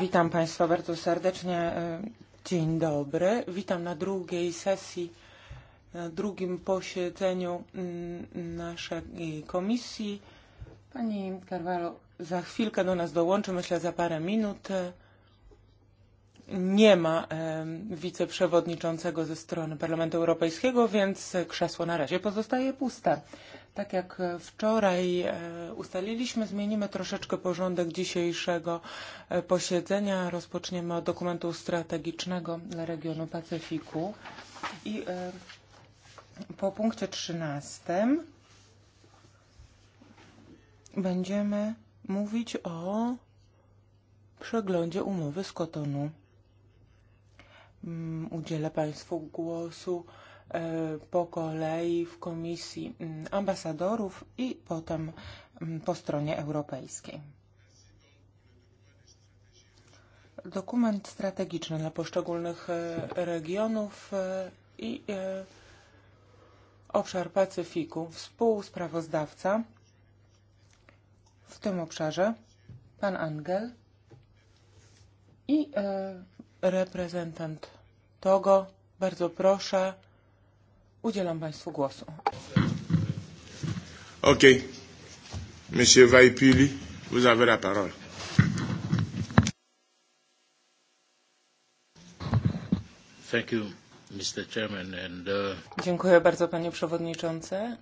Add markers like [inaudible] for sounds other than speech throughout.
Witam Państwa bardzo serdecznie. Dzień dobry. Witam na drugiej sesji, na drugim posiedzeniu mm, naszej komisji. Pani Carvalho za chwilkę do nas dołączy, myślę za parę minut. Nie ma wiceprzewodniczącego ze strony Parlamentu Europejskiego, więc krzesło na razie pozostaje puste. Tak jak wczoraj e, ustaliliśmy, zmienimy troszeczkę porządek dzisiejszego e, posiedzenia. Rozpoczniemy od dokumentu strategicznego dla regionu Pacyfiku. I e, po punkcie 13 będziemy mówić o przeglądzie umowy z Kotonu. Mm, udzielę Państwu głosu Eh, po kolei w Komisji mm, Ambasadorów i potem mm, po stronie europejskiej. Dokument strategiczny dla poszczególnych e, regionów e, i e, obszar Pacyfiku. Współsprawozdawca w tym obszarze, pan Angel i reprezentant Togo. Bardzo proszę Udzielam Państwu głosu. OK. Monsieur Vaipuli, vous avez la parole. Thank you, Mr. Chairman, and, uh... Dziękuję bardzo, panie przewodniczący.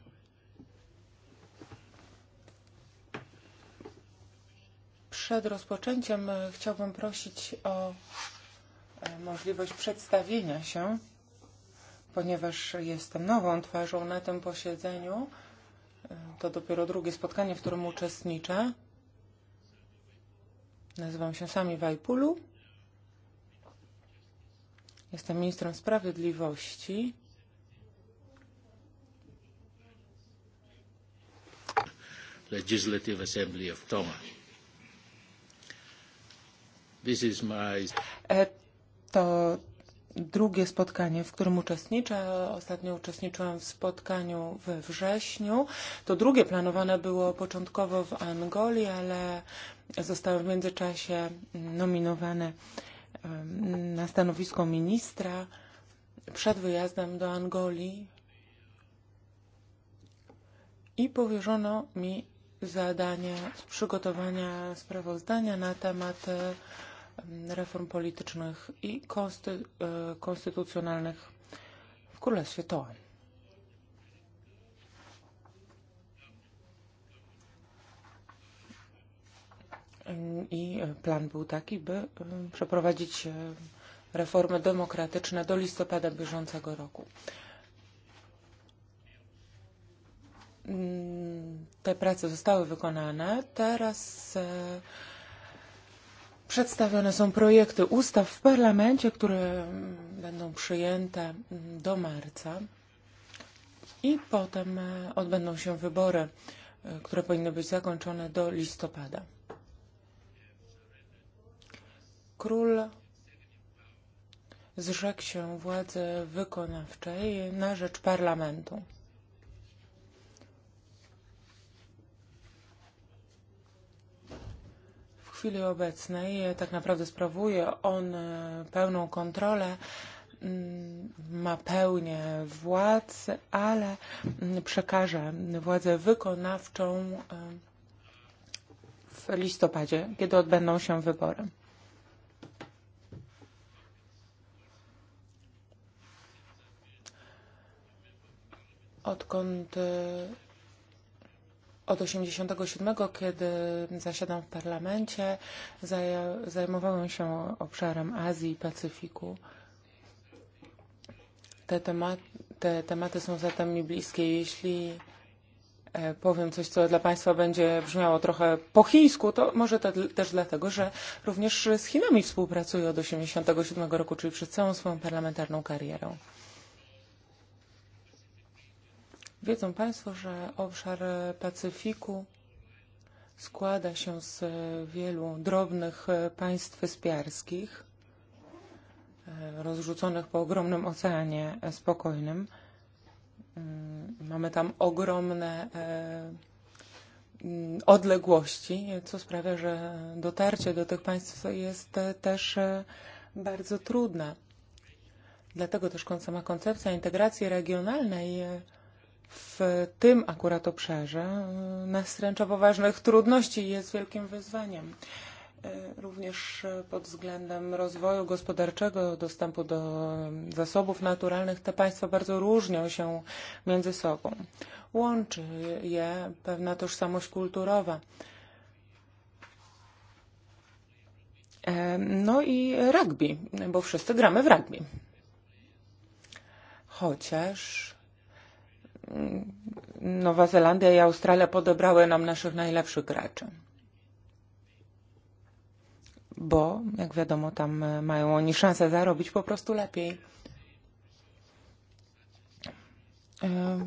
Przed rozpoczęciem e, chciałbym prosić o e, możliwość przedstawienia się ponieważ jestem nową twarzą na tym posiedzeniu. To dopiero drugie spotkanie, w którym uczestniczę. Nazywam się Sami Wajpulu. Jestem ministrem sprawiedliwości. Legislative Assembly of Toma. This is my... E, to drugie spotkanie, w którym uczestniczę. Ostatnio uczestniczyłam w spotkaniu we wrześniu. To drugie planowane było początkowo w Angolii, ale zostały w międzyczasie nominowane na stanowisko ministra przed wyjazdem do Angolii i powierzono mi zadanie przygotowania sprawozdania na temat reform politycznych i konsty, eh, konstytucjonalnych w Królestwie Toa. I plan był taki, by eh, przeprowadzić eh, reformy demokratyczne do listopada bieżącego roku. Mm, Te prace zostały wykonane. Teraz Przedstawione są projekty ustaw w parlamencie, które będą przyjęte do marca i potem e, odbędą się wybory, e, które powinny być zakończone do listopada. Król zrzekł się władzy wykonawczej na rzecz parlamentu. chwili obecnej tak naprawdę sprawuje on e, pełną kontrolę ma mm, pełnię władz, ale mm, przekaże władzę wykonawczą e, w listopadzie, kiedy odbędą się wybory. Odkąd e, od 87, kiedy zasiadam w parlamencie, zajmowałem się obszarem Azji i Pacyfiku. Te, temat, te tematy są zatem mi bliskie. Jeśli e, powiem coś, co dla Państwa będzie brzmiało trochę po chińsku, to może to też dlatego, że również z Chinami współpracuję od 87 roku, czyli przez całą swoją parlamentarną karierę. Wiedzą Państwo, że obszar Pacyfiku składa się z wielu drobnych państw wyspiarskich, e, rozrzuconych po ogromnym oceanie spokojnym. Mm, mamy tam ogromne e, mm, odległości, co sprawia, że dotarcie do tych państw jest e, też bardzo trudne. Dlatego też sama koncepcja integracji regionalnej w tym akurat obszarze nastręcza poważnych trudności i jest wielkim wyzwaniem. E, również pod względem rozwoju gospodarczego, dostępu do zasobów naturalnych, te państwa bardzo różnią się między sobą. Łączy je pewna tożsamość kulturowa. E, no i rugby, bo wszyscy gramy w rugby. Chociaż Nowa Zelandia i Australia podebrały nam naszych najlepszych graczy. Bo, jak wiadomo, tam e, mają oni szansę zarobić po prostu lepiej. E,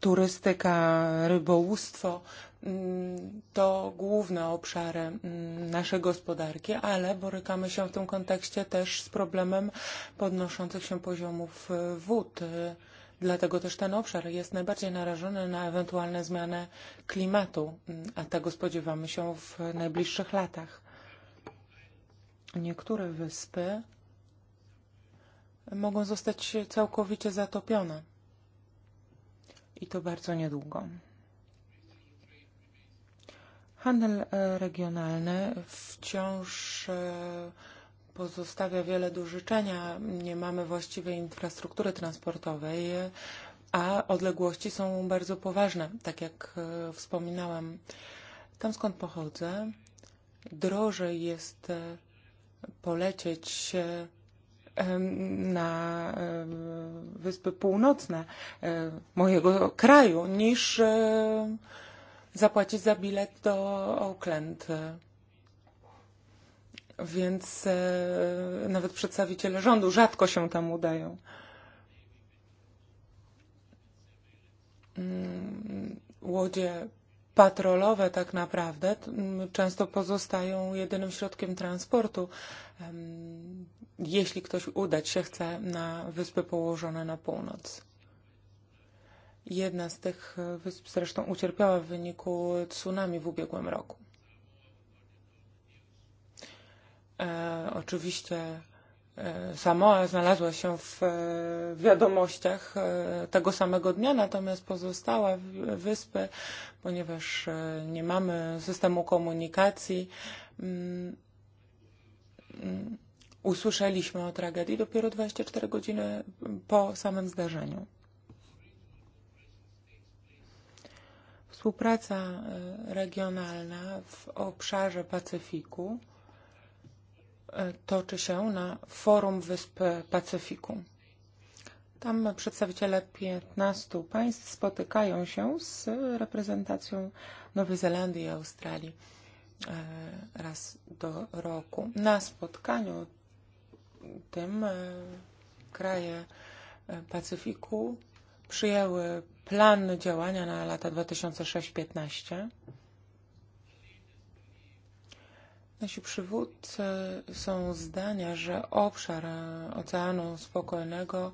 turystyka, rybołówstwo mm, to główne obszary mm, naszej gospodarki, ale borykamy się w tym kontekście też z problemem podnoszących się poziomów e, wód dlatego też ten obszar jest najbardziej narażony na ewentualne zmiany klimatu, a tego spodziewamy się w najbliższych latach. Niektóre wyspy mogą zostać całkowicie zatopione i to bardzo niedługo. Handel regionalny wciąż e, pozostawia wiele do życzenia. Nie mamy właściwej infrastruktury transportowej, a odległości są bardzo poważne, tak jak e, wspominałam. Tam skąd pochodzę, drożej jest e, polecieć na e, Wyspy Północne mojego kraju niż zapłacić za bilet do Auckland więc e, nawet przedstawiciele rządu rzadko się tam udają. Mm, łodzie patrolowe tak naprawdę mm, często pozostają jedynym środkiem transportu, jeśli ktoś udać się chce na wyspy położone na północ. Jedna z tych e, wysp zresztą ucierpiała w wyniku tsunami w ubiegłym roku. E, oczywiście e, Samoa znalazła się w e, wiadomościach tego samego dnia, natomiast pozostałe wyspy, ponieważ nie mamy systemu komunikacji, mm, usłyszeliśmy o tragedii dopiero 24 godziny po samym zdarzeniu. Współpraca regionalna w obszarze Pacyfiku E, toczy się na forum Wysp Pacyfiku. Tam przedstawiciele 15 państw spotykają się z reprezentacją Nowej Zelandii i Australii e, raz do roku. Na spotkaniu tym e, kraje Pacyfiku przyjęły plan działania na lata 2006 Nasi przywódcy są zdania, że obszar Oceanu Spokojnego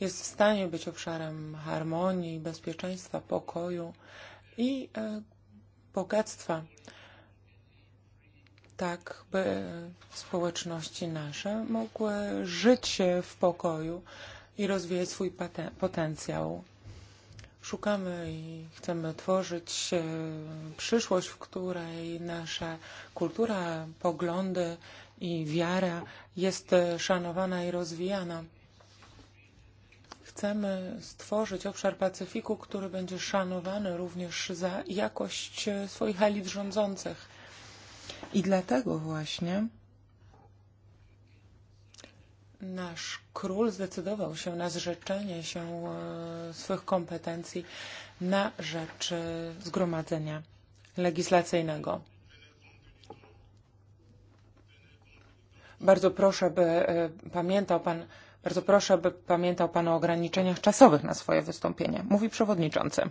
jest w stanie być obszarem harmonii, bezpieczeństwa, pokoju i e, bogactwa, tak by społeczności nasze mogły żyć w pokoju i rozwijać swój potencjał szukamy i chcemy tworzyć e, przyszłość, w której nasza kultura, poglądy i wiara jest e, szanowana i rozwijana. Chcemy stworzyć obszar Pacyfiku, który będzie szanowany również za jakość e, swoich elit rządzących. I dlatego właśnie nasz król zdecydował się na zrzeczenie się e, swych kompetencji na rzecz e, zgromadzenia legislacyjnego. Bardzo proszę, by e, pamiętał Pan, bardzo proszę, by pamiętał Pan o ograniczeniach czasowych na swoje wystąpienie. Mówi przewodniczący.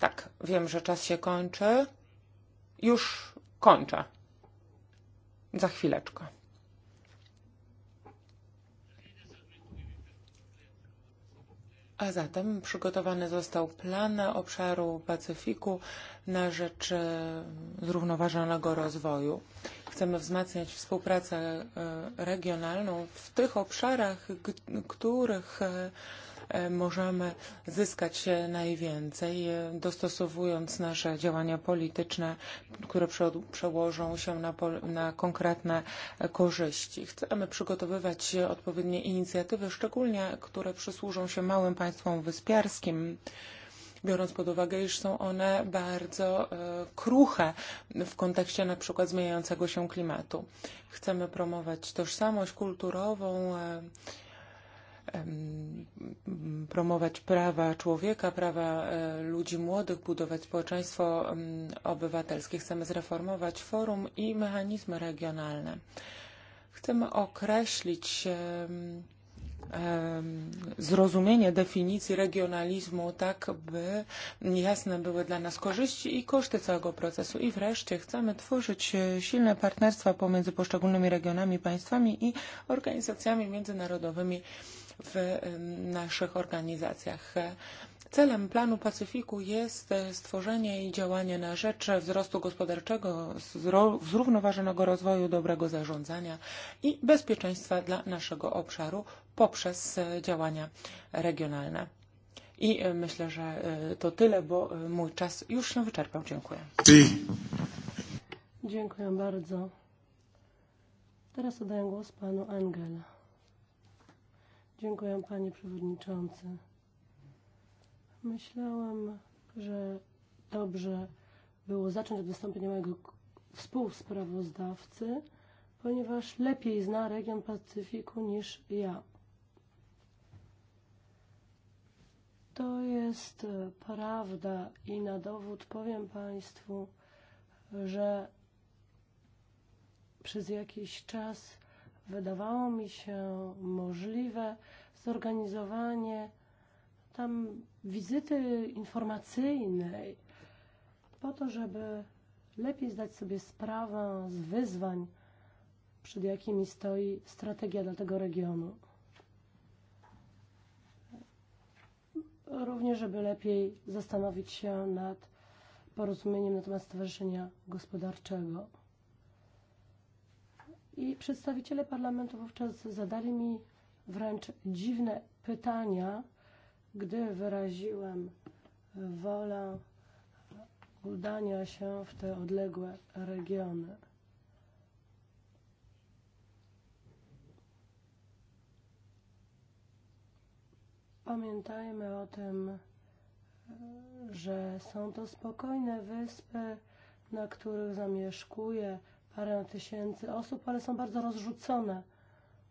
Tak, wiem, że czas się kończy. Już kończę. Za chwileczkę. A zatem przygotowany został plan obszaru Pacyfiku na rzecz e, zrównoważonego rozwoju. Chcemy wzmacniać współpracę e, regionalną w tych obszarach, których e, E, możemy zyskać najwięcej, e, dostosowując nasze działania polityczne, które przełożą się na, na konkretne e, korzyści. Chcemy przygotowywać odpowiednie inicjatywy, szczególnie które przysłużą się małym państwom wyspiarskim biorąc pod uwagę, iż są one bardzo kruche w kontekście na przykład zmieniającego się klimatu. Chcemy promować tożsamość kulturową, promować prawa człowieka, prawa e, ludzi młodych, budować społeczeństwo obywatelskie. Chcemy zreformować forum i mechanizmy regionalne. Chcemy określić zrozumienie definicji regionalizmu tak, by jasne były dla nas korzyści i koszty całego procesu. I wreszcie chcemy tworzyć e, silne partnerstwa pomiędzy poszczególnymi regionami, państwami i organizacjami międzynarodowymi w naszych organizacjach. Celem planu Pacyfiku jest stworzenie i działanie na rzecz wzrostu gospodarczego, zrównoważonego rozwoju, dobrego zarządzania i bezpieczeństwa dla naszego obszaru poprzez e, działania regionalne. I e, myślę, że e, to tyle, bo mój czas już się wyczerpał. Dziękuję. Dziękuję bardzo. Teraz oddaję głos panu Angela. Dziękuję Panie Przewodniczący. Myślałam, że dobrze było zacząć od wystąpienia mojego współsprawozdawcy, ponieważ lepiej zna region Pacyfiku niż ja. To jest e, prawda i na dowód powiem Państwu, że przez jakiś czas wydawało mi się możliwe zorganizowanie tam wizyty informacyjnej po to, żeby lepiej zdać sobie sprawę z wyzwań, przed jakimi stoi strategia dla tego regionu. Również, żeby lepiej zastanowić się nad porozumieniem na temat stowarzyszenia gospodarczego i przedstawiciele parlamentu wówczas zadali mi wręcz dziwne pytania, gdy wyraziłem wolę udania się w te odległe regiony. Pamiętajmy o tym, że są to spokojne wyspy, na których zamieszkuje parę tysięcy osób, ale są bardzo rozrzucone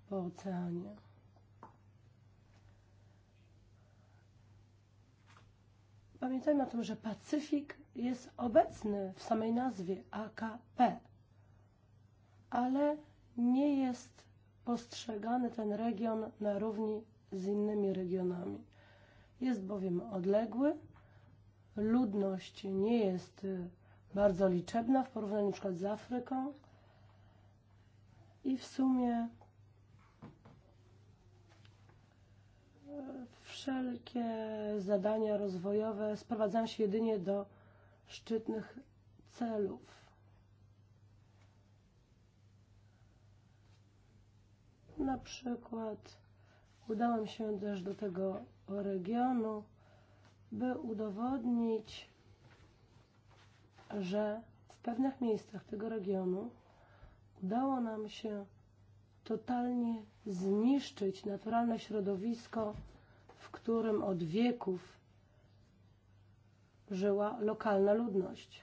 po oceanie. Pamiętajmy o tym, że Pacyfik jest obecny w samej nazwie AKP, ale nie jest postrzegany ten region na równi z innymi regionami. Jest bowiem odległy, ludność nie jest bardzo liczebna w porównaniu na przykład z Afryką i w sumie e, wszelkie zadania rozwojowe sprowadzają się jedynie do szczytnych celów. Na przykład udałam się też do tego regionu, by udowodnić, że w pewnych miejscach tego regionu udało nam się totalnie zniszczyć naturalne środowisko, w którym od wieków żyła lokalna ludność.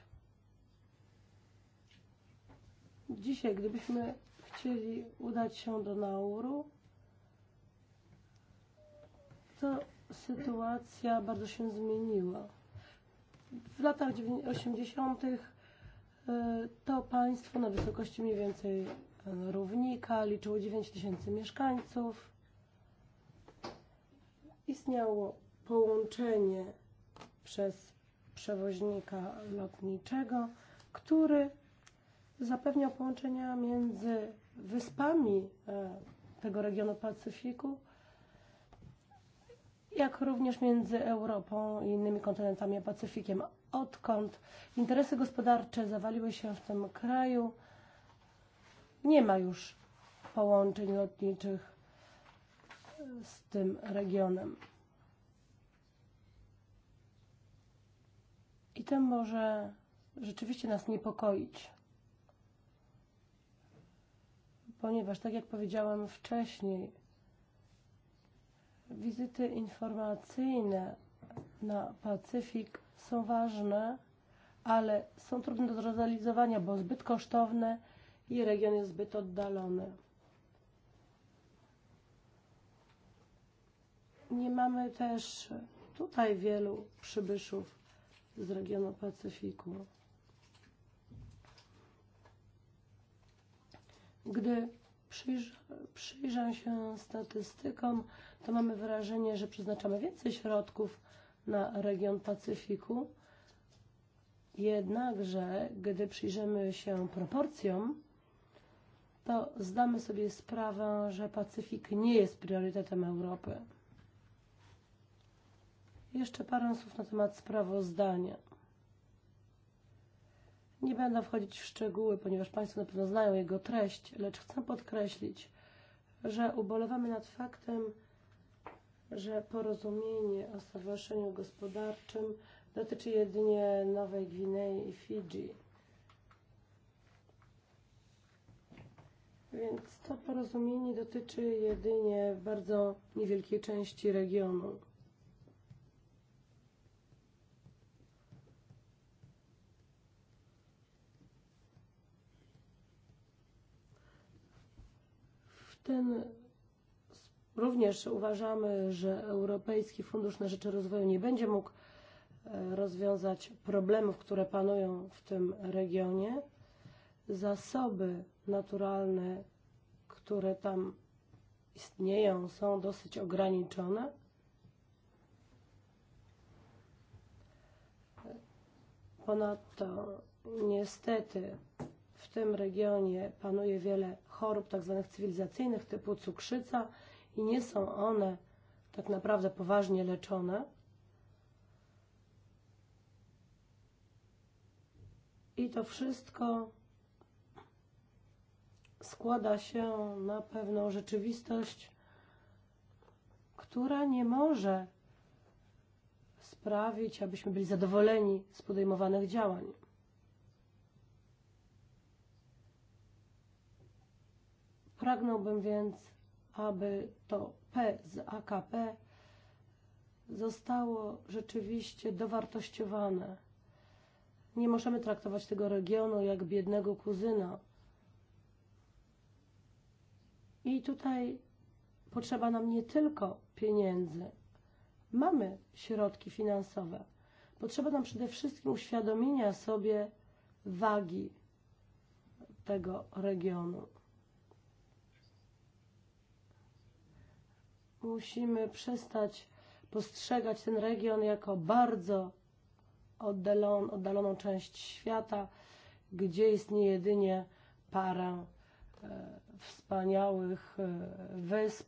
Dzisiaj, gdybyśmy chcieli udać się do Nauru, to sytuacja bardzo się zmieniła w latach 80. to państwo na wysokości mniej więcej eh, równika liczyło 9 tysięcy mieszkańców. Istniało połączenie przez przewoźnika lotniczego, który zapewniał połączenia między wyspami eh, tego regionu Pacyfiku jak również między Europą i innymi kontynentami a Pacyfikiem. Odkąd interesy gospodarcze zawaliły się w tym kraju, nie ma już połączeń lotniczych z tym regionem. I to może rzeczywiście nas niepokoić. Ponieważ, tak jak powiedziałam wcześniej, Wizyty informacyjne na Pacyfik są ważne, ale są trudne do zrealizowania, bo zbyt kosztowne i region jest zbyt oddalony. Nie mamy też tutaj wielu przybyszów z regionu Pacyfiku. Gdy przyjrzę, przyjrzę się statystykom, to mamy wrażenie, że przeznaczamy więcej środków na region Pacyfiku. Jednakże, gdy przyjrzymy się proporcjom, to zdamy sobie sprawę, że Pacyfik nie jest priorytetem Europy. Jeszcze parę słów na temat sprawozdania. Nie będę wchodzić w szczegóły, ponieważ Państwo na pewno znają jego treść, lecz chcę podkreślić, że ubolewamy nad faktem, że porozumienie o stowarzyszeniu gospodarczym dotyczy jedynie Nowej Gwinei i Fidżi. Więc to porozumienie dotyczy jedynie bardzo niewielkiej części regionu. Ten również uważamy, że Europejski Fundusz na Rzecz Rozwoju nie będzie mógł e, rozwiązać problemów, które panują w tym regionie. Zasoby naturalne, które tam istnieją, są dosyć ograniczone. Ponadto niestety w tym regionie panuje wiele chorób zwanych cywilizacyjnych typu cukrzyca i nie są one tak naprawdę poważnie leczone. I to wszystko składa się na pewną rzeczywistość, która nie może sprawić, abyśmy byli zadowoleni z podejmowanych działań. Pragnąłbym więc, aby to P z AKP zostało rzeczywiście dowartościowane. Nie możemy traktować tego regionu jak biednego kuzyna. I tutaj potrzeba nam nie tylko pieniędzy. Mamy środki finansowe. Potrzeba nam przede wszystkim uświadomienia sobie wagi tego regionu. musimy przestać postrzegać ten region jako bardzo oddalon, oddaloną część świata, gdzie istnieje jedynie parę e, wspaniałych e, wysp.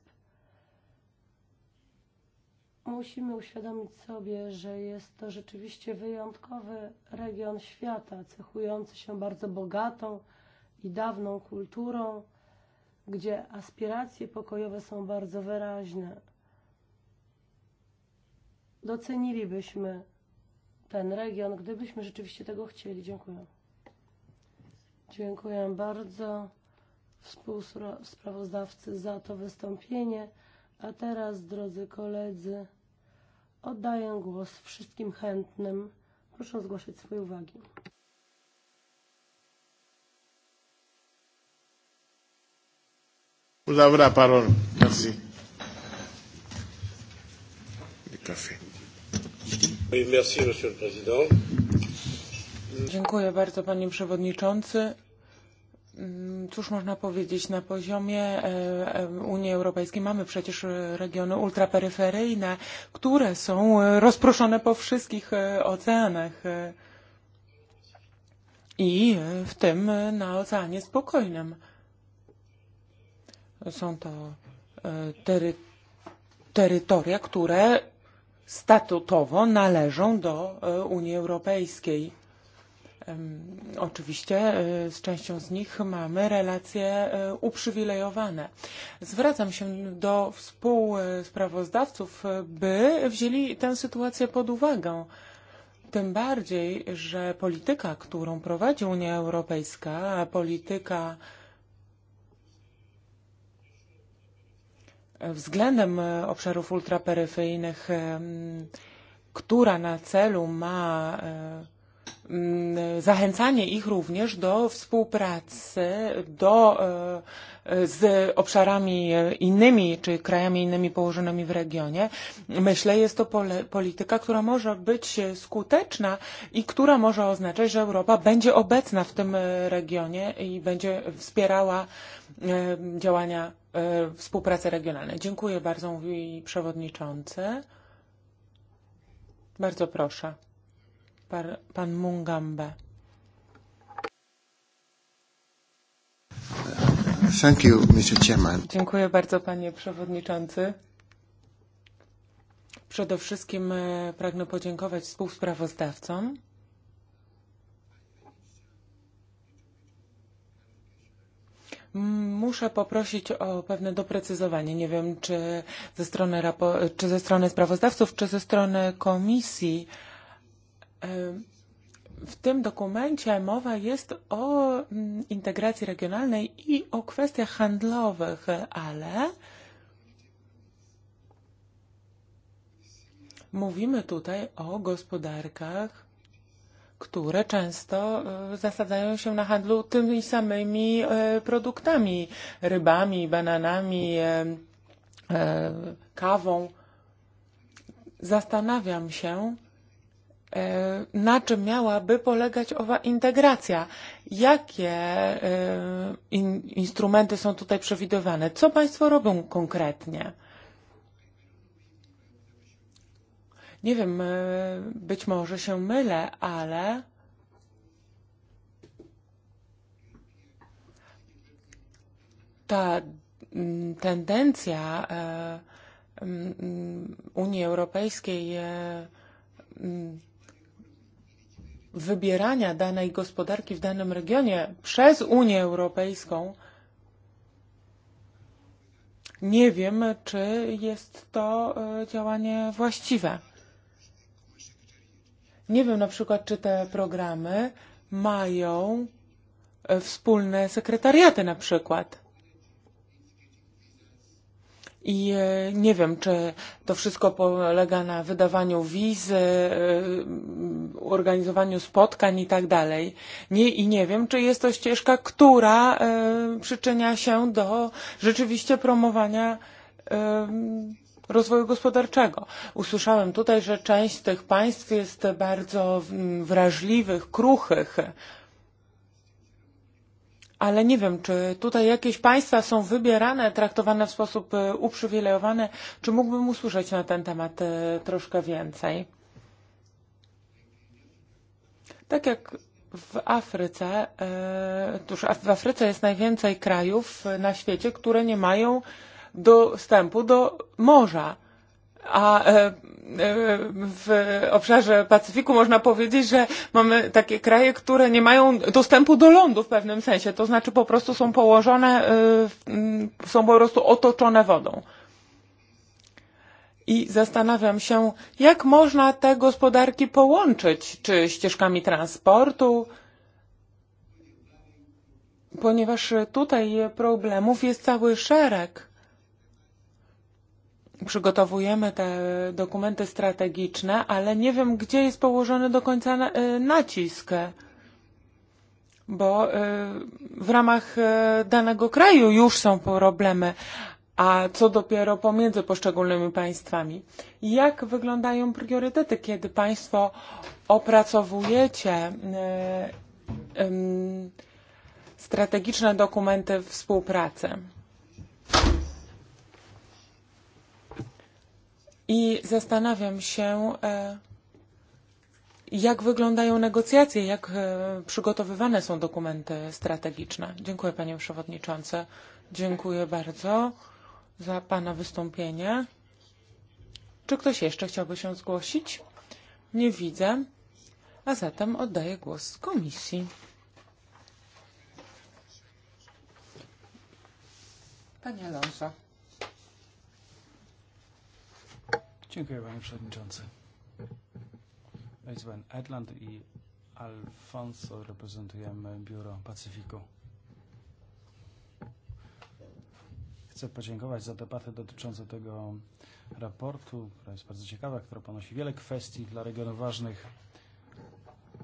Musimy uświadomić sobie, że jest to rzeczywiście wyjątkowy region świata, cechujący się bardzo bogatą i dawną kulturą gdzie aspiracje pokojowe są bardzo wyraźne. Docenilibyśmy ten region, gdybyśmy rzeczywiście tego chcieli. Dziękuję. Dziękuję bardzo współsprawozdawcy za to wystąpienie. A teraz, drodzy koledzy, oddaję głos wszystkim chętnym. Proszę zgłosić swoje uwagi. Vous avez la parole. Merci. Du café. Oui, merci, Monsieur le Président. Dziękuję bardzo, Panie Przewodniczący. Mm, cóż można powiedzieć, na poziomie e, e, Unii Europejskiej mamy przecież e, regiony ultraperyferyjne, które są rozproszone po wszystkich oceanach i w tym na Oceanie Spokojnym. Są to eh, tery, terytoria, które statutowo należą do eh, Unii Europejskiej. Oczywiście eh, z częścią z nich mamy relacje uprzywilejowane. Zwracam się do współsprawozdawców, by wzięli tę sytuację pod uwagę. Tym bardziej, że polityka, którą prowadzi Unia Europejska, polityka względem eh, obszarów ultraperyferyjnych, eh, która na celu ma eh, mm, zachęcanie ich również do współpracy do, e, z obszarami innymi czy krajami innymi położonymi w regionie. Myślę, jest to pole, polityka, która może być skuteczna i która może oznaczać, że Europa będzie obecna w tym regionie i będzie wspierała e, działania E, współpracy regionalnej. Dziękuję bardzo, mówi przewodniczący. Bardzo proszę. Par, pan Mungambe. Thank you, Mr. Chairman. Dziękuję bardzo, panie przewodniczący. Przede wszystkim e, pragnę podziękować współsprawozdawcom Muszę poprosić o pewne doprecyzowanie. Nie wiem, czy ze strony, rapo- czy ze strony sprawozdawców, czy ze strony komisji. W tym dokumencie mowa jest o mm, integracji regionalnej i o kwestiach handlowych, ale mówimy tutaj o gospodarkach które często e, zasadzają się na handlu tymi samymi e, produktami rybami, bananami, e, kawą. Zastanawiam się, na czym miałaby polegać owa integracja? Jakie in, instrumenty są tutaj przewidywane? Co Państwo robią konkretnie? Nie wiem, e, być może się mylę, ale ta mm, tendencja e, mm, Unii Europejskiej e, mm, wybierania danej gospodarki w danym regionie przez Unię Europejską, nie wiem, czy jest to działanie właściwe. Nie wiem na przykład, czy te programy mają e, wspólne sekretariaty na przykład. I e, nie wiem, czy to wszystko polega na wydawaniu wizy, e, organizowaniu spotkań i tak dalej. Nie, I nie wiem, czy jest to ścieżka, która przyczynia się do rzeczywiście promowania rozwoju gospodarczego. Usłyszałem tutaj, że część z tych państw jest bardzo wrażliwych, kruchych. Ale nie wiem, czy tutaj jakieś państwa są wybierane, traktowane w sposób uprzywilejowany. Czy mógłbym usłyszeć na ten temat troszkę więcej? Tak jak w Afryce, tuż w Afryce jest najwięcej krajów na świecie, które nie mają dostępu do morza. A e, e, w obszarze Pacyfiku można powiedzieć, że mamy takie kraje, które nie mają dostępu do lądu w pewnym sensie, to znaczy po prostu są położone, e, są po prostu otoczone wodą. I zastanawiam się, jak można te gospodarki połączyć, czy ścieżkami transportu, ponieważ tutaj problemów jest cały szereg przygotowujemy te dokumenty strategiczne, ale nie wiem, gdzie jest położony do końca e, nacisk, bo e, w ramach e, danego kraju już są problemy, a co dopiero pomiędzy poszczególnymi państwami. Jak wyglądają priorytety, kiedy państwo opracowujecie strategiczne dokumenty współpracy? i zastanawiam się, e, jak wyglądają negocjacje, jak e, przygotowywane są dokumenty strategiczne. Dziękuję panie przewodniczący. Dziękuję bardzo za pana wystąpienie. Czy ktoś jeszcze chciałby się zgłosić? Nie widzę. A zatem oddaję głos komisji. Pani Alonso. Dziękuję Panie Przewodniczący. Izbę Edland i Alfonso reprezentujemy Biuro Pacyfiku. Chcę podziękować za debatę dotyczącą tego raportu, która jest bardzo ciekawa, która ponosi wiele kwestii dla regionów ważnych.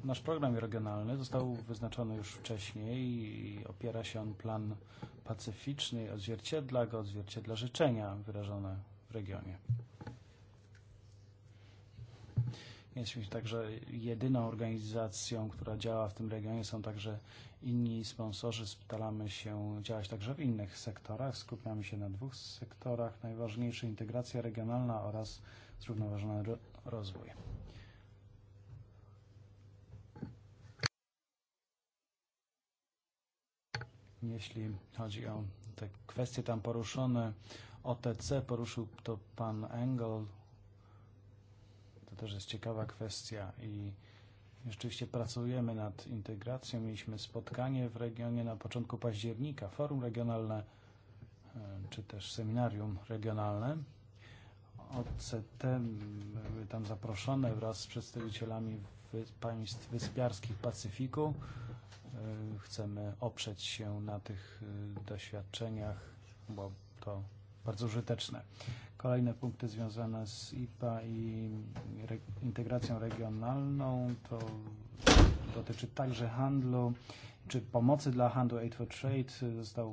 Nasz program regionalny został wyznaczony już wcześniej i opiera się on plan pacyficzny, odzwierciedla go, odzwierciedla życzenia wyrażone w regionie. Jesteśmy także jedyną organizacją, która działa w tym regionie. Są także inni sponsorzy. Staramy się działać także w innych sektorach. Skupiamy się na dwóch sektorach. Najważniejszy integracja regionalna oraz zrównoważony rozwój. Jeśli chodzi o te kwestie tam poruszone, OTC poruszył to pan Engel też jest ciekawa kwestia i rzeczywiście pracujemy nad integracją. Mieliśmy spotkanie w regionie na początku października, forum regionalne e, czy też seminarium regionalne. OCT były tam zaproszone wraz z przedstawicielami państw wyspiarskich Pacyfiku. E, chcemy oprzeć się na tych e, doświadczeniach, bo to bardzo użyteczne. Kolejne punkty związane z IPA i re integracją regionalną to dotyczy także handlu czy pomocy dla handlu Aid for Trade zostało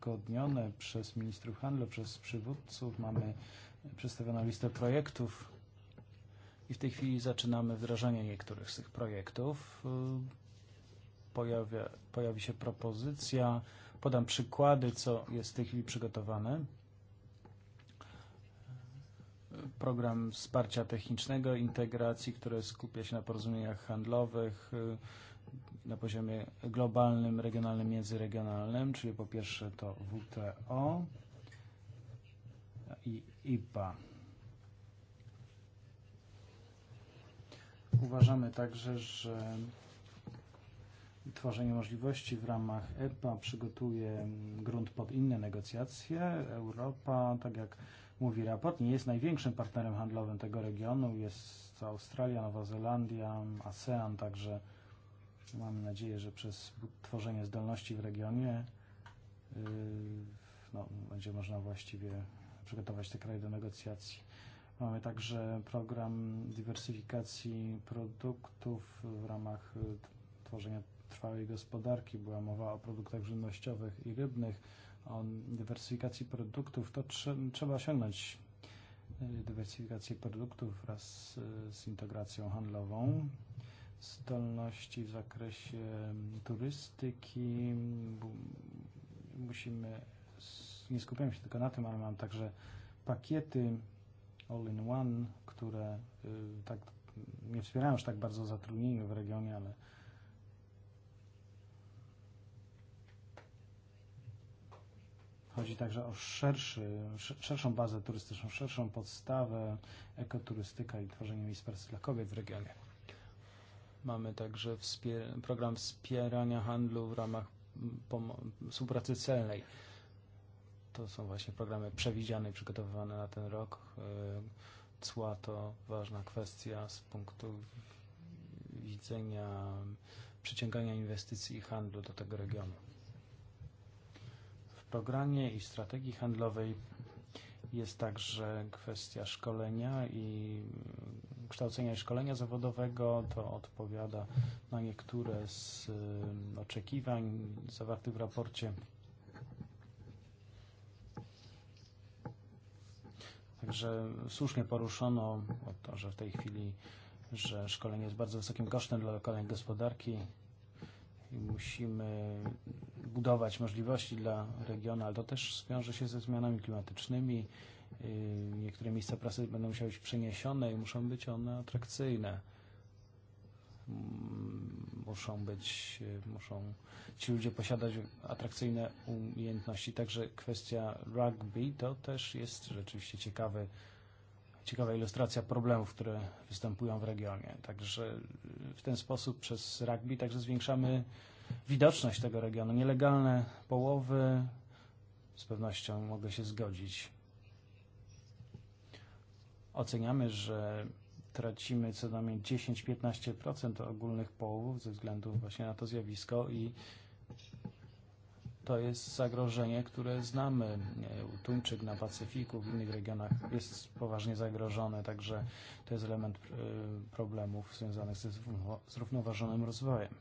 uzgodnione przez ministrów handlu, przez przywódców. Mamy przedstawioną listę projektów i w tej chwili zaczynamy wdrażanie niektórych z tych projektów. Pojawia, pojawi się propozycja Podam przykłady, co jest w tej chwili przygotowane. Program wsparcia technicznego, integracji, które skupia się na porozumieniach handlowych na poziomie globalnym, regionalnym, międzyregionalnym, czyli po pierwsze to WTO i IPA. Uważamy także, że tworzenie możliwości w ramach EPA przygotuje mm, grunt pod inne negocjacje. Europa, tak jak mówi raport, nie jest największym partnerem handlowym tego regionu. Jest to Australia, Nowa Zelandia, ASEAN, także mamy nadzieję, że przez tworzenie zdolności w regionie yy, no, będzie można właściwie przygotować te kraje do negocjacji. Mamy także program dywersyfikacji produktów w ramach tworzenia trwałej gospodarki, była mowa o produktach żywnościowych i rybnych, o dywersyfikacji produktów, to tr trzeba osiągnąć e, dywersyfikację produktów wraz z integracją handlową, zdolności w zakresie turystyki. Musimy, nie skupiamy się tylko na tym, ale mam także pakiety all-in-one, które tak nie wspierają już tak bardzo zatrudnienia w regionie, ale Chodzi także o szerszy, szerszą bazę turystyczną, szerszą podstawę, ekoturystyka i tworzenie miejsc pracy dla kobiet w regionie. Mamy także wspier program wspierania handlu w ramach mm, współpracy celnej. To są właśnie programy przewidziane i przygotowywane na ten rok. E, cła to ważna kwestia z punktu widzenia przyciągania inwestycji i handlu do tego regionu programie i strategii handlowej jest także kwestia szkolenia i kształcenia i szkolenia zawodowego. To odpowiada na niektóre z oczekiwań zawartych w raporcie. Także słusznie poruszono to, że w tej chwili że szkolenie jest bardzo wysokim kosztem dla lokalnej gospodarki i musimy budować możliwości dla regionu, ale to też wiąże się ze zmianami klimatycznymi. Niektóre miejsca pracy będą musiały być przeniesione i muszą być one atrakcyjne. Mm, muszą być, muszą ci ludzie posiadać atrakcyjne umiejętności. Także kwestia rugby to też jest rzeczywiście ciekawy, ciekawa ilustracja problemów, które występują w regionie. Także w ten sposób przez rugby także zwiększamy widoczność tego regionu. Nielegalne połowy, z pewnością mogę się zgodzić. Oceniamy, że tracimy co najmniej 10-15% ogólnych połowów ze względu właśnie na to zjawisko i to jest zagrożenie, które znamy. Tuńczyk na Pacyfiku, w innych regionach jest poważnie zagrożone, także to jest element problemów związanych ze zrównoważonym rozwojem.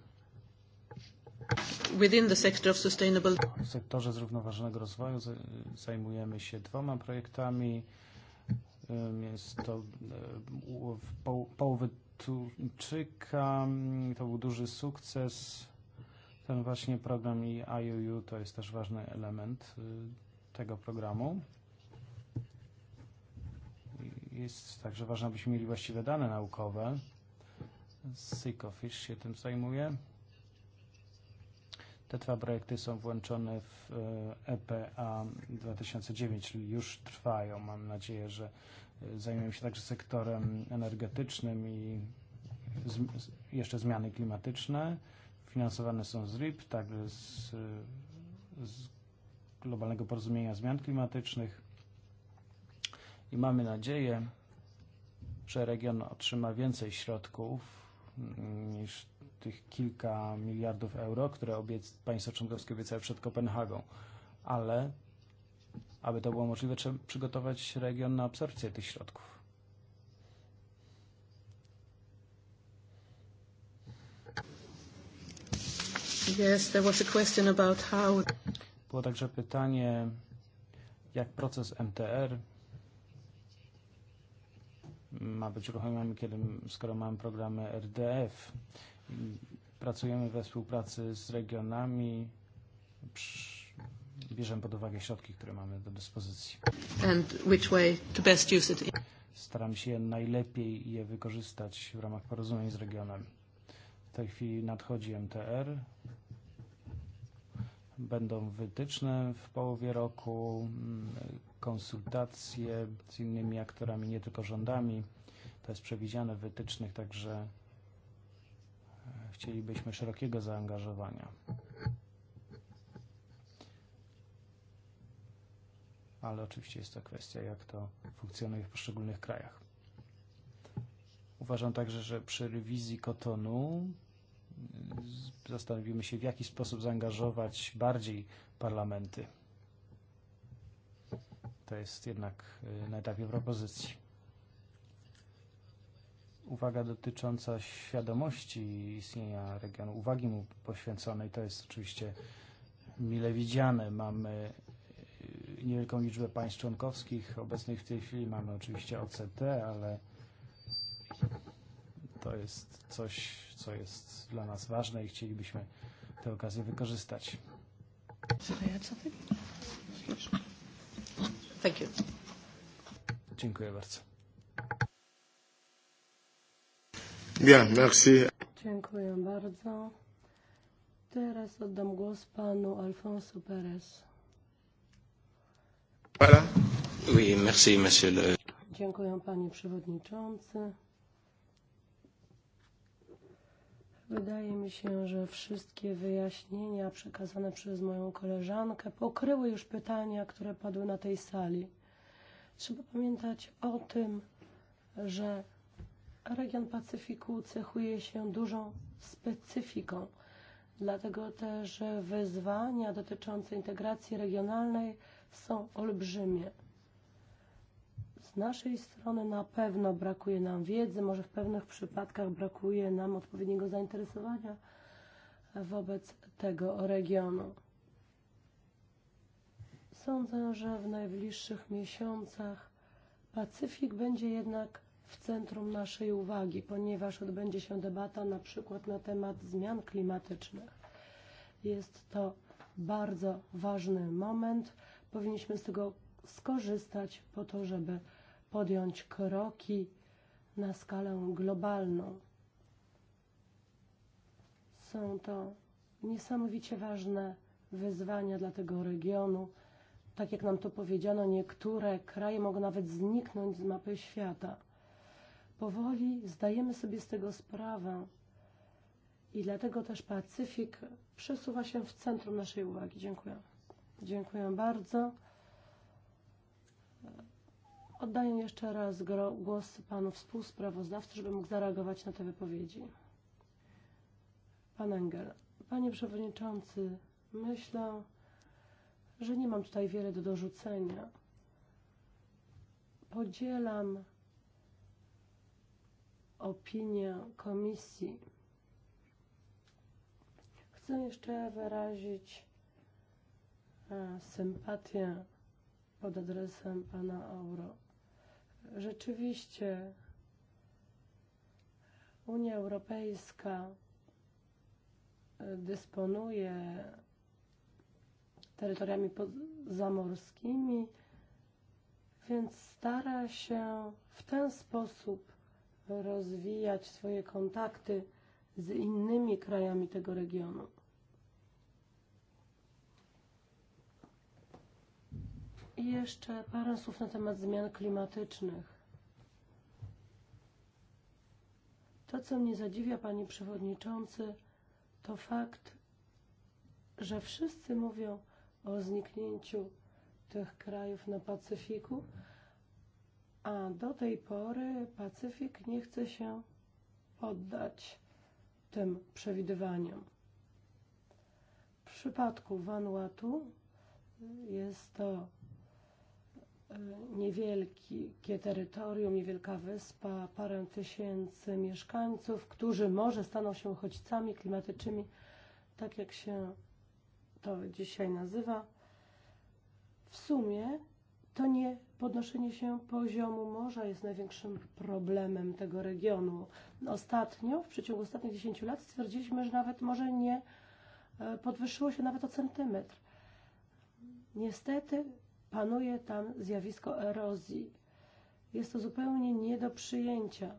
Within the sector of sustainable... W sektorze zrównoważonego rozwoju zajmujemy się dwoma projektami. Jest to połowy Turczyka. Mm, to był duży sukces. Ten właśnie program i IUU to jest też ważny element tego programu. Jest także ważne, abyśmy mieli właściwe dane naukowe. Sycofish się tym zajmuje. Te dwa projekty są włączone w EPA e 2009, czyli już trwają. Mam nadzieję, że e, zajmiemy się także sektorem energetycznym i z, jeszcze zmiany klimatyczne. Finansowane są z RIP, także z, e, z globalnego porozumienia zmian klimatycznych. I mamy nadzieję, że region otrzyma więcej środków mm, niż tych kilka miliardów euro, które obiec, państwa członkowskie obiecały przed Kopenhagą. Ale aby to było możliwe, trzeba przygotować region na absorpcję tych środków. Yes, there was a question about how... Było także pytanie, jak proces MTR ma być uruchomiony, kiedy, skoro mamy programy RDF. Pracujemy we współpracy z regionami. Bierzemy pod uwagę środki, które mamy do dyspozycji. And which way to best use it? Staram się najlepiej je wykorzystać w ramach porozumień z regionami. W tej chwili nadchodzi MTR. Będą wytyczne w połowie roku, mm, konsultacje z innymi aktorami, nie tylko rządami. To jest przewidziane w wytycznych, także Chcielibyśmy szerokiego zaangażowania. Ale oczywiście jest to kwestia, jak to funkcjonuje w poszczególnych krajach. Uważam także, że przy rewizji kotonu zastanowimy się, w jaki sposób zaangażować bardziej parlamenty. To jest jednak na etapie propozycji uwaga dotycząca świadomości istnienia regionu, uwagi mu poświęconej, to jest oczywiście mile widziane. Mamy niewielką liczbę państw członkowskich obecnych w tej chwili, mamy oczywiście OCT, ale to jest coś, co jest dla nas ważne i chcielibyśmy tę okazję wykorzystać. Thank you. Dziękuję bardzo. Bien, merci. Dziękuję bardzo. Teraz oddam głos panu Alfonso Perez. Voilà. Oui, merci, monsieur le... Dziękuję panie przewodniczący. Wydaje mi się, że wszystkie wyjaśnienia przekazane przez moją koleżankę pokryły już pytania, które padły na tej sali. Trzeba pamiętać o tym, że region Pacyfiku cechuje się dużą specyfiką. Dlatego też wyzwania dotyczące integracji regionalnej są olbrzymie. Z naszej strony na pewno brakuje nam wiedzy, może w pewnych przypadkach brakuje nam odpowiedniego zainteresowania wobec tego regionu. Sądzę, że w najbliższych miesiącach Pacyfik będzie jednak w centrum naszej uwagi, ponieważ odbędzie się debata na przykład na temat zmian klimatycznych. Jest to bardzo ważny moment. Powinniśmy z tego skorzystać po to, żeby podjąć kroki na skalę globalną. Są to niesamowicie ważne wyzwania dla tego regionu. Tak jak nam to powiedziano, niektóre kraje mogą nawet zniknąć z mapy świata. Powoli zdajemy sobie z tego sprawę i dlatego też Pacyfik przesuwa się w centrum naszej uwagi. Dziękuję. Dziękuję bardzo. Oddaję jeszcze raz głos panu współsprawozdawcy, żeby mógł zareagować na te wypowiedzi. Pan Engel. Panie przewodniczący, myślę, że nie mam tutaj wiele do dorzucenia. Podzielam opinia komisji. Chcę jeszcze wyrazić e, sympatię pod adresem pana Auro. Rzeczywiście Unia Europejska e, dysponuje terytoriami zamorskimi, więc stara się w ten sposób rozwijać swoje kontakty z innymi krajami tego regionu. I jeszcze parę słów na temat zmian klimatycznych. To, co mnie zadziwia, panie przewodniczący, to fakt, że wszyscy mówią o zniknięciu tych krajów na Pacyfiku, a do tej pory Pacyfik nie chce się poddać tym przewidywaniom. W przypadku Vanuatu jest to e, niewielkie terytorium, niewielka wyspa, parę tysięcy mieszkańców, którzy może staną się uchodźcami klimatycznymi, tak jak się to dzisiaj nazywa. W sumie to nie Podnoszenie się poziomu morza jest największym problemem tego regionu. Ostatnio, w przeciągu ostatnich 10 lat stwierdziliśmy, że nawet może nie e, podwyższyło się nawet o centymetr. Niestety panuje tam zjawisko erozji. Jest to zupełnie nie do przyjęcia.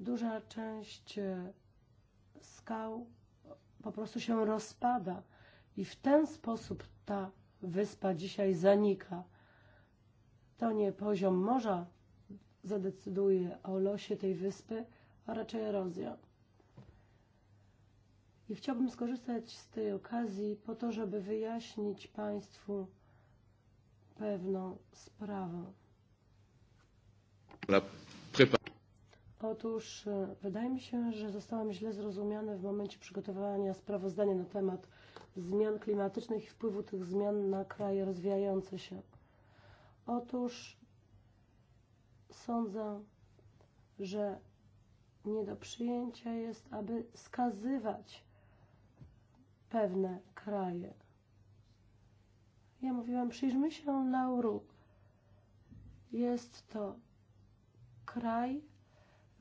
Duża część e, skał po prostu się rozpada i w ten sposób ta wyspa dzisiaj zanika. Pytanie, poziom morza zadecyduje o losie tej wyspy, a raczej erozja. I chciałbym skorzystać z tej okazji po to, żeby wyjaśnić Państwu pewną sprawę. Otóż e, wydaje mi się, że zostałam źle zrozumiana w momencie przygotowania sprawozdania na temat zmian klimatycznych i wpływu tych zmian na kraje rozwijające się. Otóż sądzę, że nie do przyjęcia jest, aby skazywać pewne kraje. Ja mówiłam, przyjrzmy się Nauru. Jest to kraj,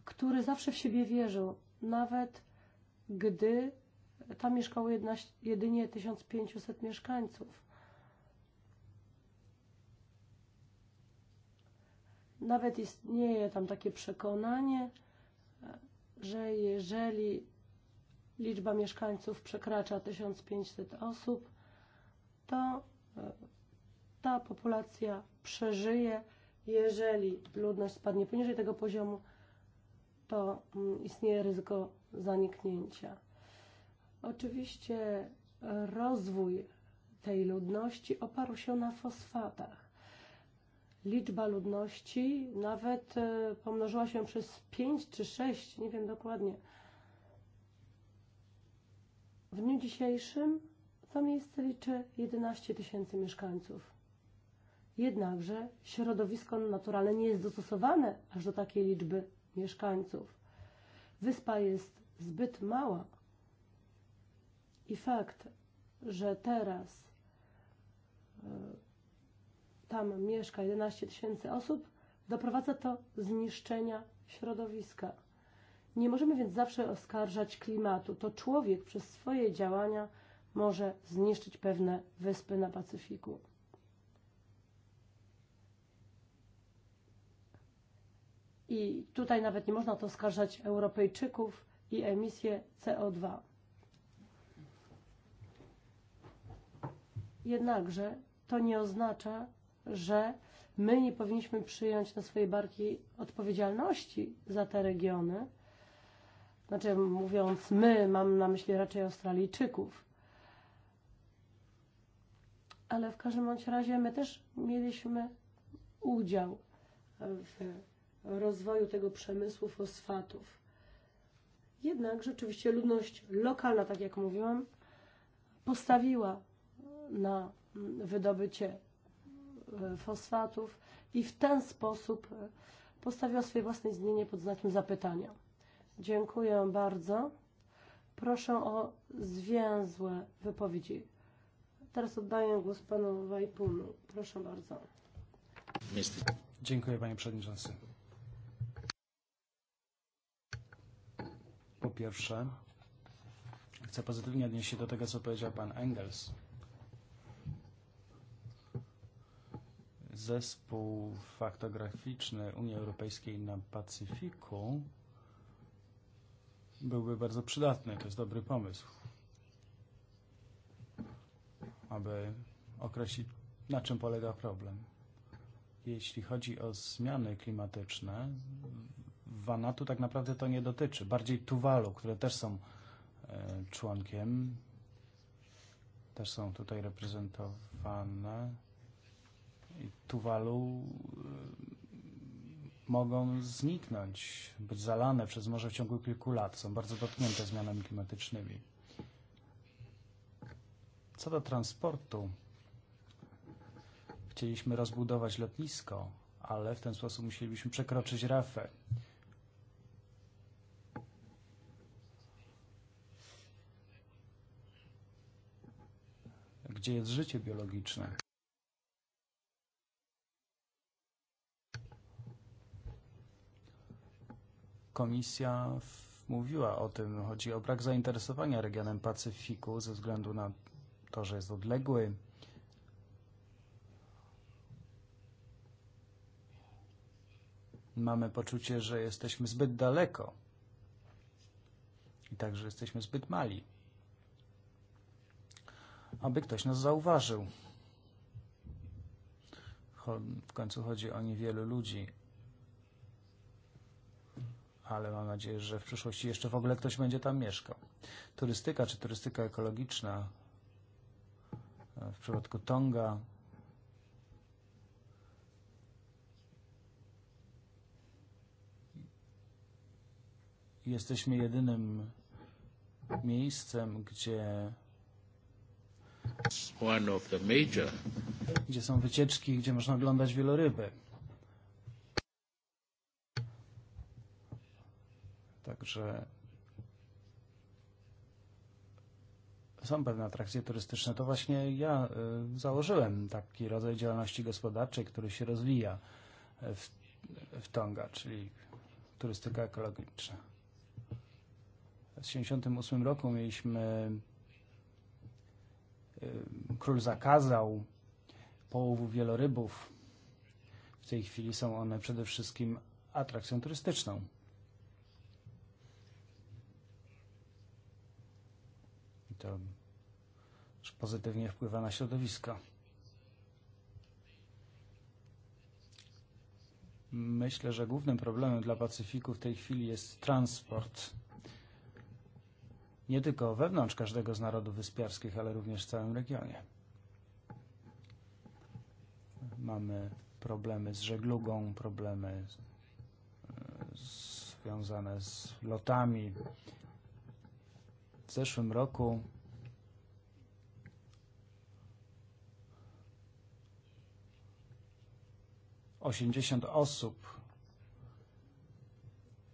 który zawsze w siebie wierzył, nawet gdy tam mieszkało jedna, jedynie 1500 mieszkańców. Nawet istnieje tam takie przekonanie, że jeżeli liczba mieszkańców przekracza 1500 osób, to e, ta populacja przeżyje. Jeżeli ludność spadnie poniżej tego poziomu, to mm, istnieje ryzyko zaniknięcia. Oczywiście e, rozwój tej ludności oparł się na fosfatach liczba ludności nawet e, pomnożyła się przez 5 czy 6, nie wiem dokładnie. W dniu dzisiejszym to miejsce liczy 11 tysięcy mieszkańców. Jednakże środowisko naturalne nie jest dostosowane aż do takiej liczby mieszkańców. Wyspa jest zbyt mała i fakt, że teraz e, tam mieszka 11 tysięcy osób, doprowadza to zniszczenia środowiska. Nie możemy więc zawsze oskarżać klimatu. To człowiek przez swoje działania może zniszczyć pewne wyspy na Pacyfiku. I tutaj nawet nie można to oskarżać Europejczyków i emisję CO2. Jednakże to nie oznacza, że my nie powinniśmy przyjąć na swoje barki odpowiedzialności za te regiony. Znaczy, mówiąc my, mam na myśli raczej Australijczyków. Ale w każdym bądź razie my też mieliśmy udział w rozwoju tego przemysłu fosfatów. Jednak rzeczywiście ludność lokalna, tak jak mówiłam, postawiła na wydobycie Eh, fosfatów i w ten sposób eh, postawiła swoje własne istnienie pod znakiem zapytania. Dziękuję bardzo. Proszę o zwięzłe wypowiedzi. Teraz oddaję głos panu Wajpunu. Proszę bardzo. Dziękuję panie przewodniczący. Po pierwsze, chcę pozytywnie odnieść się do tego, co powiedział pan Engels zespół faktograficzny Unii Europejskiej na Pacyfiku byłby bardzo przydatny. To jest dobry pomysł, aby określić, na czym polega problem. Jeśli chodzi o zmiany klimatyczne, Wanatu tak naprawdę to nie dotyczy. Bardziej Tuwalu, które też są e, członkiem, też są tutaj reprezentowane Tuwalu e, mogą zniknąć, być zalane przez morze w ciągu kilku lat. Są bardzo dotknięte zmianami klimatycznymi. Co do transportu, chcieliśmy rozbudować lotnisko, ale w ten sposób musielibyśmy przekroczyć rafę. Gdzie jest życie biologiczne? komisja mówiła o tym. Chodzi o brak zainteresowania regionem Pacyfiku ze względu na to, że jest odległy. Mamy poczucie, że jesteśmy zbyt daleko i także jesteśmy zbyt mali, aby ktoś nas zauważył. W końcu chodzi o niewielu ludzi, ale mam nadzieję, że w przyszłości jeszcze w ogóle ktoś będzie tam mieszkał. Turystyka czy turystyka ekologiczna e, w przypadku Tonga jesteśmy jedynym miejscem, gdzie gdzie są wycieczki, gdzie można oglądać wieloryby. Także są pewne atrakcje turystyczne. To właśnie vlastně ja e, założyłem taki rodzaj działalności gospodarczej, który się rozwija w, w Tonga, czyli turystyka ekologiczna. W 1978 roku mieliśmy e, król zakazał połowu wielorybów. W tej chwili są one przede wszystkim atrakcją turystyczną. to już pozytywnie wpływa na środowisko. Myślę, że głównym problemem dla Pacyfiku w tej chwili jest transport. Nie tylko wewnątrz każdego z narodów wyspiarskich, ale również w całym regionie. Mamy problemy z żeglugą, problemy e, związane z lotami, zeszłym roku osiemdziesiąt osób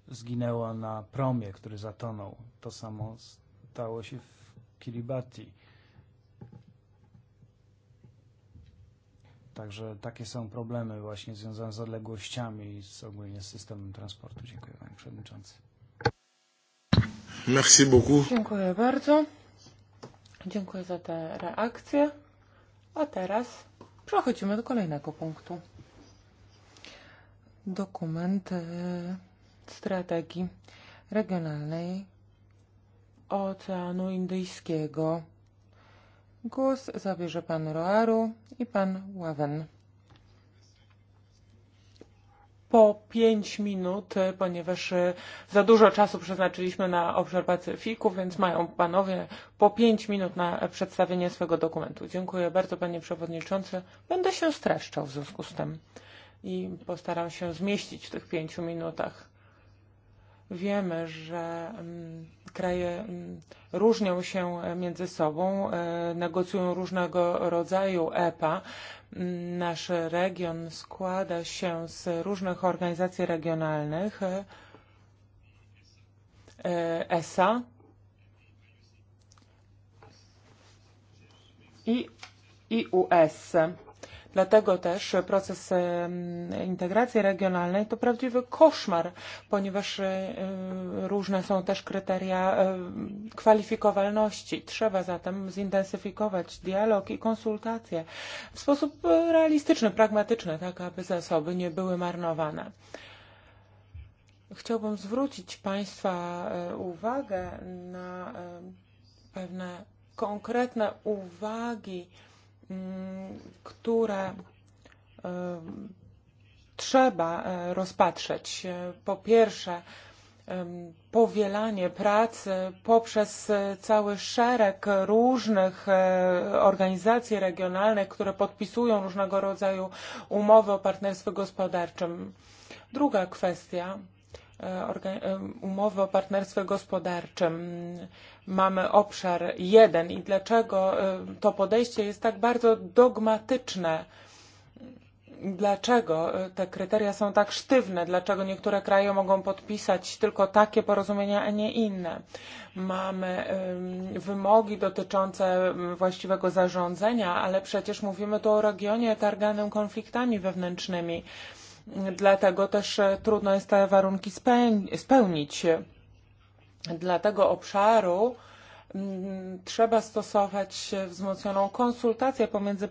zginęło na promie, który zatonął. To samo stało się w Kiribati. Także takie są problemy właśnie związane z odległościami i z ogólnie z systemem transportu. Dziękuję Panie Przewodniczący. Merci beaucoup. Dziękuję bardzo. Dziękuję za te reakcje. A teraz przechodzimy do kolejnego punktu. Dokument e, strategii regionalnej Oceanu Indyjskiego. Głos zabierze pan Roaru i pan Ławen po 5 minut, e, ponieważ e, za dużo czasu przeznaczyliśmy na obszar Pacyfiku, więc mają panowie po 5 minut na przedstawienie swego dokumentu. Dziękuję bardzo, panie przewodniczący. Będę się streszczał w związku z tym i postaram się zmieścić w tych 5 minutach. Wiemy, że mm, kraje mm, różnią się e, między sobą, negocjują różnego rodzaju EPA, Nasz region składa się z różnych organizacji regionalnych. E, ESA i IUS. Dlatego też proces integracji regionalnej to prawdziwy koszmar, ponieważ różne są też kryteria kwalifikowalności. Trzeba zatem zintensyfikować dialog i konsultacje w sposób realistyczny, pragmatyczny, tak aby zasoby nie były marnowane. Chciałbym zwrócić Państwa e, uwagę na e, pewne konkretne uwagi Mm, które trzeba e, rozpatrzeć. Po pierwsze, powielanie pracy poprzez cały szereg różnych e, organizacji regionalnych, które podpisują różnego rodzaju umowy o partnerstwie gospodarczym. Druga kwestia Eh, eh, umowy o partnerstwie gospodarczym. Mamy obszar jeden i dlaczego eh, to podejście jest tak bardzo dogmatyczne? Dlaczego te kryteria są tak sztywne? Dlaczego niektóre kraje mogą podpisać tylko takie porozumienia, a nie inne? Mamy wymogi dotyczące właściwego zarządzania, ale przecież mówimy tu o regionie targanym konfliktami wewnętrznymi dlatego też trudno jest te warunki spełnić. Dla tego obszaru mm, trzeba stosować wzmocnioną konsultację pomiędzy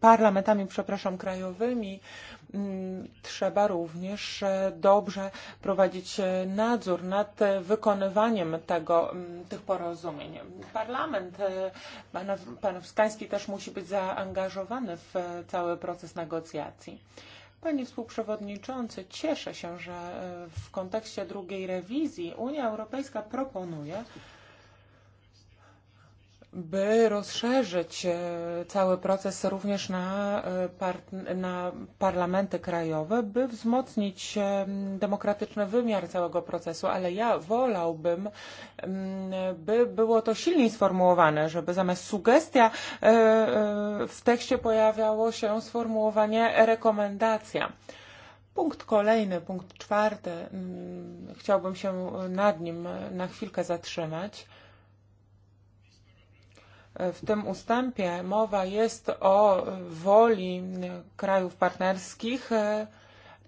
parlamentami przepraszam, krajowymi. Mm, trzeba również e, dobrze prowadzić e, nadzór nad wykonywaniem tego, mm, tych porozumień. Parlament e, panowski też musi być zaangażowany w cały proces negocjacji. Panie Współprzewodniczący, cieszę się, że e, w kontekście drugiej rewizji Unia Europejska proponuje, by rozszerzyć e, cały proces również na, e, na parlamenty krajowe, by wzmocnić e, demokratyczny wymiar całego procesu, ale ja wolałbym, mm, by było to silniej sformułowane, żeby zamiast sugestia w tekście pojawiało się sformułowanie rekomendacja. Punkt kolejny, punkt czwarty, mm, chciałbym się nad nim na chwilkę zatrzymać w tym ustępie mowa jest o woli krajów partnerskich,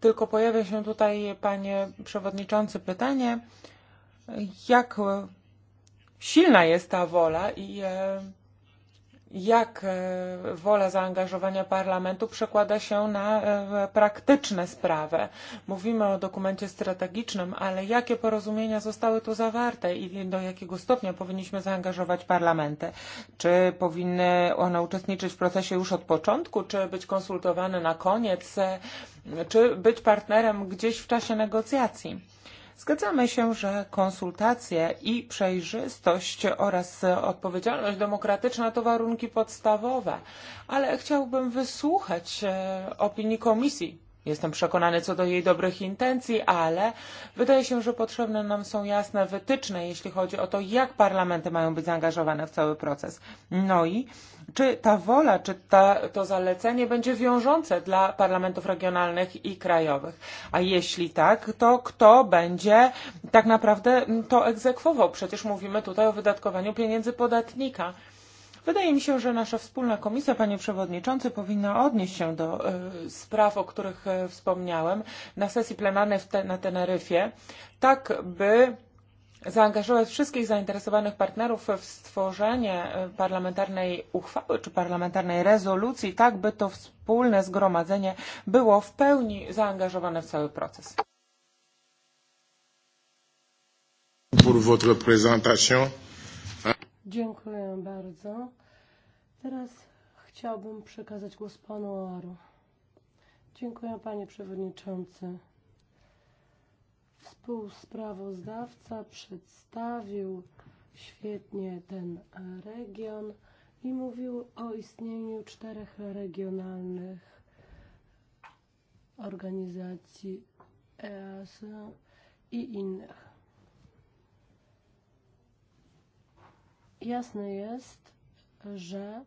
tylko pojawia się tutaj, panie przewodniczący, pytanie, jak silna jest ta wola i e, jak e, wola zaangażowania parlamentu przekłada się na e, praktyczne sprawy. Mówimy o dokumencie strategicznym, ale jakie porozumienia zostały tu zawarte i do jakiego stopnia powinniśmy zaangażować parlamenty? Czy powinny one uczestniczyć w procesie już od początku, czy być konsultowane na koniec, e, czy być partnerem gdzieś w czasie negocjacji? Zgadzamy się, że konsultacje i przejrzystość oraz odpowiedzialność demokratyczna to warunki podstawowe, ale chciałbym wysłuchać e, opinii komisji Jestem przekonany co do jej dobrych intencji, ale wydaje się, że potrzebne nam są jasne wytyczne, jeśli chodzi o to, jak parlamenty mają być zaangażowane w cały proces. No i czy ta wola, czy ta, to zalecenie będzie wiążące dla parlamentów regionalnych i krajowych? A jeśli tak, to kto będzie tak naprawdę to egzekwował? Przecież mówimy tutaj o wydatkowaniu pieniędzy podatnika. Wydaje mi się, że nasza wspólna komisja, panie przewodniczący, powinna odnieść się do e, spraw, o których e, wspomniałem na sesji plenarnej na Teneryfie, tak by zaangażować wszystkich zainteresowanych partnerów w stworzenie e, parlamentarnej uchwały czy parlamentarnej rezolucji, tak by to wspólne zgromadzenie było w pełni zaangażowane w cały proces. Pour votre présentation. Dziękuję bardzo. Teraz chciałbym przekazać głos panu Aru. Dziękuję panie przewodniczący. Współsprawozdawca przedstawił świetnie ten region i mówił o istnieniu czterech regionalnych organizacji EAS i innych. Jasne jest, że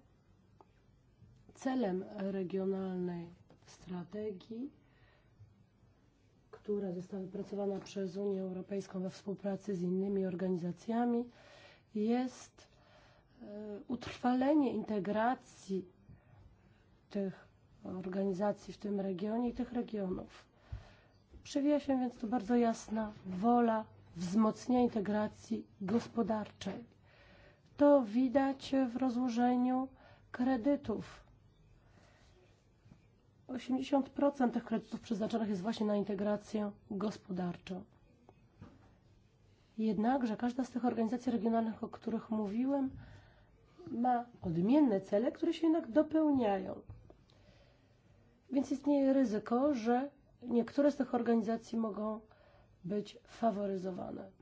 celem regionalnej strategii, która została wypracowana przez Unię Europejską we współpracy z innymi organizacjami, jest e, utrwalenie integracji tych organizacji w tym regionie i tych regionów. Przewija się więc tu bardzo jasna wola wzmocnienia integracji gospodarczej. To widać w rozłożeniu kredytów. 80% tych kredytów przeznaczonych jest właśnie na integrację gospodarczą. Jednakże każda z tych organizacji regionalnych, o których mówiłem, ma odmienne cele, które się jednak dopełniają. Więc istnieje ryzyko, że niektóre z tych organizacji mogą być faworyzowane.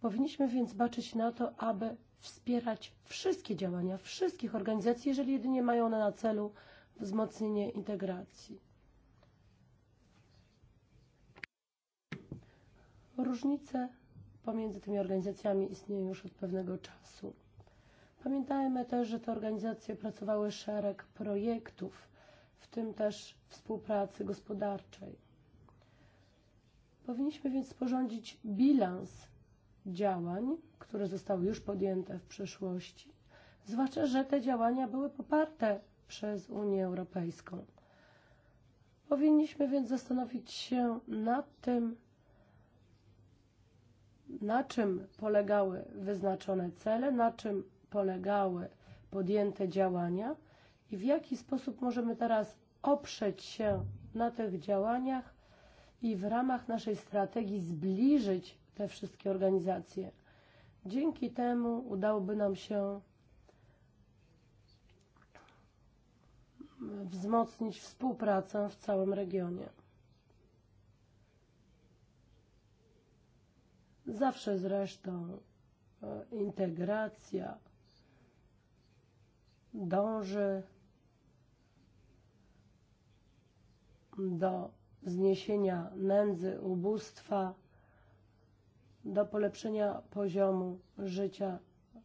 Powinniśmy więc baczyć na to, aby wspierać wszystkie działania wszystkich organizacji, jeżeli jedynie mają one na celu wzmocnienie integracji. Różnice pomiędzy tymi organizacjami istnieją już od pewnego czasu. Pamiętajmy też, że te organizacje pracowały szereg projektów, w tym też współpracy gospodarczej. Powinniśmy więc sporządzić bilans działań, które zostały już podjęte w przeszłości, zwłaszcza, że te działania były poparte przez Unię Europejską. Powinniśmy więc zastanowić się nad tym, na czym polegały wyznaczone cele, na czym polegały podjęte działania i w jaki sposób możemy teraz oprzeć się na tych działaniach i w ramach naszej strategii zbliżyć te wszystkie organizacje. Dzięki temu udałoby nam się wzmocnić współpracę w całym regionie. Zawsze zresztą e, integracja dąży do zniesienia nędzy, ubóstwa, do polepszenia poziomu życia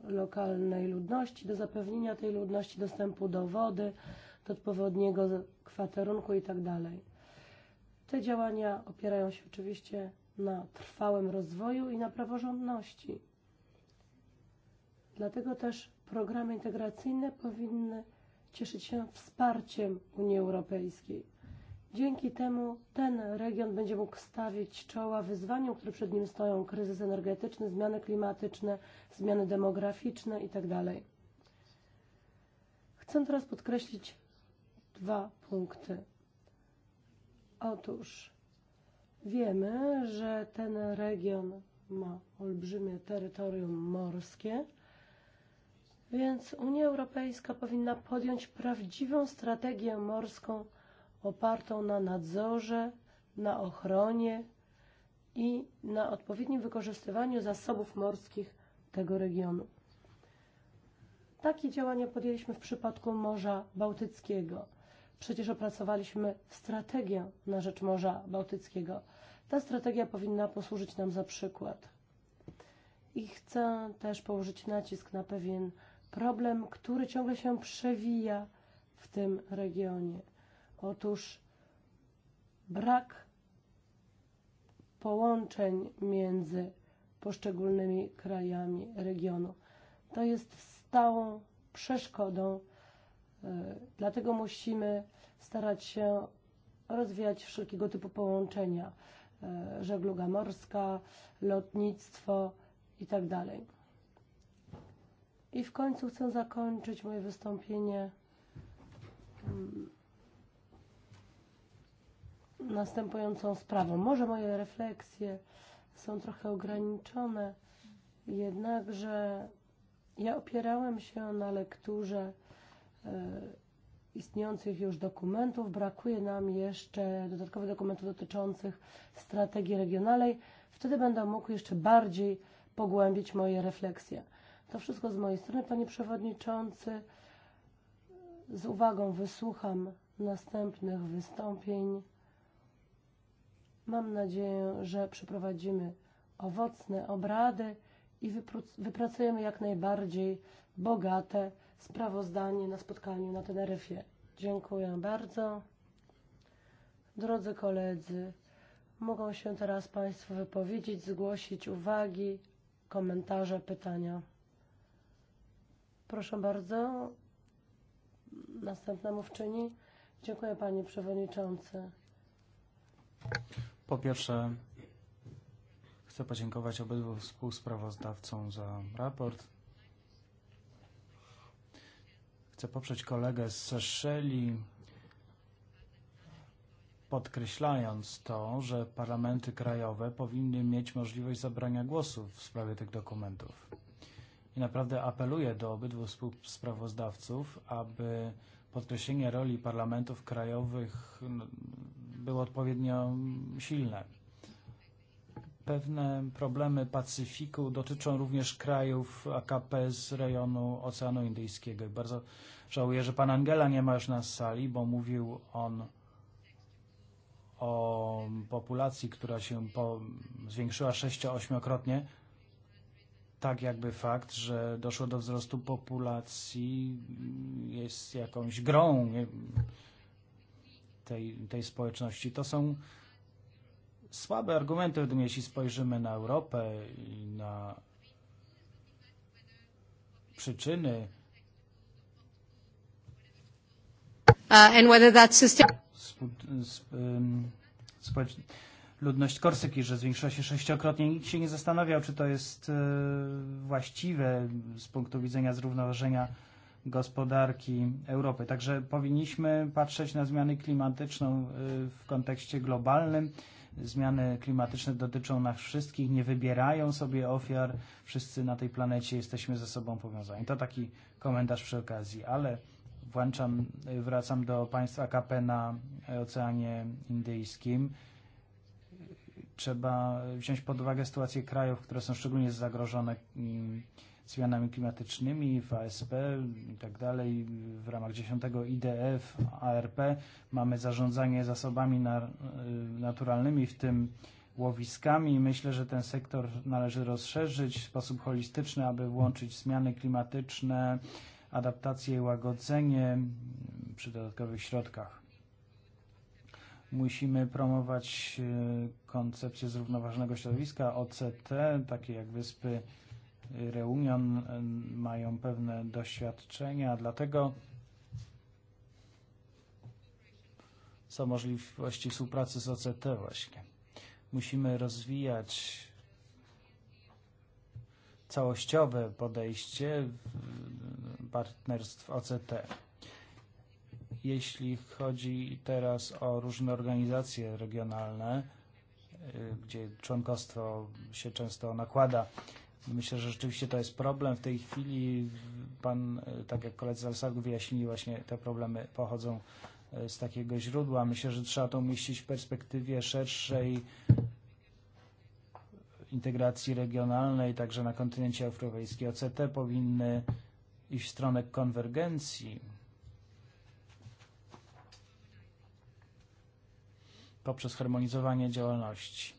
lokalnej ludności, do zapewnienia tej ludności dostępu do wody, do odpowiedniego kwaterunku itd. Te działania opierają się oczywiście na trwałym rozwoju i na praworządności. Dlatego też programy integracyjne powinny cieszyć się wsparciem Unii Europejskiej. Dzięki temu ten region będzie mógł stawić czoła wyzwaniom, które przed nim stoją kryzys energetyczny, zmiany klimatyczne, zmiany demograficzne itd. Chcę teraz podkreślić dwa punkty. Otóż wiemy, że ten region ma olbrzymie terytorium morskie, więc Unia Europejska powinna podjąć prawdziwą strategię morską opartą na nadzorze, na ochronie i na odpowiednim wykorzystywaniu zasobów morskich tego regionu. Takie działania podjęliśmy w przypadku Morza Bałtyckiego. Przecież opracowaliśmy strategię na rzecz Morza Bałtyckiego. Ta strategia powinna posłużyć nam za przykład. I chcę też położyć nacisk na pewien problem, który ciągle się przewija w tym regionie. Otóż brak połączeń między poszczególnymi krajami regionu. To jest stałą przeszkodą, e, dlatego musimy starać się rozwijać wszelkiego typu połączenia, e, żegluga morska, lotnictwo itd. I w końcu chcę zakończyć moje wystąpienie mm, następującą sprawą. Może moje refleksje są trochę ograniczone, jednakże ja opierałem się na lekturze e, istniejących już dokumentów. Brakuje nam jeszcze dodatkowych dokumentów dotyczących strategii regionalnej. Wtedy będę mógł jeszcze bardziej pogłębić moje refleksje. To wszystko z mojej strony, Panie Przewodniczący. Z uwagą wysłucham następnych wystąpień Mam nadzieję, że przeprowadzimy owocne obrady i wypracujemy jak najbardziej bogate sprawozdanie na spotkaniu na Teneryfie. Dziękuję bardzo. Drodzy koledzy, mogą się teraz Państwo wypowiedzieć, zgłosić uwagi, komentarze, pytania. Proszę bardzo, następna mówczyni. Dziękuję Panie Przewodniczący. Po pierwsze, chcę podziękować obydwu współsprawozdawcom za raport. Chcę poprzeć kolegę z Seszeli, podkreślając to, że parlamenty krajowe powinny mieć możliwość zabrania głosu w sprawie tych dokumentów. I naprawdę apeluję do obydwu współsprawozdawców, aby podkreślenie roli parlamentów krajowych no, były odpowiednio silne. Pewne problemy Pacyfiku dotyczą również krajów AKP z rejonu Oceanu Indyjskiego. Bardzo żałuję, że pan Angela nie ma już na sali, bo mówił on o populacji, która się po, zwiększyła 6-8-krotnie, tak jakby fakt, że doszło do wzrostu populacji jest jakąś grą. Nie, tej, tej społeczności. To są słabe argumenty, według mnie, jeśli spojrzymy na Europę i na przyczyny. Uh, and whether that system... Sp sp um, sp ludność Korsyki, że zwiększyła się sześciokrotnie. Nikt się nie zastanawiał, czy to jest e, właściwe z punktu widzenia zrównoważenia gospodarki Europy. Także powinniśmy patrzeć na zmiany klimatyczną e, w kontekście globalnym. Zmiany klimatyczne dotyczą nas wszystkich, nie wybierają sobie ofiar. Wszyscy na tej planecie jesteśmy ze sobą powiązani. To taki komentarz przy okazji, ale włączam, e, wracam do państwa AKP na Oceanie Indyjskim. Trzeba wziąć pod uwagę sytuację krajów, które są szczególnie zagrożone zmianami klimatycznymi, w ASP i tak dalej. W ramach 10 IDF, ARP mamy zarządzanie zasobami na, naturalnymi, w tym łowiskami. Myślę, że ten sektor należy rozszerzyć w sposób holistyczny, aby włączyć zmiany klimatyczne, adaptację i łagodzenie przy dodatkowych środkach. Musimy promować koncepcję zrównoważonego środowiska, OCT, takie jak wyspy reunion mają pewne doświadczenia, dlatego są możliwości współpracy z OCT właśnie. Musimy rozwijać całościowe podejście partnerstw OCT. Jeśli chodzi teraz o różne organizacje regionalne, gdzie członkostwo się często nakłada Myślę, że rzeczywiście to jest problem. W tej chwili pan, eh, tak jak koledzy z Alsagu wyjaśnili, właśnie vlastně te problemy pochodzą eh, z takiego źródła. Myślę, że trzeba to umieścić w perspektywie szerszej integracji regionalnej, także na kontynencie europejskim. OCT powinny iść w stronę konwergencji. poprzez harmonizowanie działalności.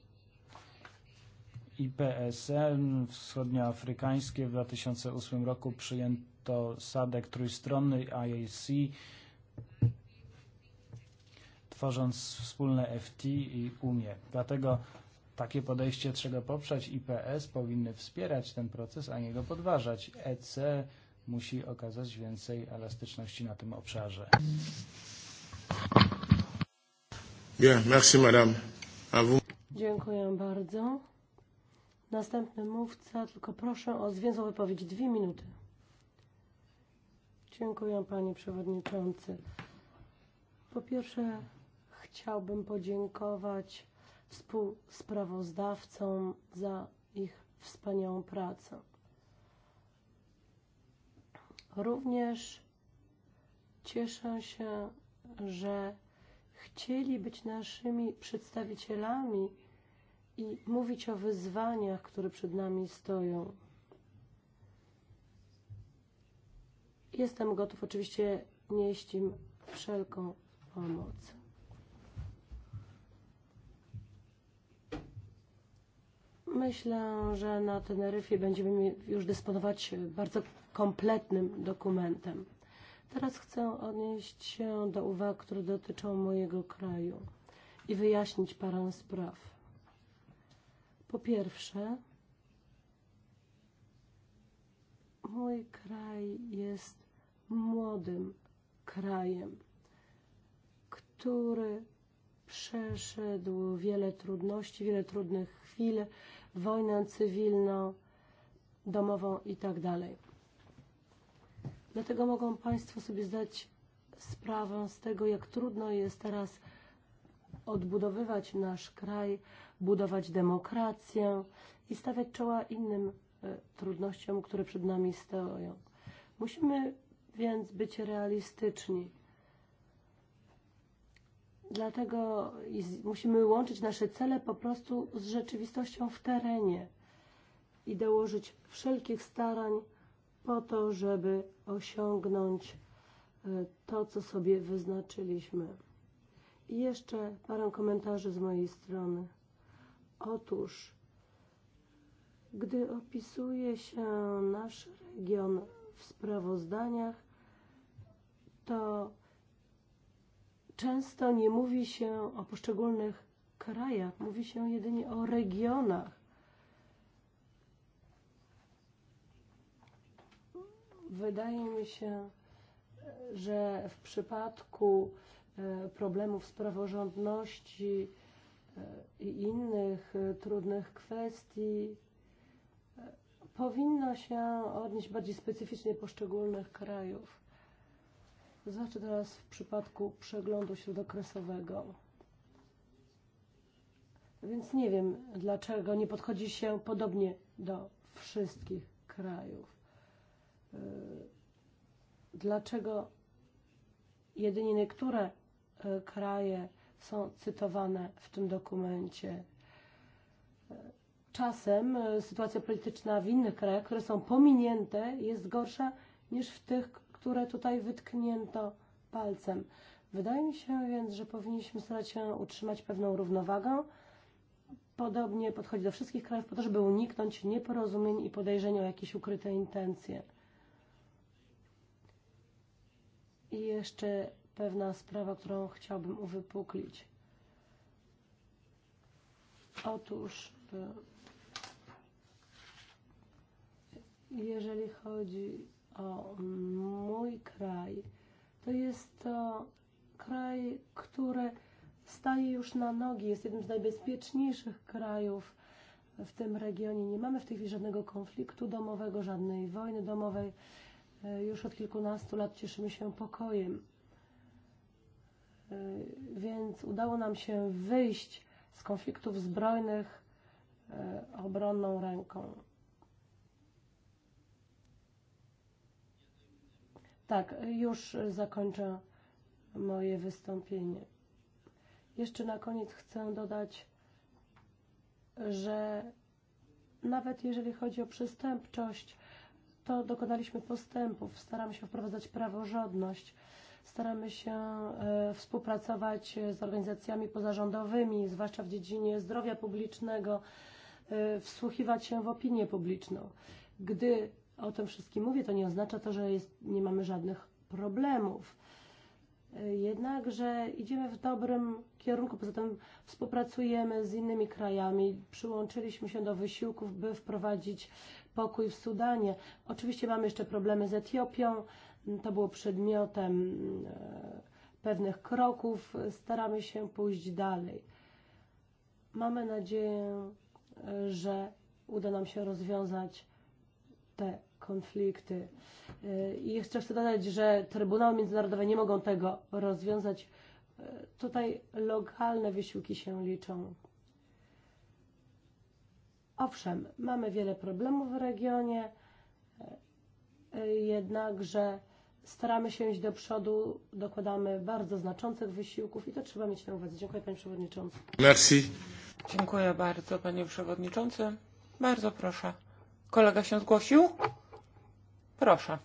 IPSN wschodnioafrykańskie w 2008 roku przyjęto SADEK trójstronny IAC, tworząc wspólne FT i UMIE. Dlatego takie podejście trzeba poprzeć. IPS powinny wspierać ten proces, a nie go podważać. EC musi okazać więcej elastyczności na tym obszarze. Yeah, merci, madame. Dziękuję bardzo. Następny mówca, tylko proszę o zwięzłą wypowiedź. Dwie minuty. Dziękuję Panie Przewodniczący. Po pierwsze chciałbym podziękować współsprawozdawcom za ich wspaniałą pracę. Również cieszę się, że chcieli być naszymi przedstawicielami i mówić o wyzwaniach, które przed nami stoją. Jestem gotów oczywiście nieść im wszelką pomoc. Myślę, że na Teneryfie będziemy już dysponować bardzo kompletnym dokumentem. Teraz chcę odnieść się do uwag, które dotyczą mojego kraju i wyjaśnić parę spraw. Po pierwsze, mój kraj jest młodym krajem, który przeszedł wiele trudności, wiele trudnych chwil, wojnę cywilną, domową dalej. Dlatego mogą Państwo sobie zdać sprawę z tego, jak trudno jest teraz odbudowywać nasz kraj budować demokrację i stawiać czoła innym e, trudnościom, które przed nami stoją. Musimy więc być realistyczni. Dlatego musimy łączyć nasze cele po prostu z rzeczywistością w terenie i dołożyć wszelkich starań po to, żeby osiągnąć e, to, co sobie wyznaczyliśmy. I jeszcze parę komentarzy z mojej strony. Otóż, gdy opisuje się nasz region w sprawozdaniach, to często nie mówi się o poszczególnych krajach, mówi się jedynie o regionach. Wydaje mi się, że w przypadku e, problemów z praworządności, innych eh, trudnych kwestii. Powinno się odnieść bardziej specyficznie poszczególnych krajów. Zwłaszcza teraz w przypadku przeglądu śródokresowego. Więc nie wiem, dlaczego nie podchodzi się podobnie do wszystkich krajów. Dlaczego jedynie niektóre e, kraje są cytowane w tym dokumencie. Czasem e, sytuacja polityczna w innych krajach, które są pominięte, jest gorsza niż w tych, które tutaj wytknięto palcem. Wydaje mi się więc, że powinniśmy starać się utrzymać pewną równowagę, podobnie podchodzi do wszystkich krajów po to, żeby uniknąć nieporozumień i podejrzeń o jakieś ukryte intencje. I jeszcze pewna sprawa, którą chciałbym uwypuklić. Otóż, eh, jeżeli chodzi o mój kraj, to jest to kraj, który staje już na nogi, jest jednym z najbezpieczniejszych krajów w tym regionie. Nie mamy w tej chwili żadnego konfliktu domowego, żadnej wojny domowej. E, już od kilkunastu lat cieszymy się pokojem. E, więc udało nam się wyjść z konfliktów zbrojnych e, obronną ręką. Tak, już zakończę moje wystąpienie. Jeszcze na koniec chcę dodać, że nawet jeżeli chodzi o przestępczość, to dokonaliśmy postępów. Staramy się wprowadzać praworządność. Staramy się e, współpracować z organizacjami pozarządowymi, zwłaszcza w dziedzinie zdrowia publicznego, e, wsłuchiwać się w opinię publiczną. Gdy o tym wszystkim mówię, to nie oznacza to, że jest, nie mamy żadnych problemów. E, jednakże idziemy w dobrym kierunku. Poza tym współpracujemy z innymi krajami, przyłączyliśmy się do wysiłków, by wprowadzić pokój w Sudanie. Oczywiście mamy jeszcze problemy z Etiopią, to było przedmiotem eh, pewnych kroków. Staramy się pójść dalej. Mamy nadzieję, eh, że uda nam się rozwiązać te konflikty. Eh, I jeszcze chcę dodać, że Trybunały Międzynarodowe nie mogą tego rozwiązać. Tutaj lokalne wysiłki się liczą. Owszem, mamy wiele problemów w regionie, jednakże staramy się iść do przodu, dokładamy bardzo znaczących wysiłków i to trzeba mieć na uwadze. Dziękuję Panie Przewodniczący. Merci. Dziękuję bardzo Panie Przewodniczący. Bardzo proszę. Kolega się zgłosił? Proszę.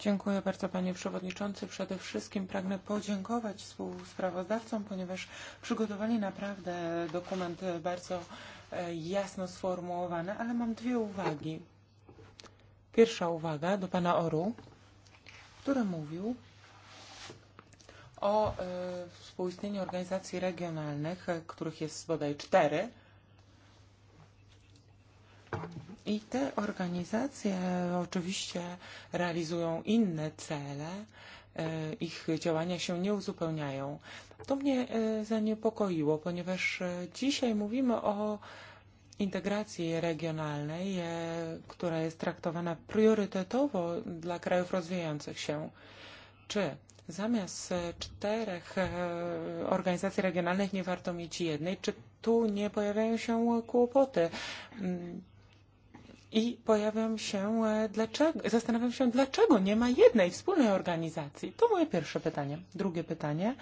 Dziękuję bardzo Panie Przewodniczący. Przede wszystkim pragnę podziękować współsprawozdawcom, ponieważ przygotowali naprawdę dokument bardzo e, jasno sformułowany, ale mam dwie uwagi. Pierwsza uwaga do pana Oru, który mówił o y, e, współistnieniu organizacji regionalnych, których jest bodaj cztery. I te organizacje oczywiście realizują inne cele, e, ich działania się nie uzupełniają. To mnie e, zaniepokoiło, ponieważ dzisiaj mówimy o integracji regionalnej, która jest traktowana priorytetowo dla krajów rozwijających się. Czy zamiast czterech e, organizacji regionalnych nie warto mieć jednej? Czy tu nie pojawiają się kłopoty? Mm, I pojawiam się, e, dlaczego, zastanawiam się, dlaczego nie ma jednej wspólnej organizacji. To moje pierwsze pytanie. Drugie pytanie,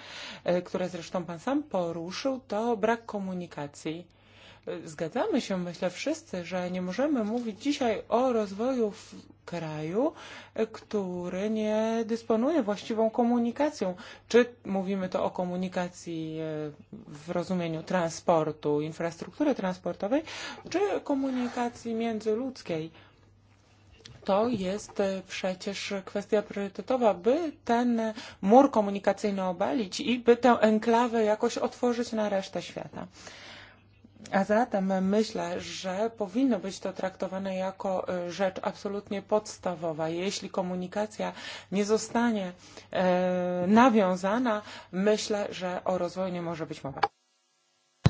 e, które zresztą Pan sam poruszył, to brak komunikacji Zgadzamy się, myślę, wszyscy, że nie możemy mówić dzisiaj o rozwoju w kraju, który nie dysponuje właściwą komunikacją. Czy mówimy to o komunikacji e, w rozumieniu transportu, infrastruktury transportowej, czy komunikacji międzyludzkiej? to jest e, przecież kwestia priorytetowa, by ten mur komunikacyjny obalić i by tę enklawę jakoś otworzyć na resztę świata. A zatem myślę, że powinno być to traktowane jako rzecz absolutnie podstawowa. Jeśli komunikacja nie zostanie e, nawiązana, myślę, że o rozwoju nie może być mowa.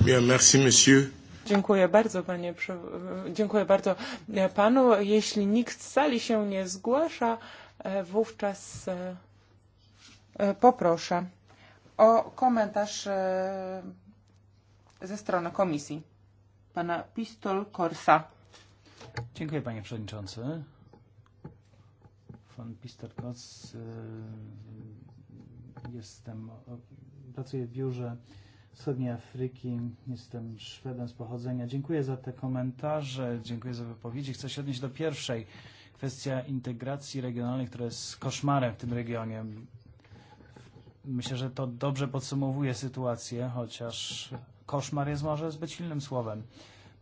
Bien, merci, monsieur. Dziękuję bardzo, panie, e, dziękuję bardzo e, panu. Jeśli nikt z sali się nie zgłasza, e, wówczas poproszę o komentarz ze strony komisji pana Pistol Corsa. Dziękuję panie przewodniczący. Pan Pistol Kors, eh, jestem, eh, pracuję w biurze Wschodniej Afryki. Jestem Szwedem z pochodzenia. Dziękuję za te komentarze, dziękuję za wypowiedzi. Chcę się odnieść do pierwszej. Kwestia integracji regionalnej, która jest koszmarem w tym regionie. Myślę, że to dobrze podsumowuje sytuację, chociaż koszmar jest może zbyt silnym słowem.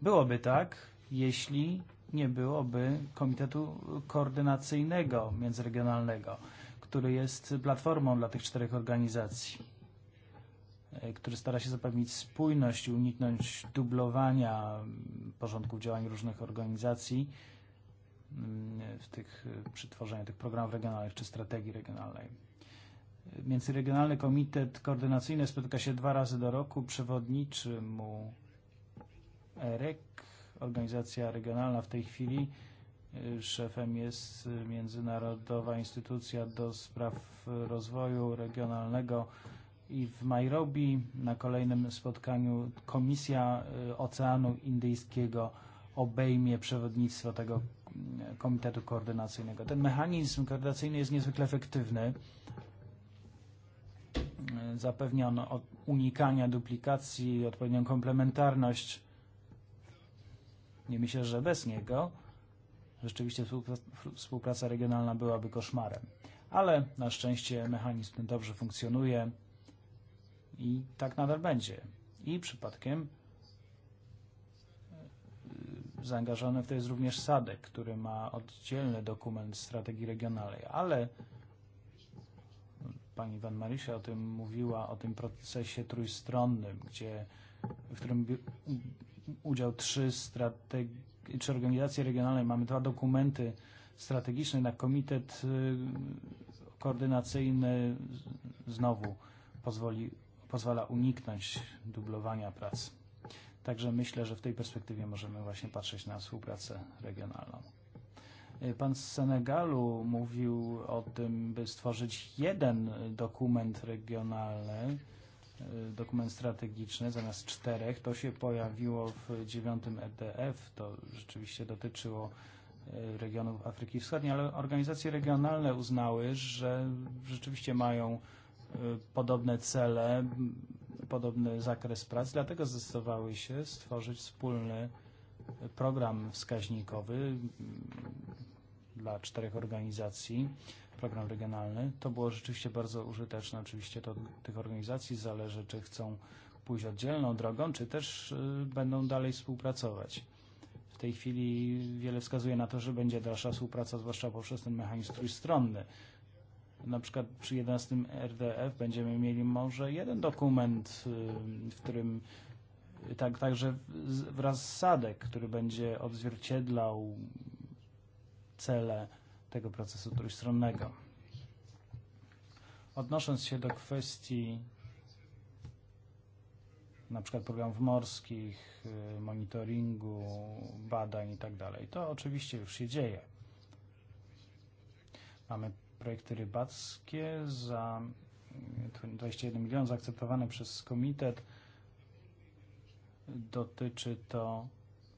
Byłoby tak, jeśli nie byłoby Komitetu Koordynacyjnego Międzyregionalnego, który jest platformą dla tych czterech organizacji, e, który stara się zapewnić spójność i uniknąć dublowania porządków działań różnych organizacji mm, w tych, e, przy tworzeniu tych programów regionalnych czy strategii regionalnej. Międzyregionalny Komitet Koordynacyjny spotyka się dwa razy do roku. Przewodniczy mu EREK, organizacja regionalna w tej chwili. Szefem jest Międzynarodowa Instytucja do Spraw Rozwoju Regionalnego i w Nairobi na kolejnym spotkaniu Komisja Oceanu Indyjskiego obejmie przewodnictwo tego Komitetu Koordynacyjnego. Ten mechanizm koordynacyjny jest niezwykle efektywny zapewnia on unikania duplikacji, odpowiednią komplementarność. Nie myślę, że bez niego rzeczywiście współpraca regionalna byłaby koszmarem. Ale na szczęście mechanizm ten dobrze funkcjonuje i tak nadal będzie. I przypadkiem e, zaangażowany w to jest również SADEK, który ma oddzielny dokument strategii regionalnej, ale Pani Van Marysia o tym mówiła, o tym procesie trójstronnym, gdzie, w którym udział trzy strategii, czy organizacje regionalne. Mamy dwa dokumenty strategiczne na komitet koordynacyjny. Znowu pozwoli, pozwala uniknąć dublowania prac. Także myślę, że w tej perspektywie możemy właśnie patrzeć na współpracę regionalną. Eh, pan z Senegalu mówił o tym, by stworzyć jeden dokument regionalny, eh, dokument strategiczny zamiast czterech. To się pojawiło w dziewiątym EDF. To rzeczywiście dotyczyło eh, regionów Afryki Wschodniej, ale organizacje regionalne uznały, że rzeczywiście mają podobne cele, podobny zakres prac, dlatego zdecydowały się stworzyć wspólny program wskaźnikowy dla czterech organizacji program regionalny. To było rzeczywiście bardzo użyteczne. Oczywiście to od tych organizacji zależy, czy chcą pójść oddzielną drogą, czy też będą dalej współpracować. W tej chwili wiele wskazuje na to, że będzie dalsza współpraca, zwłaszcza poprzez ten mechanizm trójstronny. Na przykład przy 11 RDF będziemy mieli może jeden dokument, w którym tak, także wraz z Sadek, który będzie odzwierciedlał cele tego procesu trójstronnego. Odnosząc się do kwestii na przykład programów morskich, monitoringu, badań itd. To oczywiście już się dzieje. Mamy projekty rybackie za 21 milionów zaakceptowane przez komitet. Dotyczy to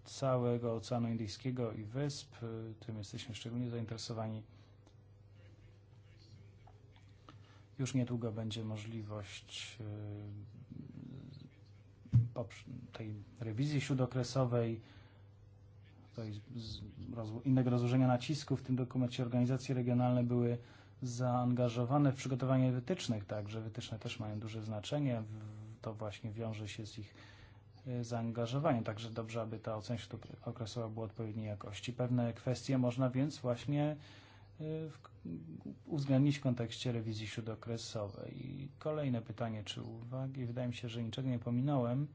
całego Oceanu Indyjskiego i wysp. Tym jesteśmy szczególnie zainteresowani. Już niedługo będzie możliwość tej rewizji śródokresowej, innego rozłożenia nacisku w tym dokumencie organizacje regionalne były zaangażowane w przygotowanie wytycznych, także wytyczne też mają duże znaczenie. To właśnie wiąże się z ich zaangażowanie, także dobrze, aby ta ocena okresowa była odpowiedniej jakości. Pewne kwestie można więc właśnie vlastně, w, uwzględnić w kontekście rewizji śródokresowej. I kolejne pytanie czy uwagi? Wydaje mi się, że niczego nie pominąłem,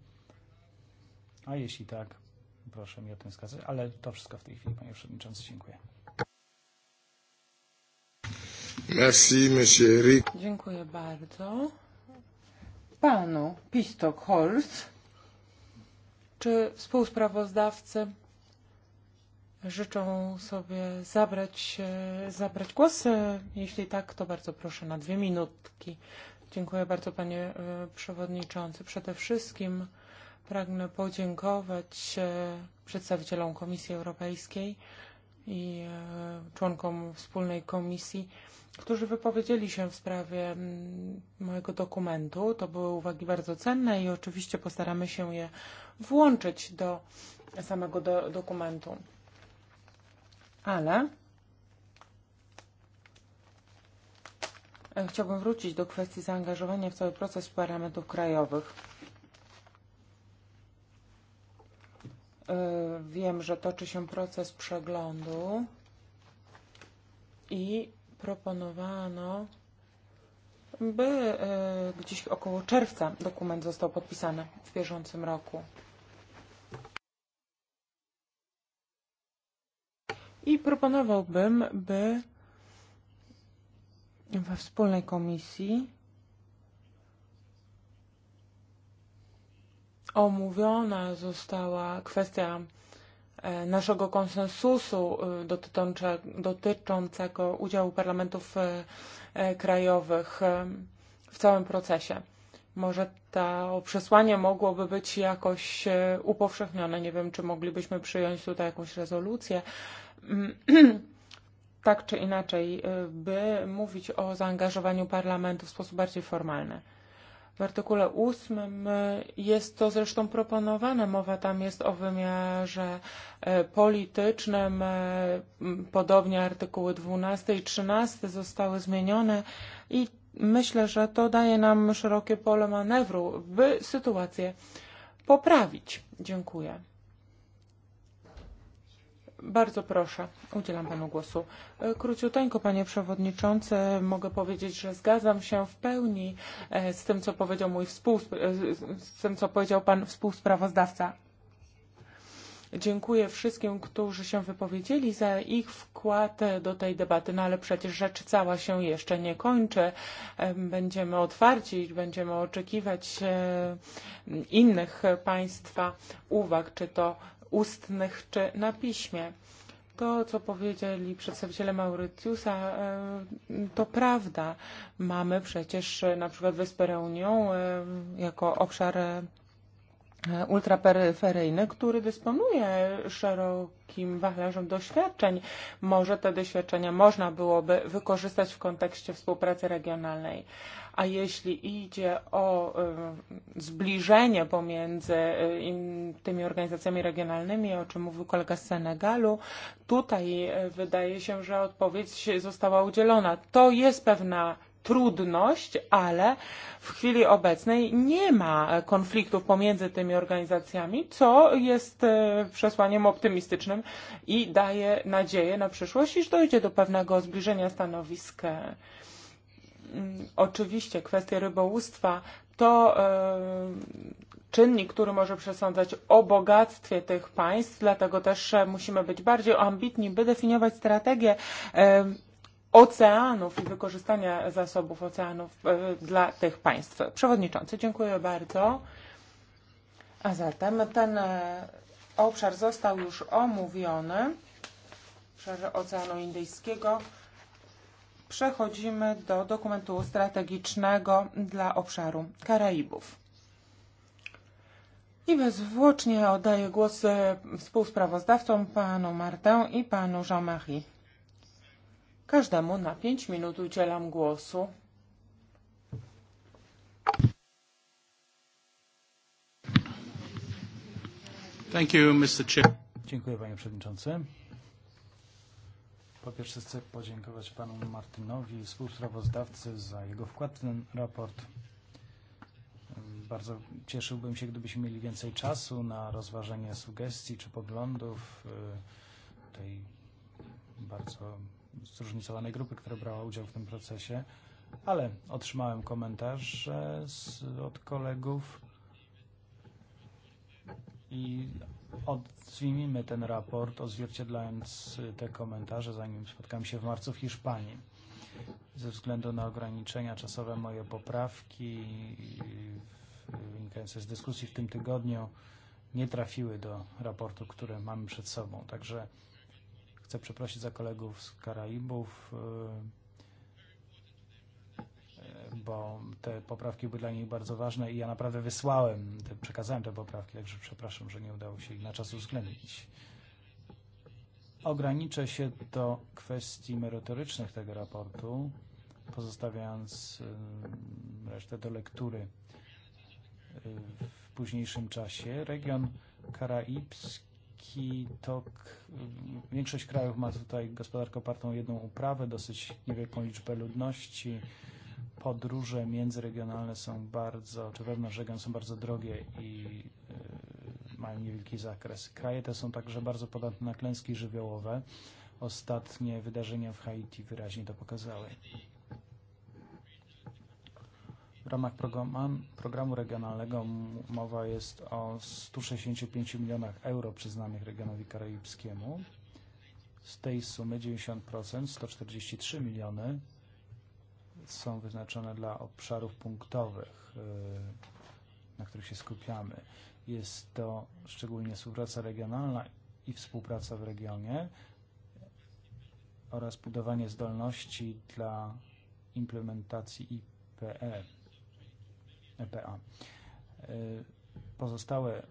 a jeśli tak, proszę mi o tym wskazać, ale to wszystko w tej chwili, panie przewodniczący, dziękuję. Merci, monsieur Dziękuję bardzo. Panu Pistok Holst czy współsprawozdawcy życzą sobie zabrać, eh, zabrać głos? Eh, jeśli tak, to bardzo proszę na dwie minutki. Dziękuję bardzo panie eh, przewodniczący. Przede wszystkim pragnę podziękować przedstawicielom Komisji Europejskiej i członkom wspólnej komisji którzy wypowiedzieli się w sprawie mm, mojego dokumentu. To były uwagi bardzo cenne i oczywiście postaramy się je włączyć do samego do dokumentu. Ale e, chciałbym wrócić do kwestii zaangażowania w cały proces parlamentów krajowych. E, wiem, że toczy się proces przeglądu i proponowano, by gdzieś eh, około czerwca dokument został podpisany w bieżącym roku. I proponowałbym, by we wspólnej komisji omówiona została kwestia E, naszego konsensusu e, dotyczące, dotyczącego udziału parlamentów e, krajowych w całym procesie. Może to przesłanie mogłoby być jakoś upowszechnione. Nie wiem, czy moglibyśmy przyjąć tutaj jakąś rezolucję. [clears throat] tak czy inaczej, by mówić o zaangażowaniu parlamentu w sposób bardziej formalny. W artykule 8 jest to zresztą proponowane. Mowa tam jest o wymiarze e, politycznym. E, podobnie artykuły 12 i 13 zostały zmienione i myślę, że to daje nam szerokie pole manewru, by sytuację poprawić. Dziękuję. Bardzo proszę, udzielam panu głosu. E, króciuteńko, panie przewodniczący, mogę powiedzieć, że zgadzam się w pełni e, z tym, co powiedział mój współspr e, z tym, co powiedział pan współsprawozdawca. Dziękuję wszystkim, którzy się wypowiedzieli za ich wkład do tej debaty, no ale przecież rzecz cała się jeszcze nie kończy. Będziemy otwarci, będziemy oczekiwać innych państwa uwag, czy to ustnych czy na piśmie. To, co powiedzieli przedstawiciele Mauritiusa, eh, to prawda. Mamy przecież na przykład Wyspę Reunią eh, jako obszar eh, ultraperyferyjny, który dysponuje szerokim wachlarzem doświadczeń. Może te doświadczenia można byłoby wykorzystać w kontekście współpracy regionalnej. A jeśli idzie o e, zbliżenie pomiędzy e, tymi organizacjami regionalnymi, o czym mówił kolega z Senegalu, tutaj e, wydaje się, że odpowiedź została udzielona. To jest pewna trudność, ale w chwili obecnej nie ma e, konfliktów pomiędzy tymi organizacjami, co jest e, przesłaniem optymistycznym i daje nadzieję na przyszłość, iż dojdzie do pewnego zbliżenia stanowisk. Mm, oczywiście kwestie rybołówstwa to e, czynnik, który może przesądzać o bogactwie tych państw, dlatego też musimy być bardziej ambitni, by definiować strategię oceanów i wykorzystania zasobów oceanów e, dla tych państw. Przewodniczący, dziękuję bardzo. A zatem ten e, obszar został już omówiony w obszarze Oceanu Indyjskiego. Przechodzimy do dokumentu strategicznego dla obszaru Karaibów. I bezwłocznie oddaję głos współsprawozdawcom panu Martę i panu Jean-Marie Każdemu na 5 minut udzielam głosu. Thank you, Mr. Chair. Dziękuję panie przewodniczący. Po pierwsze chcę podziękować panu Martynowi, współsprawozdawcy, za jego wkład w ten raport. Bardzo cieszyłbym się, gdybyśmy mieli więcej czasu na rozważenie sugestii czy poglądów e, tej bardzo zróżnicowanej grupy, która brała udział w tym procesie, ale otrzymałem komentarze z, od kolegów i odzwimimy ten raport, odzwierciedlając te komentarze, zanim spotkałem się w marcu w Hiszpanii. Ze względu na ograniczenia czasowe moje poprawki wynikające z dyskusji w tym tygodniu nie trafiły do raportu, który mamy przed sobą. Także Chcę przeprosić za kolegów z Karaibów, eh, bo te poprawki były dla nich bardzo ważne i ja naprawdę wysłałem, te, przekazałem te poprawki, także przepraszam, że nie udało się ich na czas uwzględnić. Ograniczę się do kwestii merytorycznych tego raportu, pozostawiając resztę do lektury w późniejszym czasie. Region karaibski taki tok, większość krajów ma tutaj gospodarkę opartą o jedną uprawę, dosyć niewielką liczbę ludności. Podróże międzyregionalne są bardzo, czy wewnątrz region są bardzo drogie i y, e, mają niewielki zakres. Kraje te są także bardzo podatne na klęski żywiołowe. Ostatnie wydarzenia w Haiti wyraźnie to pokazały. W ramach programu, programu regionalnego mowa jest o 165 milionach euro przyznanych regionowi karaibskiemu. Z tej sumy 90%, 143 miliony są wyznaczone dla obszarów punktowych, na których się skupiamy. Jest to szczególnie współpraca regionalna i współpraca w regionie oraz budowanie zdolności dla implementacji IPE. EPA. E, pozostałe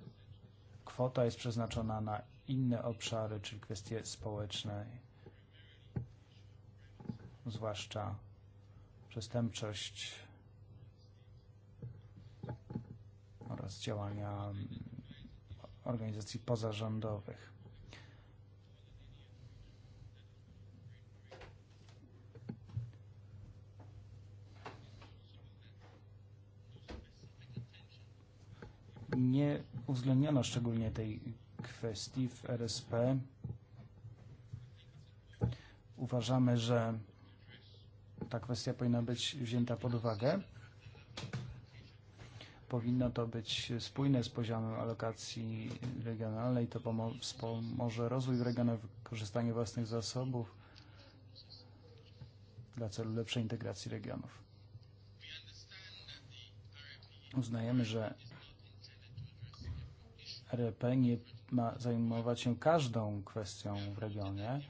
kwota jest przeznaczona na inne obszary, czyli kwestie społeczne, zwłaszcza przestępczość oraz działania organizacji pozarządowych. nie uwzględniono szczególnie tej kwestii w RSP. Uważamy, że ta kwestia powinna być wzięta pod uwagę. Powinno to być spójne z poziomem alokacji regionalnej. To pomoże rozwój regionu, wykorzystanie własnych zasobów dla celu lepszej integracji regionów. Uznajemy, że RP nie ma zajmować się każdą kwestią w regionie,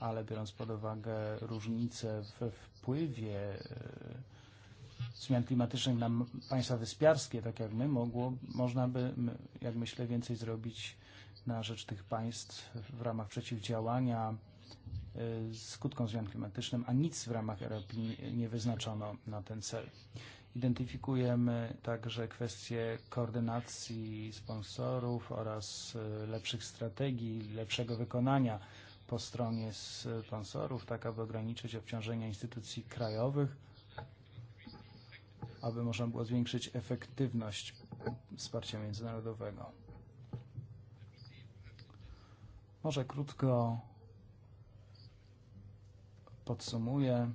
ale biorąc pod uwagę różnice w wpływie e, zmian klimatycznych na państwa wyspiarskie, tak jak my, mogło, można by, jak myślę, więcej zrobić na rzecz tych państw w ramach przeciwdziałania e, skutkom zmian klimatycznym, a nic w ramach RP nie wyznaczono na ten cel. Identyfikujemy także kwestie koordynacji sponsorów oraz e, lepszych strategii, lepszego wykonania po stronie sponsorów, tak aby ograniczyć obciążenia instytucji krajowych, aby można było zwiększyć efektywność wsparcia międzynarodowego. Może krótko podsumuję.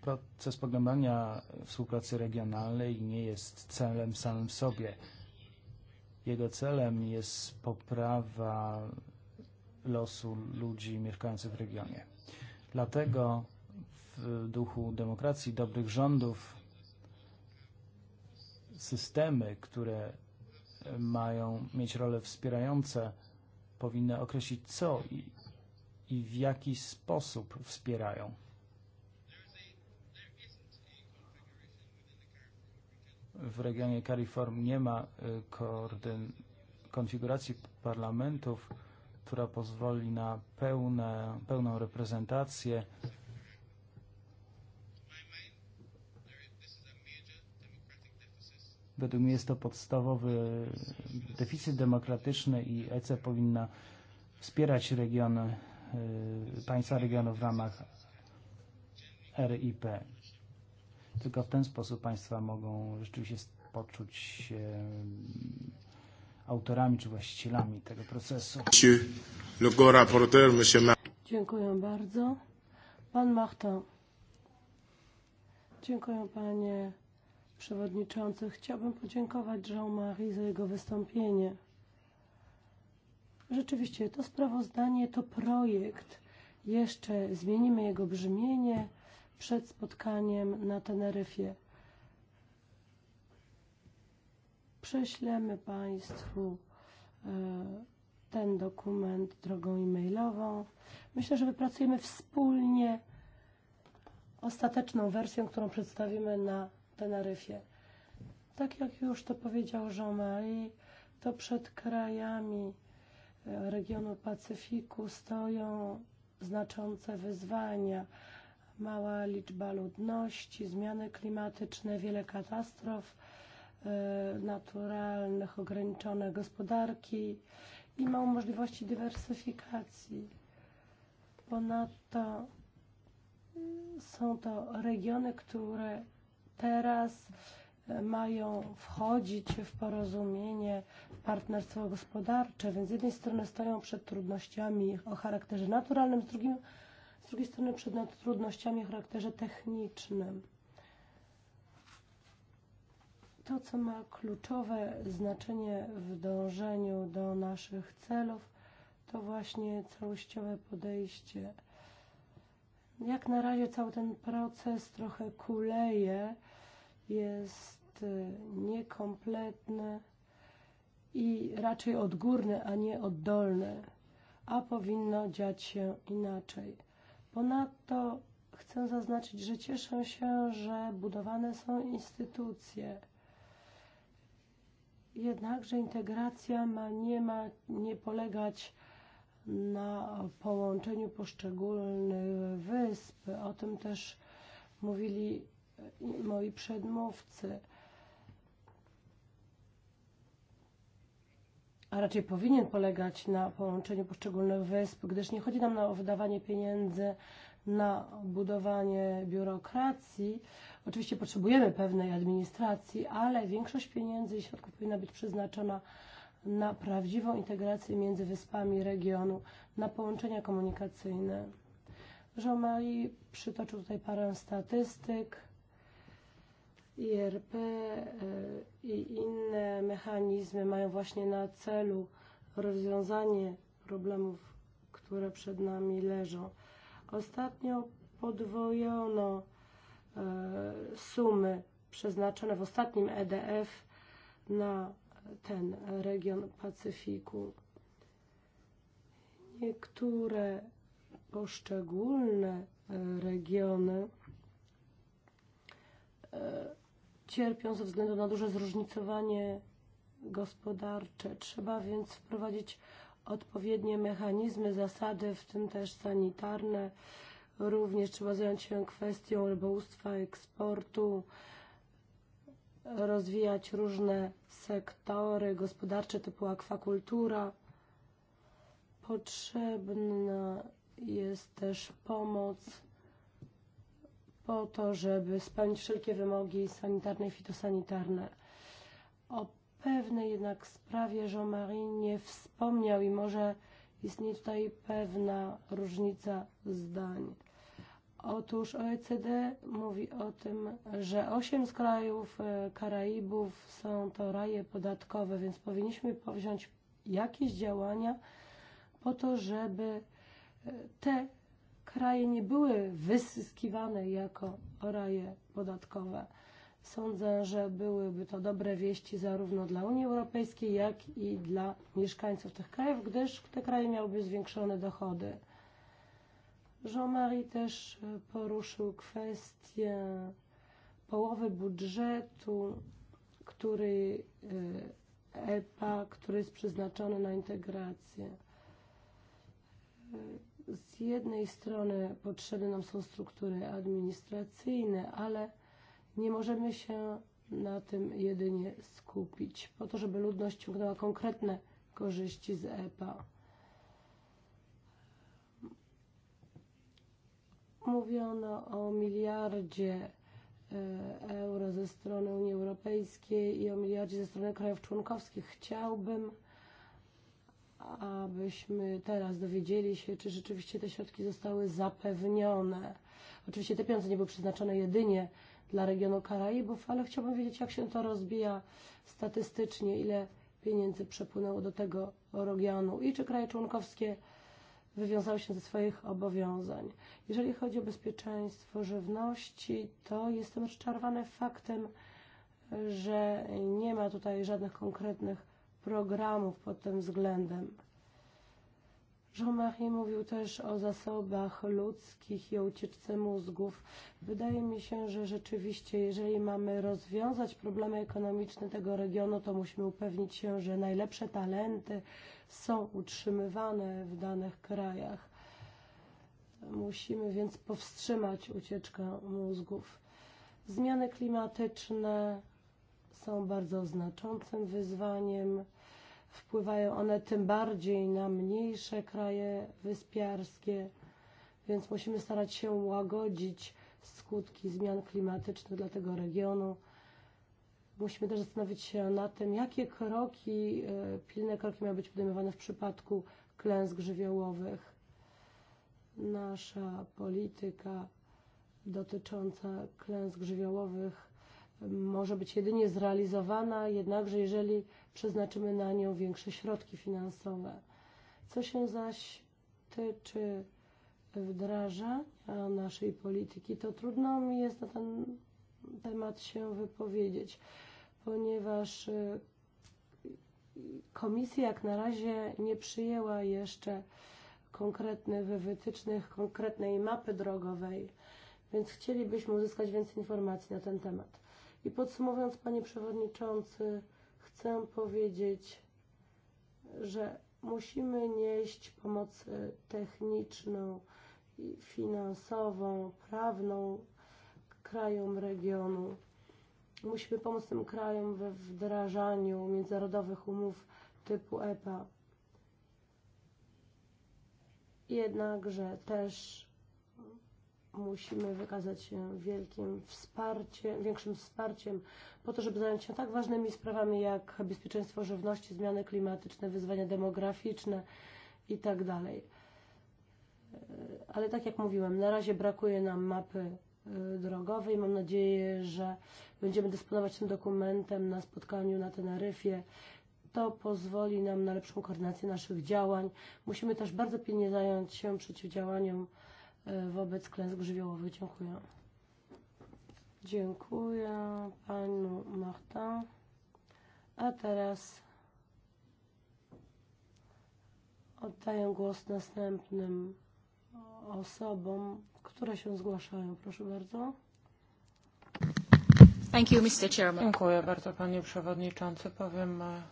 Proces pogłębiania współpracy regionalnej nie jest celem samym w sobie. Jego celem jest poprawa losu ludzi mieszkających w regionie. Dlatego w duchu demokracji, dobrych rządów, systemy, które mają mieć role wspierające, powinny określić co i, i w jaki sposób wspierają. w regionie CARIFORM nie ma e, koordyn konfiguracji parlamentów, która pozwoli na pełne, pełną reprezentację. Według mnie jest to podstawowy deficyt demokratyczny i EC powinna wspierać regiony, e, państwa regionu w ramach RIP. Tylko w ten sposób Państwa mogą rzeczywiście poczuć się mm, autorami czy właścicielami tego procesu. Dziękuję bardzo. Pan Machto. Dziękuję Panie Przewodniczący. Chciałbym podziękować Jean-Marie za jego wystąpienie. Rzeczywiście, to sprawozdanie to projekt. Jeszcze zmienimy jego brzmienie przed spotkaniem na Teneryfie. Prześlemy Państwu e, ten dokument drogą e-mailową. Myślę, że wypracujemy wspólnie ostateczną wersję, którą przedstawimy na Teneryfie. Tak jak już to powiedział Jean-Marie, to przed krajami e, regionu Pacyfiku stoją znaczące wyzwania mała liczba ludności, zmiany klimatyczne, wiele katastrof e, naturalnych, ograniczone gospodarki i mało możliwości dywersyfikacji. Ponadto e, są to regiony, które teraz e, mają wchodzić w porozumienie, w partnerstwo gospodarcze, więc z jednej strony stoją przed trudnościami o charakterze naturalnym, z drugiej z drugiej strony przed trudnościami o charakterze technicznym. To, co ma kluczowe znaczenie w dążeniu do naszych celów, to właśnie vlastně całościowe podejście. Jak na razie cały ten proces trochę kuleje, jest e, niekompletny i raczej odgórny, a nie oddolny, a powinno dziać się inaczej. Ponadto chcę zaznaczyć, że cieszę się, że budowane są instytucje. Jednakże integracja ma nie, ma, nie polegać na połączeniu poszczególnych wysp. O tym też mówili moi przedmówcy. a raczej powinien polegać na połączeniu poszczególnych wysp, gdyż nie chodzi nam na o wydawanie pieniędzy na budowanie biurokracji. Oczywiście potrzebujemy pewnej administracji, ale większość pieniędzy i środków powinna być przeznaczona na prawdziwą integrację między wyspami regionu, na połączenia komunikacyjne. Jean-Marie przytoczył tutaj parę statystyk IRP i eh, inne mechanizmy mają właśnie vlastně na celu rozwiązanie problemów, które przed nami leżą. Ostatnio podwojono eh, sumy przeznaczone w ostatnim EDF na ten region Pacyfiku. Niektóre poszczególne eh, regiony cierpią ze względu na duże zróżnicowanie gospodarcze. Trzeba więc wprowadzić odpowiednie mechanizmy, zasady, w tym też sanitarne. Również trzeba zająć się kwestią rybołówstwa, eksportu, rozwijać różne sektory gospodarcze typu akwakultura. Potrzebna jest też pomoc po to, żeby spełnić wszelkie wymogi sanitarne i fitosanitarne. O pewnej jednak sprawie Jean-Marie nie wspomniał i może istnieje tutaj pewna różnica zdań. Otóż OECD mówi o tym, że osiem z krajów Karaibów są to raje podatkowe, więc powinniśmy powziąć jakieś działania po to, żeby te kraje nie były wysyskiwane jako raje podatkowe. Sądzę, że byłyby to dobre wieści zarówno dla Unii Europejskiej, jak i dla mieszkańców tych krajów, gdyż te kraje miałyby zwiększone dochody. Jean-Marie też e, poruszył kwestię połowy budżetu, który EPA, e który jest przeznaczony na integrację. E, z jednej strony potrzebne nam są struktury administracyjne, ale nie możemy się na tym jedynie skupić, po to, żeby ludność ciągnęła konkretne korzyści z EPA. Mówiono o miliardzie e, euro ze strony Unii Europejskiej i o miliardzie ze strony krajów członkowskich. Chciałbym abyśmy teraz dowiedzieli się, czy rzeczywiście te środki zostały zapewnione. Oczywiście te pieniądze nie były przeznaczone jedynie dla regionu Karaibów, ale chciałbym wiedzieć, jak się to rozbija statystycznie, ile pieniędzy przepłynęło do tego regionu i czy kraje członkowskie wywiązały się ze swoich obowiązań. Jeżeli chodzi o bezpieczeństwo żywności, to jestem rozczarowany faktem, że nie ma tutaj żadnych konkretnych programów pod tym względem. Jean-Marie mówił też o zasobach ludzkich i o ucieczce mózgów. Wydaje mi się, że rzeczywiście, jeżeli mamy rozwiązać problemy ekonomiczne tego regionu, to musimy upewnić się, że najlepsze talenty są utrzymywane w danych krajach. Musimy więc powstrzymać ucieczkę mózgów. Zmiany klimatyczne, są bardzo znaczącym wyzwaniem. Wpływają one tym bardziej na mniejsze kraje wyspiarskie, więc musimy starać się łagodzić skutki zmian klimatycznych dla tego regionu. Musimy też zastanowić się nad tym, jakie kroki, e, pilne kroki miały być podejmowane w przypadku klęsk żywiołowych. Nasza polityka dotycząca klęsk żywiołowych może być jedynie zrealizowana, jednakże jeżeli przeznaczymy na nią większe środki finansowe. Co się zaś tyczy wdrażania naszej polityki, to trudno mi jest na ten temat się wypowiedzieć, ponieważ komisja jak na razie nie przyjęła jeszcze konkretnych wytycznych, konkretnej mapy drogowej, więc chcielibyśmy uzyskać więcej informacji na ten temat. I podsumowując, panie przewodniczący, chcę powiedzieć, że musimy nieść pomoc techniczną, finansową, prawną krajom regionu. Musimy pomóc tym krajom we wdrażaniu międzynarodowych umów typu EPA. Jednakże też musimy wykazać się wielkim wsparciem, większym wsparciem po to, żeby zająć się tak ważnymi sprawami jak bezpieczeństwo żywności, zmiany klimatyczne, wyzwania demograficzne itd. Ale tak jak mówiłem, na razie brakuje nam mapy drogowej. Mam nadzieję, że będziemy dysponować tym dokumentem na spotkaniu na Teneryfie. To pozwoli nam na lepszą koordynację naszych działań. Musimy też bardzo pilnie zająć się przeciwdziałaniem wobec e, klęsk żywiołowych. Dziękuję. Dziękuję panu Marta. A teraz oddaję głos następnym osobom, które się zgłaszają. Proszę bardzo. Thank you, Mr. Chairman. Dziękuję bardzo, panie przewodniczący. Powiem e,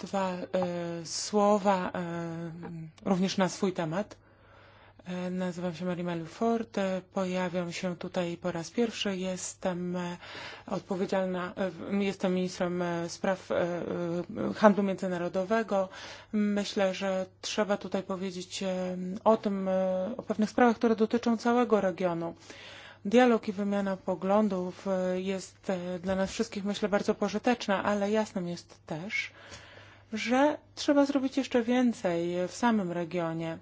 dwa e, słowa e, również na swój temat. E, Nazywam się Marimelu Ford. Pojawiam się tutaj po raz pierwszy. Jestem e, odpowiedzialna, e, jestem ministrem e, spraw handlu międzynarodowego. Myślę, że trzeba tutaj powiedzieć o tym, o pewnych sprawach, które dotyczą całego regionu. Dialog i wymiana poglądów jest dla nas wszystkich, myślę, bardzo pożyteczna, ale jasnym jest też, że trzeba zrobić jeszcze więcej w samym regionie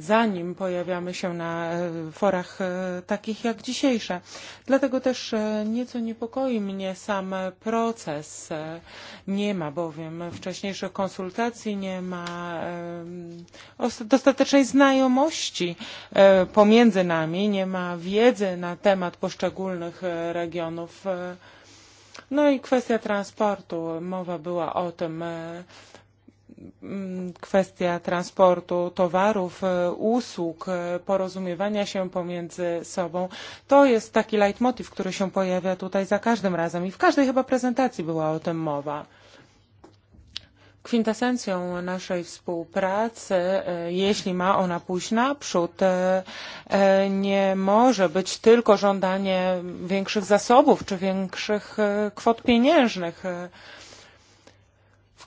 zanim pojawiamy się na e, forach e, takich jak dzisiejsze. Dlatego też e, nieco niepokoi mnie sam proces. Nie ma bowiem wcześniejszych konsultacji, nie ma dostatecznej znajomości pomiędzy nami, nie ma wiedzy na temat poszczególnych regionów. No i kwestia transportu. Mowa była o tym, Mm, kwestia transportu towarów, e, usług, e, porozumiewania się pomiędzy sobą. To jest taki leitmotiv, który się pojawia tutaj za każdym razem i w każdej chyba prezentacji była o tym mowa. Kwintesencją naszej współpracy, e, jeśli ma ona pójść naprzód, nie może być tylko żądanie większych zasobów czy większych kwot pieniężnych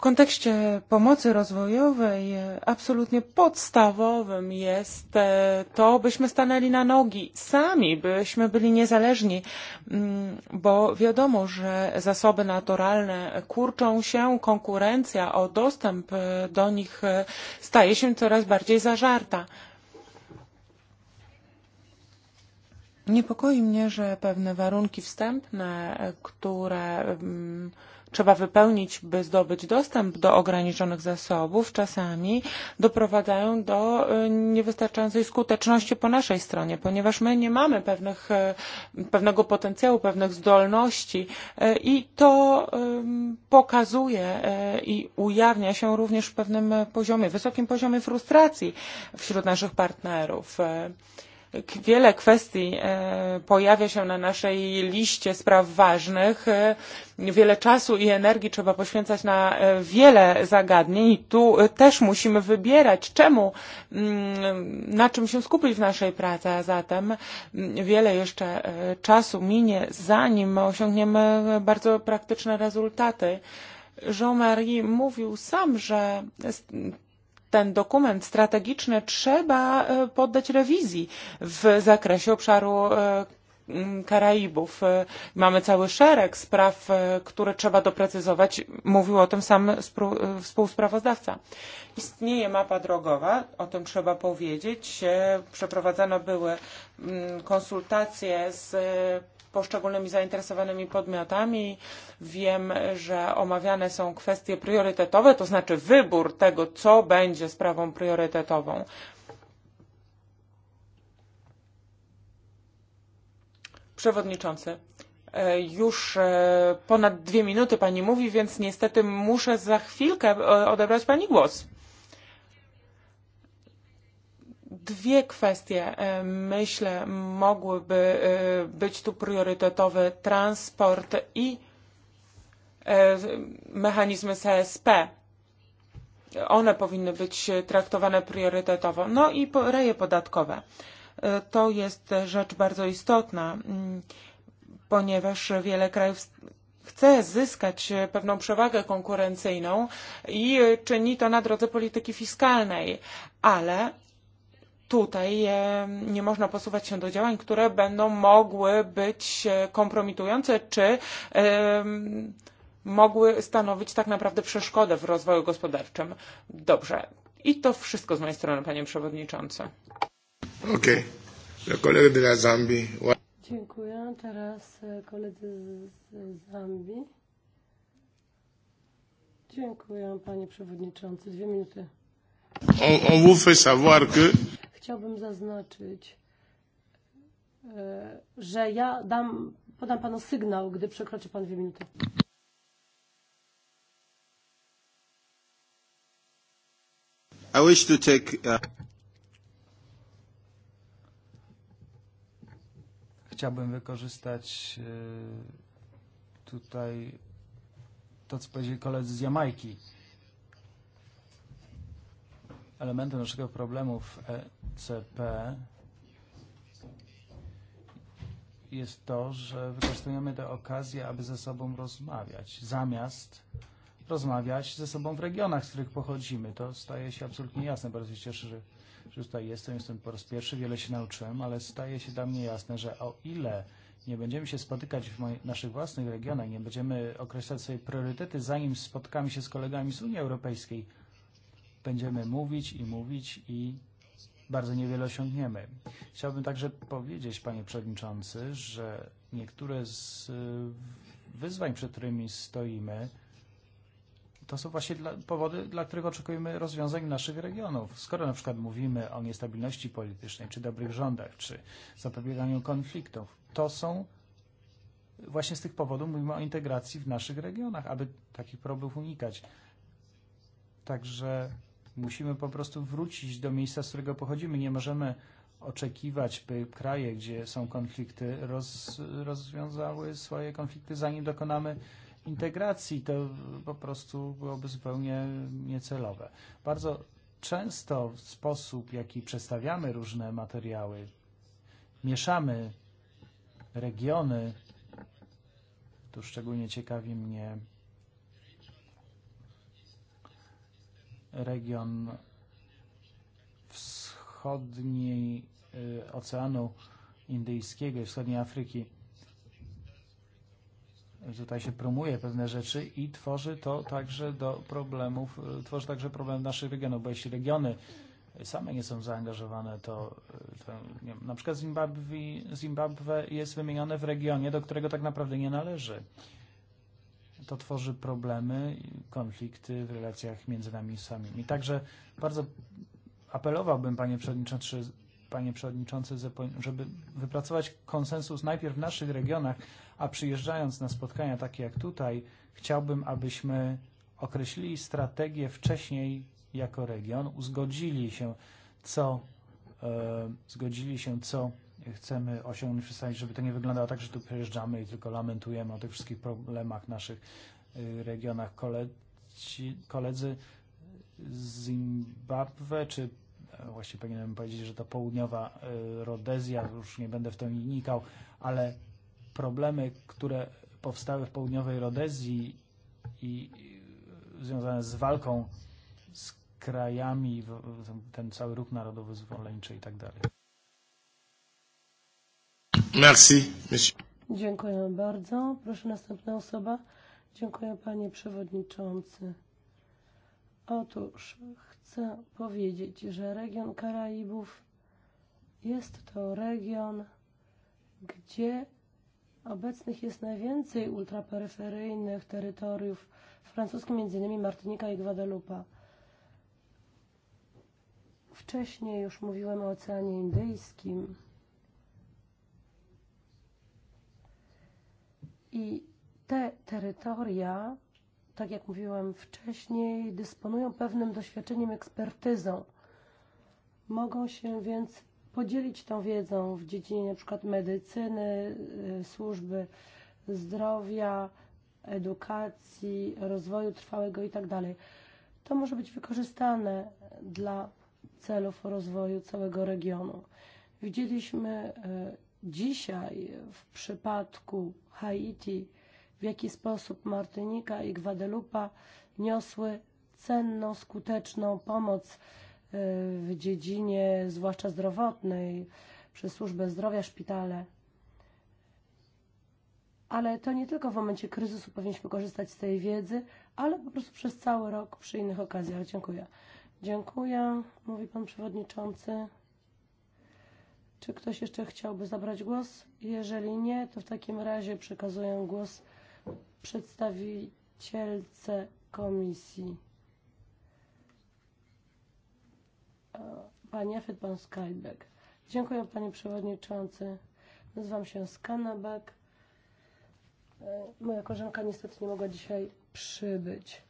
kontekście pomocy rozwojowej absolutnie podstawowym jest eh, to, byśmy stanęli na nogi sami, byśmy byli niezależni, mm, bo wiadomo, że zasoby naturalne kurczą się, konkurencja o dostęp e, do nich e, staje się coraz bardziej zażarta. Niepokoi mnie, że pewne warunki wstępne, e, które mm, trzeba wypełnić, by zdobyć dostęp do ograniczonych zasobów, czasami doprowadzają do niewystarczającej skuteczności po naszej stronie, ponieważ my nie mamy pewnych, pewnego potencjału, pewnych zdolności i to pokazuje i ujawnia się również w pewnym poziomie, wysokim poziomie frustracji wśród naszych partnerów wiele kwestii e, pojawia się na naszej liście spraw ważnych. E, wiele czasu i energii trzeba poświęcać na e, wiele zagadnień i tu też musimy wybierać, czemu, mm, na czym się skupić w naszej pracy, a zatem mm, wiele jeszcze czasu minie, zanim osiągniemy bardzo praktyczne rezultaty. Jean-Marie mówił sam, że ten dokument strategiczny trzeba e, poddać rewizji w zakresie obszaru e, Karaibów. E, mamy cały szereg spraw, które trzeba doprecyzować. Mówił o tym sam współsprawozdawca. Istnieje mapa drogowa, o tym trzeba powiedzieć. Przeprowadzane były mm, konsultacje z poszczególnymi zainteresowanymi podmiotami. Wiem, że omawiane są kwestie priorytetowe, to znaczy wybór tego, co będzie sprawą priorytetową. Przewodniczący, e, już e, ponad dwie minuty pani mówi, więc niestety muszę za chwilkę e, odebrać pani głos. Dwie kwestie, e, myślę, mogłyby e, być tu priorytetowe. Transport i e, mechanizmy CSP. One powinny być traktowane priorytetowo. No i reje podatkowe. To jest rzecz bardzo istotna, mm, ponieważ wiele krajów chce zyskać pewną przewagę konkurencyjną i czyni to na drodze polityki fiskalnej, ale tutaj e, nie można posuwać się do działań, które będą mogły być kompromitujące czy mogły stanowić tak naprawdę przeszkodę w rozwoju gospodarczym. Dobrze. I to wszystko z mojej strony, panie przewodniczący. Okej. Okay. Kolega Zambii. Dziękuję. Teraz e, koledzy z Zambii. Dziękuję, panie przewodniczący. Dwie minuty. On, on vous fait savoir que chciałbym zaznaczyć, e, że ja dam, podam panu sygnał, gdy przekroczy pan dwie minuty. I wish to take, uh... Chciałbym wykorzystać e, tutaj to, co powiedzieli koledzy z Jamajki elementem naszego problemu w ECP jest to, że wykorzystujemy tę okazję, aby ze sobą rozmawiać, zamiast rozmawiać ze sobą w regionach, z których pochodzimy. To staje się absolutnie jasne. Bardzo się cieszę, że, że tutaj jestem, jestem po raz pierwszy, wiele się nauczyłem, ale staje się dla mnie jasne, że o ile nie będziemy się spotykać w moich, naszych własnych regionach, nie będziemy określać sobie priorytety, zanim spotkamy się z kolegami z Unii Europejskiej, będziemy mówić i mówić i bardzo niewiele osiągniemy. Chciałbym także powiedzieć, panie przewodniczący, że niektóre z wyzwań, przed którymi stoimy, to są właśnie dla, powody, dla których oczekujemy rozwiązań naszych regionów. Skoro na przykład mówimy o niestabilności politycznej, czy dobrych rządach, czy zapobieganiu konfliktów, to są właśnie z tych powodów mówimy o integracji w naszych regionach, aby takich problemów unikać. Także Musimy po prostu wrócić do miejsca, z którego pochodzimy. Nie możemy oczekiwać, by kraje, gdzie są konflikty, roz, rozwiązały swoje konflikty, zanim dokonamy integracji. To po prostu byłoby zupełnie niecelowe. Bardzo często w sposób, w jaki przedstawiamy różne materiały, mieszamy regiony, tu szczególnie ciekawi mnie region wschodniej e, Oceanu Indyjskiego i wschodniej Afryki. Tutaj się promuje pewne rzeczy i tworzy to także do problemów, e, tworzy także problem naszych regionów, bo jeśli regiony same nie są zaangażowane, to, e, to nie na przykład Zimbabwe, Zimbabwe jest wymienione w regionie, do którego tak naprawdę nie należy to tworzy problemy, konflikty w relacjach między nami samymi. Także bardzo apelowałbym, panie przewodniczący, panie przewodniczący, żeby wypracować konsensus najpierw w naszych regionach, a przyjeżdżając na spotkania takie jak tutaj, chciałbym, abyśmy określili strategię wcześniej jako region, uzgodzili się, co, e, zgodzili się, co chcemy osiągnąć przestawić, żeby to nie wyglądało tak, że tu przejeżdżamy i tylko lamentujemy o tych wszystkich problemach w naszych regionach. Koleci, koledzy z Zimbabwe, czy e, właściwie powinienem powiedzieć, że to południowa Rodezja, już nie będę w to nikał, ale problemy, które powstały w południowej Rodezji i związane z walką z krajami, ten cały ruch narodowy zwolenczy i tak dalej. Merci. Dziękuję bardzo. Proszę następna osoba. Dziękuję panie przewodniczący. Otóż chcę powiedzieć, że region Karaibów jest to region, gdzie obecnych jest najwięcej ultraperyferyjnych terytoriów francuskich, innymi Martynika i Guadalupa. Wcześniej już mówiłem o Oceanie Indyjskim. I te terytoria, tak jak mówiłem wcześniej, dysponują pewnym doświadczeniem, ekspertyzą. Mogą się więc podzielić tą wiedzą w dziedzinie np. medycyny, służby zdrowia, edukacji, rozwoju trwałego itd. To może być wykorzystane dla celów rozwoju całego regionu. Widzieliśmy Dzisiaj w przypadku Haiti, w jaki sposób Martynika i Gwadelupa niosły cenną, skuteczną pomoc e, w dziedzinie, zwłaszcza zdrowotnej, przez służbę zdrowia, szpitale. Ale to nie tylko w momencie kryzysu powinniśmy korzystać z tej wiedzy, ale po prostu przez cały rok przy innych okazjach. Dziękuję. Dziękuję, mówi pan przewodniczący. Czy ktoś jeszcze chciałby zabrać głos? Jeżeli nie, to w takim razie przekazuję głos przedstawicielce komisji. Pani Afet, pan Skalbek. Dziękuję panie przewodniczący. Nazywam się Skanabek. E, moja koleżanka niestety nie mogła dzisiaj przybyć.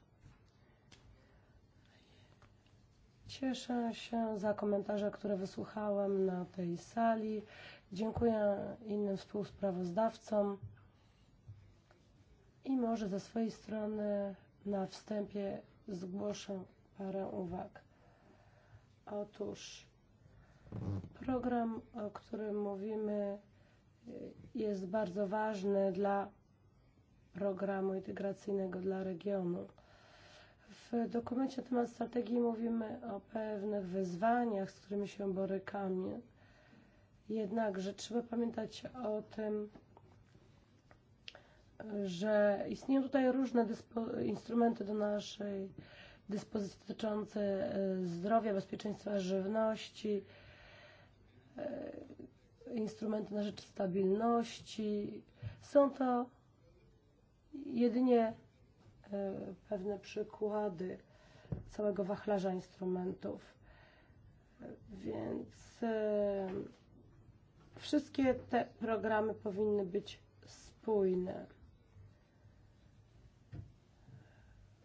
Cieszę się za komentarze, które wysłuchałem na tej sali. Dziękuję innym współsprawozdawcom. I może ze swojej strony na wstępie zgłoszę parę uwag. Otóż program, o którym mówimy, jest bardzo ważny dla programu integracyjnego dla regionu dokumencie na temat strategii mówimy o pewnych wyzwaniach, z którymi się borykamy. Jednakże trzeba pamiętać o tym, że istnieją tutaj różne instrumenty do naszej dyspozycji dotyczące eh, zdrowia, bezpieczeństwa żywności, eh, instrumenty na rzecz stabilności. Są to jedynie E, pewne przykłady całego wachlarza instrumentów. Więc e, wszystkie te programy powinny być spójne.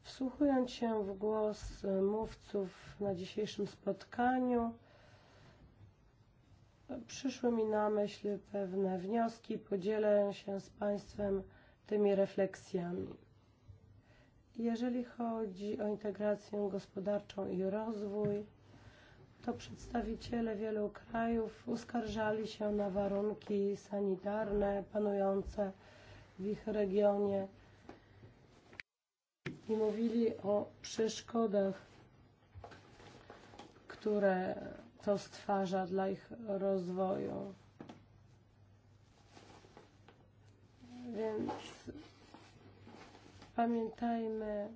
Wsłuchując się w głos mówców na dzisiejszym spotkaniu, przyszły mi na myśl pewne wnioski. Podzielę się z Państwem tymi refleksjami. Jeżeli chodzi o integrację gospodarczą i rozwój, to przedstawiciele wielu krajów uskarżali się na warunki sanitarne panujące w ich regionie i mówili o przeszkodach, które to stwarza dla ich rozwoju. Więc Pamiętajmy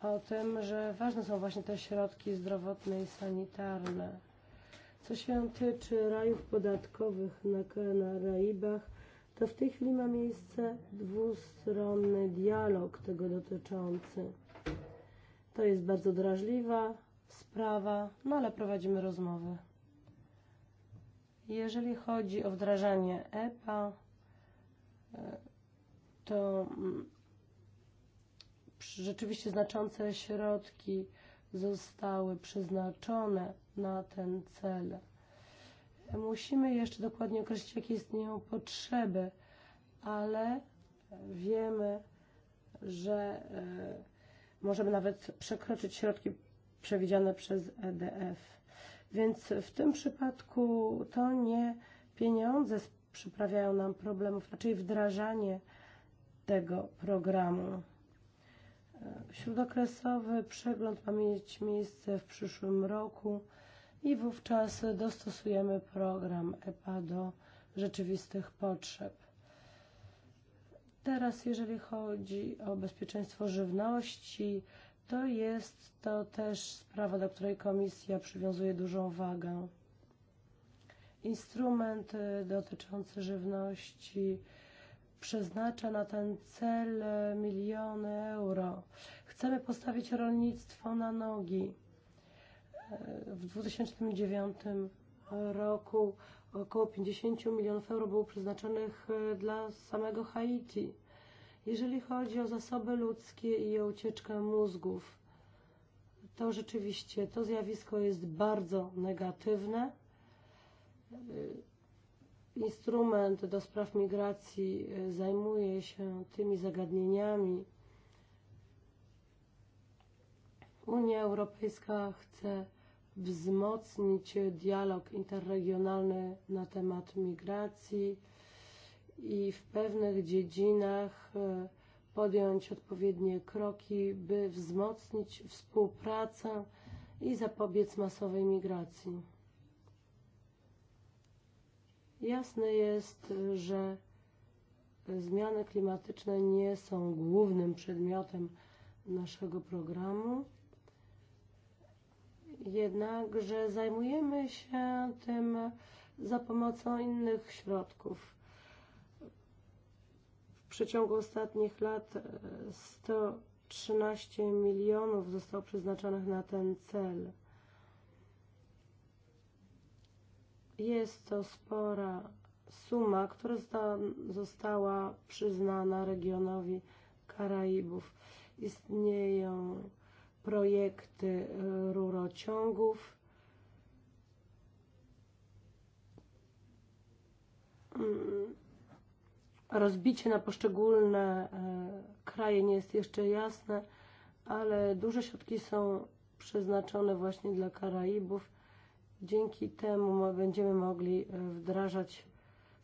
o tym, że ważne są właśnie te środki zdrowotne i sanitarne. Co się tyczy rajów podatkowych na Kanaryjbach, to w tej chwili ma miejsce dwustronny dialog tego dotyczący. To jest bardzo drażliwa sprawa, no ale prowadzimy rozmowy. Jeżeli chodzi o wdrażanie EPA, to mm, rzeczywiście znaczące środki zostały przeznaczone na ten cel. Musimy jeszcze dokładnie określić, jakie istnieją potrzeby, ale wiemy, że e, możemy nawet przekroczyć środki przewidziane przez EDF. Więc w tym przypadku to nie pieniądze przyprawiają nam problemów, raczej wdrażanie tego programu. Śródokresowy przegląd ma mieć miejsce w przyszłym roku i wówczas dostosujemy program EPA do rzeczywistych potrzeb. Teraz, jeżeli chodzi o bezpieczeństwo żywności, to jest to też sprawa, do której komisja przywiązuje dużą wagę. Instrument e, dotyczący żywności przeznacza na ten cel e, miliony euro. Chcemy postawić rolnictwo na nogi. E, w 2009 roku około 50 milionów euro było przeznaczonych e, dla samego Haiti. Jeżeli chodzi o zasoby ludzkie i o ucieczkę mózgów, to rzeczywiście to zjawisko jest bardzo negatywne instrument do spraw migracji e, zajmuje się tymi zagadnieniami. Unia Europejska chce wzmocnić dialog interregionalny na temat migracji i w pewnych dziedzinach e, podjąć odpowiednie kroki, by wzmocnić współpracę i zapobiec masowej migracji. Jasne jest, że zmiany klimatyczne nie są głównym przedmiotem naszego programu, jednakże zajmujemy się tym za pomocą innych środków. W przeciągu ostatnich lat 113 milionów zostało przeznaczonych na ten cel – Jest to spora suma, która została przyznana regionowi Karaibów. Istnieją projekty rurociągów. Mm, rozbicie na poszczególne kraje nie jest jeszcze jasne, ale duże środki są przeznaczone właśnie dla Karaibów Dzięki temu będziemy mogli e, wdrażać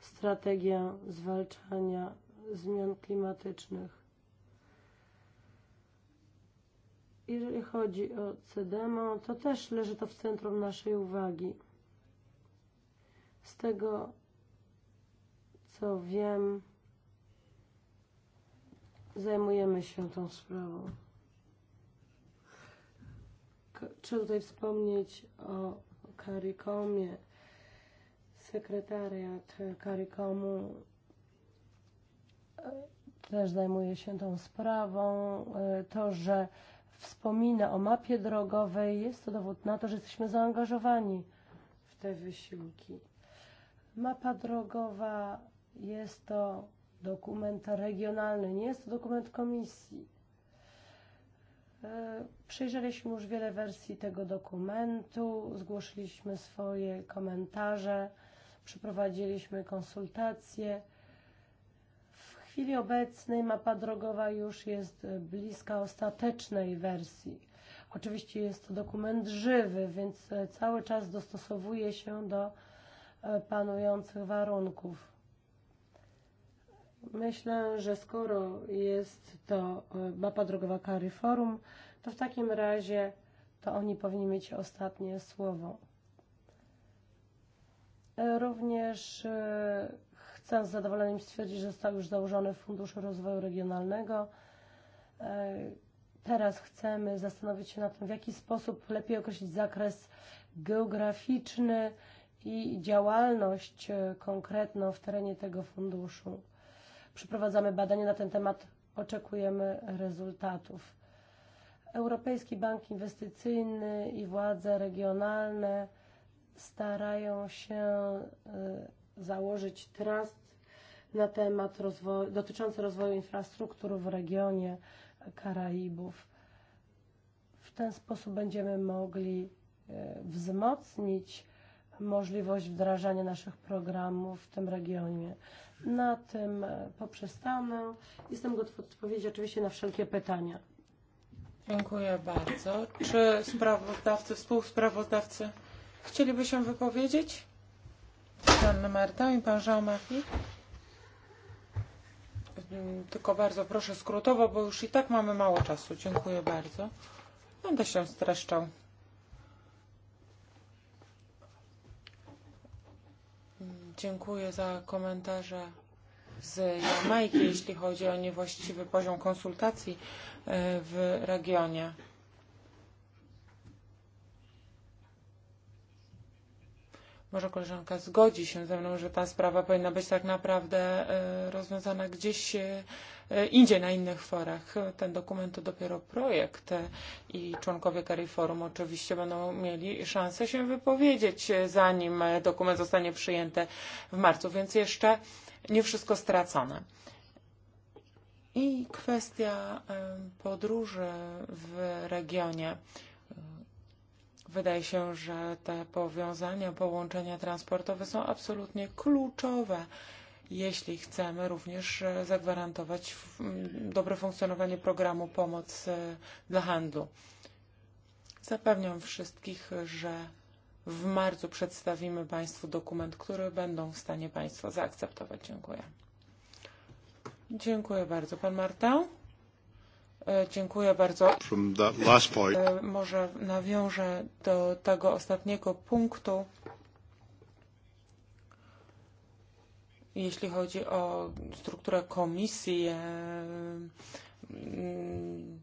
strategię zwalczania zmian klimatycznych. Jeżeli chodzi o CDMO, to też leży to w centrum naszej uwagi. Z tego, co wiem, zajmujemy się tą sprawą. Trzeba tutaj wspomnieć o CARICOM je sekretariat CARICOMu e, też zajmuje się tą sprawą. E, to, że wspomina o mapie drogowej, jest to dowód na to, że jesteśmy zaangażowani w te wysiłki. Mapa drogowa jest to dokument regionalny, nie jest to dokument komisji. Przyjrzeliśmy już wiele wersji tego dokumentu, zgłosiliśmy swoje komentarze, przeprowadziliśmy konsultacje. W chwili obecnej mapa drogowa już jest bliska ostatecznej wersji. Oczywiście jest to dokument żywy, więc cały czas dostosowuje się do e, panujących warunków. Myślę, że skoro jest to e, mapa drogowa forum, to w takim razie to oni powinni mieć ostatnie słowo. E, również e, chcę z zadowoleniem stwierdzić, że został już założony Fundusz Rozwoju Regionalnego. Teraz chcemy zastanowić się nad tym, w jaki sposób lepiej określić zakres geograficzny i działalność konkretną w terenie tego funduszu przeprowadzamy badania na ten temat, oczekujemy rezultatów. Europejski Bank Inwestycyjny i władze regionalne starają się eh, założyć trust na temat rozwoju, dotyczący rozwoju infrastruktur w regionie Karaibów. W ten sposób będziemy mogli eh, wzmocnić możliwość wdrażania naszych programów w tym regionie. Na tym e, poprzestanę. Jestem gotowa odpowiedzieć oczywiście na wszelkie pytania. Dziękuję bardzo. Czy sprawozdawcy, współsprawozdawcy chcieliby się wypowiedzieć? Pan Marta i pan Jean-Marie? Tylko bardzo proszę skrótowo, bo już i tak mamy mało czasu. Dziękuję bardzo. Będę się streszczał. Dziękuję za komentarze z Jamajki, jeśli chodzi o niewłaściwy poziom konsultacji e, w regionie. Może koleżanka zgodzi się ze mną, że ta sprawa powinna być tak naprawdę e, rozwiązana gdzieś e, Eh, indziej na innych forach. Ten dokument to dopiero projekt i członkowie CARIFORUM oczywiście będą mieli szansę się wypowiedzieć, eh, zanim eh, dokument zostanie przyjęty w marcu, więc jeszcze nie wszystko stracone. I kwestia podróży w regionie. Wydaje się, że te powiązania, połączenia transportowe są absolutnie kluczowe jeśli chcemy również eh, zagwarantować mm, dobre funkcjonowanie programu Pomoc eh, dla Handlu. Zapewniam wszystkich, że w marcu przedstawimy Państwu dokument, który będą w stanie Państwo zaakceptować. Dziękuję. Dziękuję bardzo. Pan Marta? E, dziękuję bardzo. E, może nawiążę do tego ostatniego punktu. jeśli chodzi o strukturę komisji, e, mm,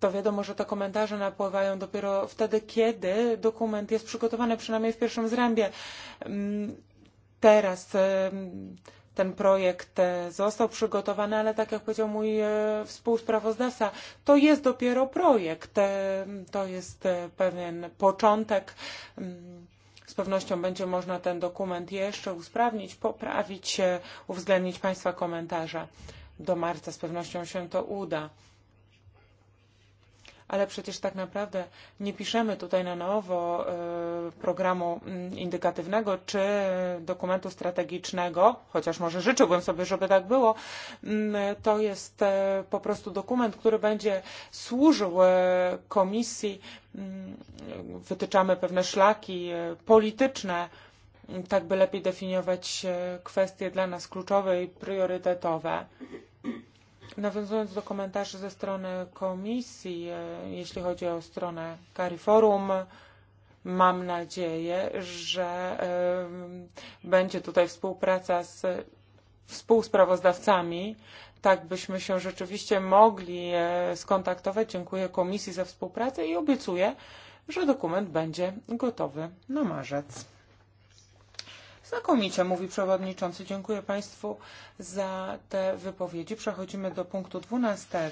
to wiadomo, że te komentarze napływają dopiero wtedy, kiedy dokument jest przygotowany, przynajmniej w pierwszym zrębie. Mm, teraz e, ten projekt e, został przygotowany, ale tak jak powiedział mój współsprawozdawca, to jest dopiero projekt. To jest pewien początek. Mm. Z pewnością będzie można ten dokument jeszcze usprawnić, poprawić, e, uwzględnić Państwa komentarze. Do marca z pewnością się to uda ale przecież tak naprawdę nie piszemy tutaj na nowo e, programu mm, indykatywnego czy dokumentu strategicznego, chociaż może życzyłbym sobie, żeby tak było. Mm, to jest e, po prostu dokument, który będzie służył e, komisji. Mm, wytyczamy pewne szlaki polityczne, tak by lepiej definiować kwestie dla nas kluczowe i priorytetowe. Nawiązując do komentarzy ze strony komisji, e, jeśli chodzi o stronę CariForum, mam nadzieję, że będzie tutaj współpraca z współsprawozdawcami, tak byśmy się rzeczywiście mogli e, skontaktować. Dziękuję Komisji za współpracę i obiecuję, że dokument będzie gotowy na marzec. Znakomicie, mówi przewodniczący. Dziękuję Państwu za te wypowiedzi. Przechodzimy do punktu 12.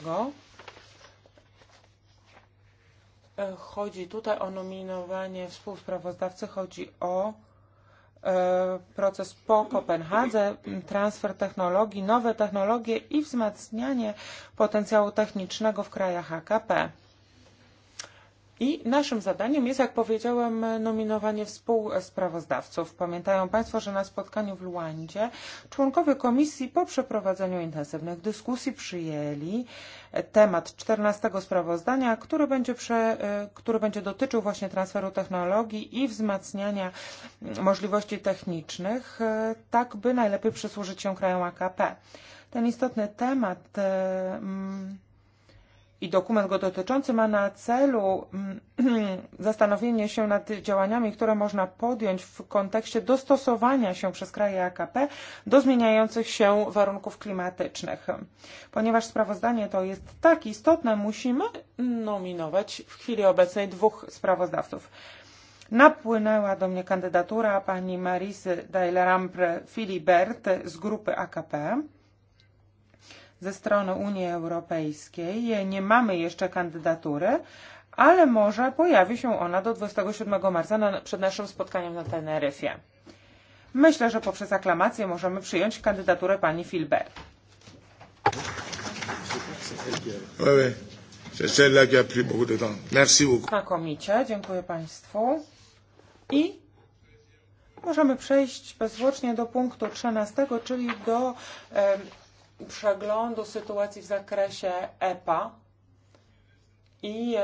E, chodzi tutaj o nominowanie współsprawozdawcy, chodzi o e, proces po Kopenhadze, transfer technologii, nowe technologie i wzmacnianie potencjału technicznego w krajach AKP. I naszym zadaniem jest, jak powiedziałem, nominowanie współsprawozdawców. Pamiętają Państwo, że na spotkaniu w Luandzie członkowie komisji po przeprowadzeniu intensywnych dyskusji przyjęli temat 14 sprawozdania, który będzie, prze, e, który będzie dotyczył właśnie transferu technologii i wzmacniania możliwości technicznych, e, tak by najlepiej przysłużyć się krajom AKP. Ten istotny temat. Hmm, i dokument go dotyczący ma na celu mm, [clears throat] zastanowienie się nad działaniami, które można podjąć w kontekście dostosowania się przez kraje AKP do zmieniających się warunków klimatycznych. Ponieważ sprawozdanie to jest tak istotne, musimy nominować w chwili obecnej dwóch sprawozdawców. Napłynęła do mnie kandydatura pani Marisy dajler Filibert z grupy AKP ze strony Unii Europejskiej. Nie mamy jeszcze kandydatury, ale może pojawi się ona do 27 marca na, przed naszym spotkaniem na Teneryfie. Myślę, że poprzez aklamację możemy przyjąć kandydaturę pani Filbert. Znakomicie, dziękuję Państwu. I możemy przejść bezwłocznie do punktu 13, czyli do przeglądu sytuacji w zakresie EPA i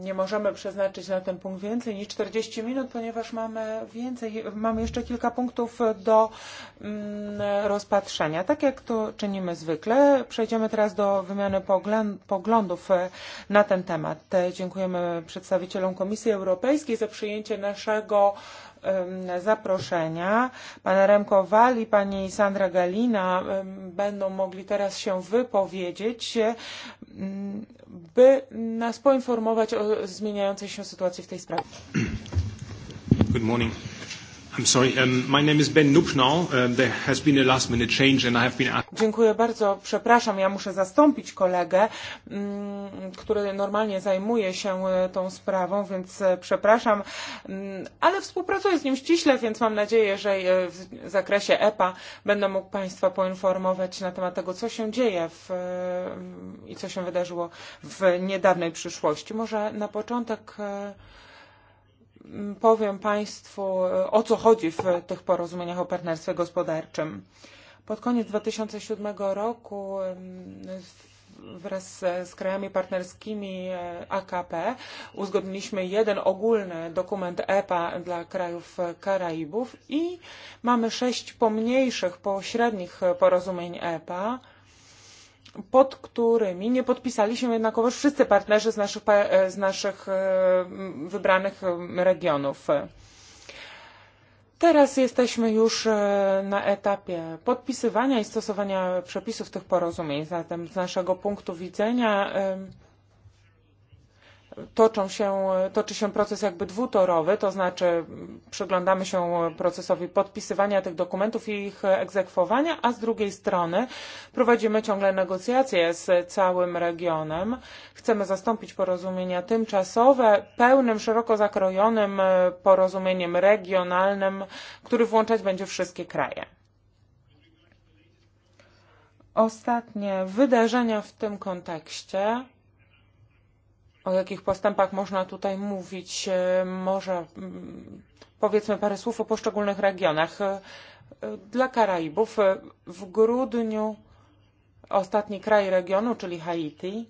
nie możemy przeznaczyć na ten punkt więcej niż 40 minut, ponieważ mamy więcej, mamy jeszcze kilka punktów do mm, rozpatrzenia. Tak jak to czynimy zwykle, przejdziemy teraz do wymiany poglądów e, na ten temat. Dziękujemy przedstawicielom Komisji Europejskiej za przyjęcie naszego zaproszenia. Pan Remko Wali, pani Sandra Galina będą mogli teraz się wypowiedzieć, by nas poinformować o zmieniającej się sytuacji w tej sprawie. Good morning. Dziękuję bardzo. Przepraszam, ja muszę zastąpić kolegę, mm, który normalnie zajmuje się e, tą sprawą, więc e, przepraszam, mm, ale współpracuję z nim ściśle, więc mam nadzieję, że e, w zakresie EPA będę mógł Państwa poinformować na temat tego, co się dzieje w, i co się wydarzyło w niedawnej przyszłości. Może na początek Mm, powiem Państwu, e, o co chodzi w tych porozumieniach o partnerstwie gospodarczym. Pod koniec 2007 roku wraz z krajami partnerskimi e, AKP uzgodniliśmy jeden ogólny dokument EPA dla krajów Karaibów i mamy sześć pomniejszych, pośrednich porozumień EPA pod którymi nie podpisali się jednakowoż wszyscy partnerzy z naszych, e, z naszych e, wybranych e, regionów. Teraz jesteśmy już na etapie podpisywania i stosowania przepisów tych porozumień, zatem z naszego punktu widzenia toczą się, toczy się proces jakby dwutorowy, to znaczy przyglądamy się procesowi podpisywania tych dokumentów i ich egzekwowania, a z drugiej strony prowadzimy ciągle negocjacje z całym regionem. Chcemy zastąpić porozumienia tymczasowe pełnym, szeroko zakrojonym porozumieniem regionalnym, który włączać będzie wszystkie kraje ostatnie wydarzenia w tym kontekście o jakich postępach można tutaj mówić? E, może mm, powiedzmy parę słów o poszczególnych regionach. E, dla Karaibów e, w grudniu ostatni kraj regionu, czyli Haiti,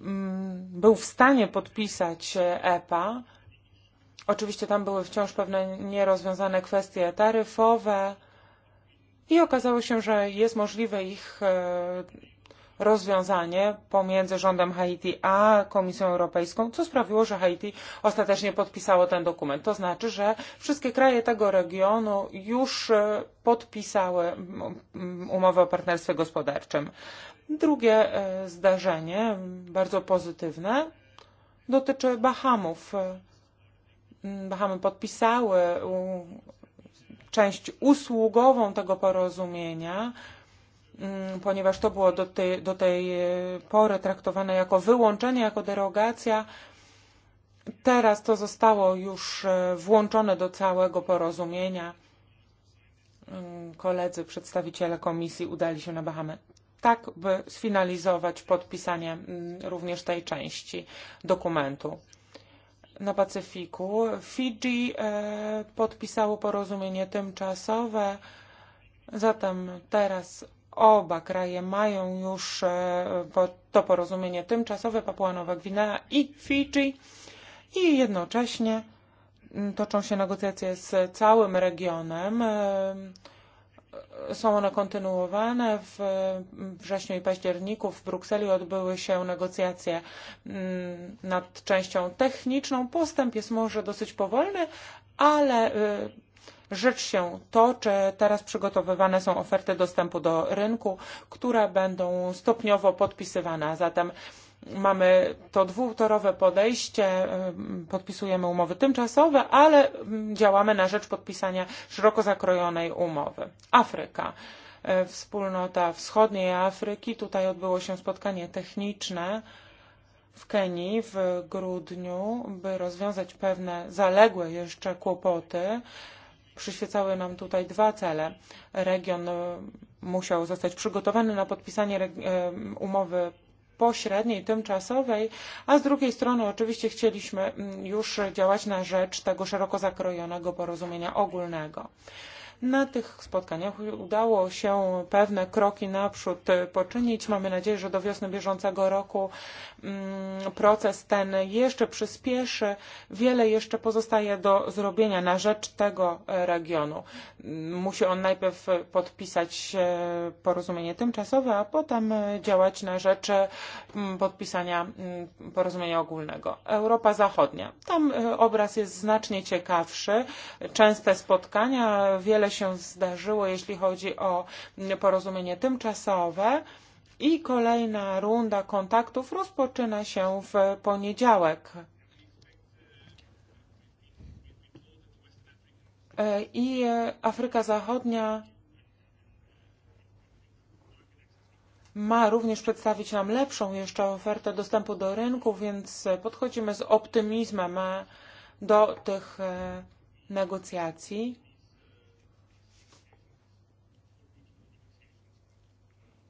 mm, był w stanie podpisać EPA. Oczywiście tam były wciąż pewne nierozwiązane kwestie taryfowe i okazało się, że jest możliwe ich rozwiązanie pomiędzy rządem Haiti a Komisją Europejską, co sprawiło, że Haiti ostatecznie podpisało ten dokument. To znaczy, że wszystkie kraje tego regionu już e, podpisały umowę o partnerstwie gospodarczym. Drugie e, zdarzenie, bardzo pozytywne, dotyczy Bahamów. E, Bahamy podpisały część usługową tego porozumienia Mm, ponieważ to było do tej, do tej e, pory traktowane jako wyłączenie, jako derogacja. Teraz to zostało już e, włączone do całego porozumienia. Mm, koledzy, przedstawiciele komisji udali się na Bahamy tak, by sfinalizować podpisanie mm, również tej części dokumentu. Na Pacyfiku Fidżi e, podpisało porozumienie tymczasowe, zatem teraz Oba kraje mają już e, to porozumienie tymczasowe Papua Nowa Gwinea i Fidżi i jednocześnie toczą się negocjacje z całym regionem. E, są one kontynuowane. W wrześniu i październiku w Brukseli odbyły się negocjacje nad częścią techniczną. Postęp jest może dosyć powolny, ale e, rzecz się to, czy teraz przygotowywane są oferty dostępu do rynku, które będą stopniowo podpisywane. Zatem mamy to dwutorowe podejście, podpisujemy umowy tymczasowe, ale działamy na rzecz podpisania szeroko zakrojonej umowy. Afryka. E, wspólnota Wschodniej Afryki. Tutaj odbyło się spotkanie techniczne w Kenii w grudniu, by rozwiązać pewne zaległe jeszcze kłopoty. Przyświecały nam tutaj dwa cele. Region e, musiał zostać przygotowany na podpisanie e, umowy pośredniej, tymczasowej, a z drugiej strony oczywiście chcieliśmy mm, już działać na rzecz tego szeroko zakrojonego porozumienia ogólnego. Na tych spotkaniach udało się pewne kroki naprzód poczynić. Mamy nadzieję, że do wiosny bieżącego roku mm, proces ten jeszcze przyspieszy. Wiele jeszcze pozostaje do zrobienia na rzecz tego regionu. Musi on najpierw podpisać e, porozumienie tymczasowe, a potem działać na rzecz e, podpisania porozumienia ogólnego. Europa Zachodnia. Tam e, obraz jest znacznie ciekawszy. Częste spotkania, wiele wiele się zdarzyło, jeśli chodzi o porozumienie tymczasowe i kolejna runda kontaktów rozpoczyna się w poniedziałek. E, I Afryka Zachodnia ma również przedstawić nam lepszą jeszcze ofertę dostępu do rynku, więc podchodzimy z optymizmem do tych e, negocjacji.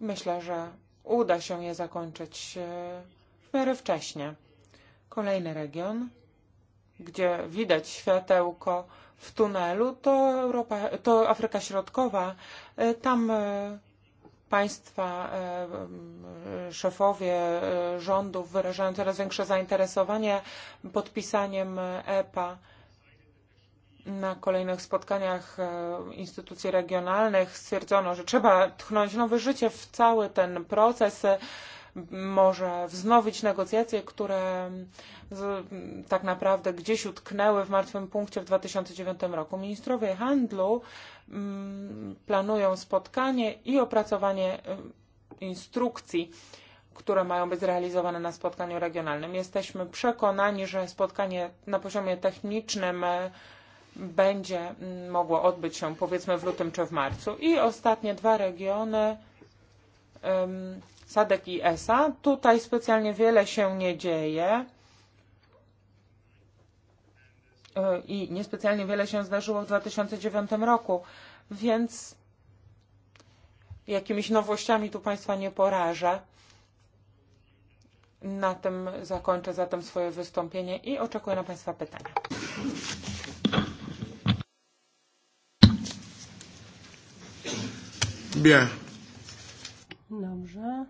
Myślę, że uda się je zakończyć e, w miarę wcześnie. Kolejny region, gdzie widać światełko w tunelu, to, Europa, to Afryka Środkowa. E, tam e, państwa, szefowie rządów wyrażają coraz większe zainteresowanie podpisaniem EPA na kolejnych spotkaniach e, instytucji regionalnych stwierdzono, że trzeba tchnąć nowe życie w cały ten proces, e, może wznowić negocjacje, które tak naprawdę gdzieś utknęły w martwym punkcie w 2009 roku. Ministrowie handlu mm, planują spotkanie i opracowanie e, instrukcji które mają być zrealizowane na spotkaniu regionalnym. Jesteśmy przekonani, że spotkanie na poziomie technicznym będzie mogło odbyć się powiedzmy w lutym czy w marcu. I ostatnie dwa regiony Sadek i ESA. Tutaj specjalnie wiele się nie dzieje e, i niespecjalnie wiele się zdarzyło w 2009 roku, więc jakimiś nowościami tu Państwa nie porażę. Na tym zakończę zatem swoje wystąpienie i oczekuję na Państwa pytania. Bien. Dobrze.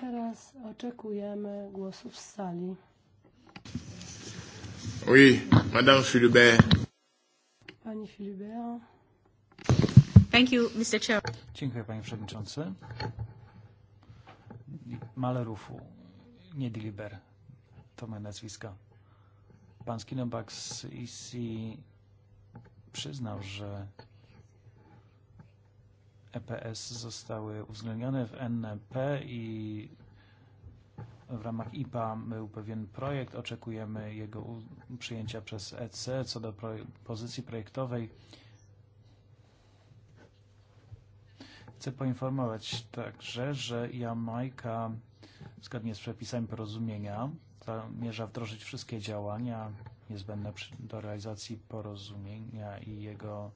Teraz oczekujemy głosów z sali. Oui, Madame Philibert. Pani Philibert. Thank you, Mr. Chair. Dziękuję, Panie Przewodniczący. Malerufu, nie Diliber, to moje nazwisko. Pan Skinobak z ICI e przyznał, że EPS zostały uwzględnione w NP i w ramach IPA był pewien projekt, oczekujemy jego przyjęcia przez EC co do pro pozycji projektowej. Chcę poinformować także, że Jamajka zgodnie z przepisami porozumienia zamierza wdrożyć wszystkie działania niezbędne do realizacji porozumienia i jego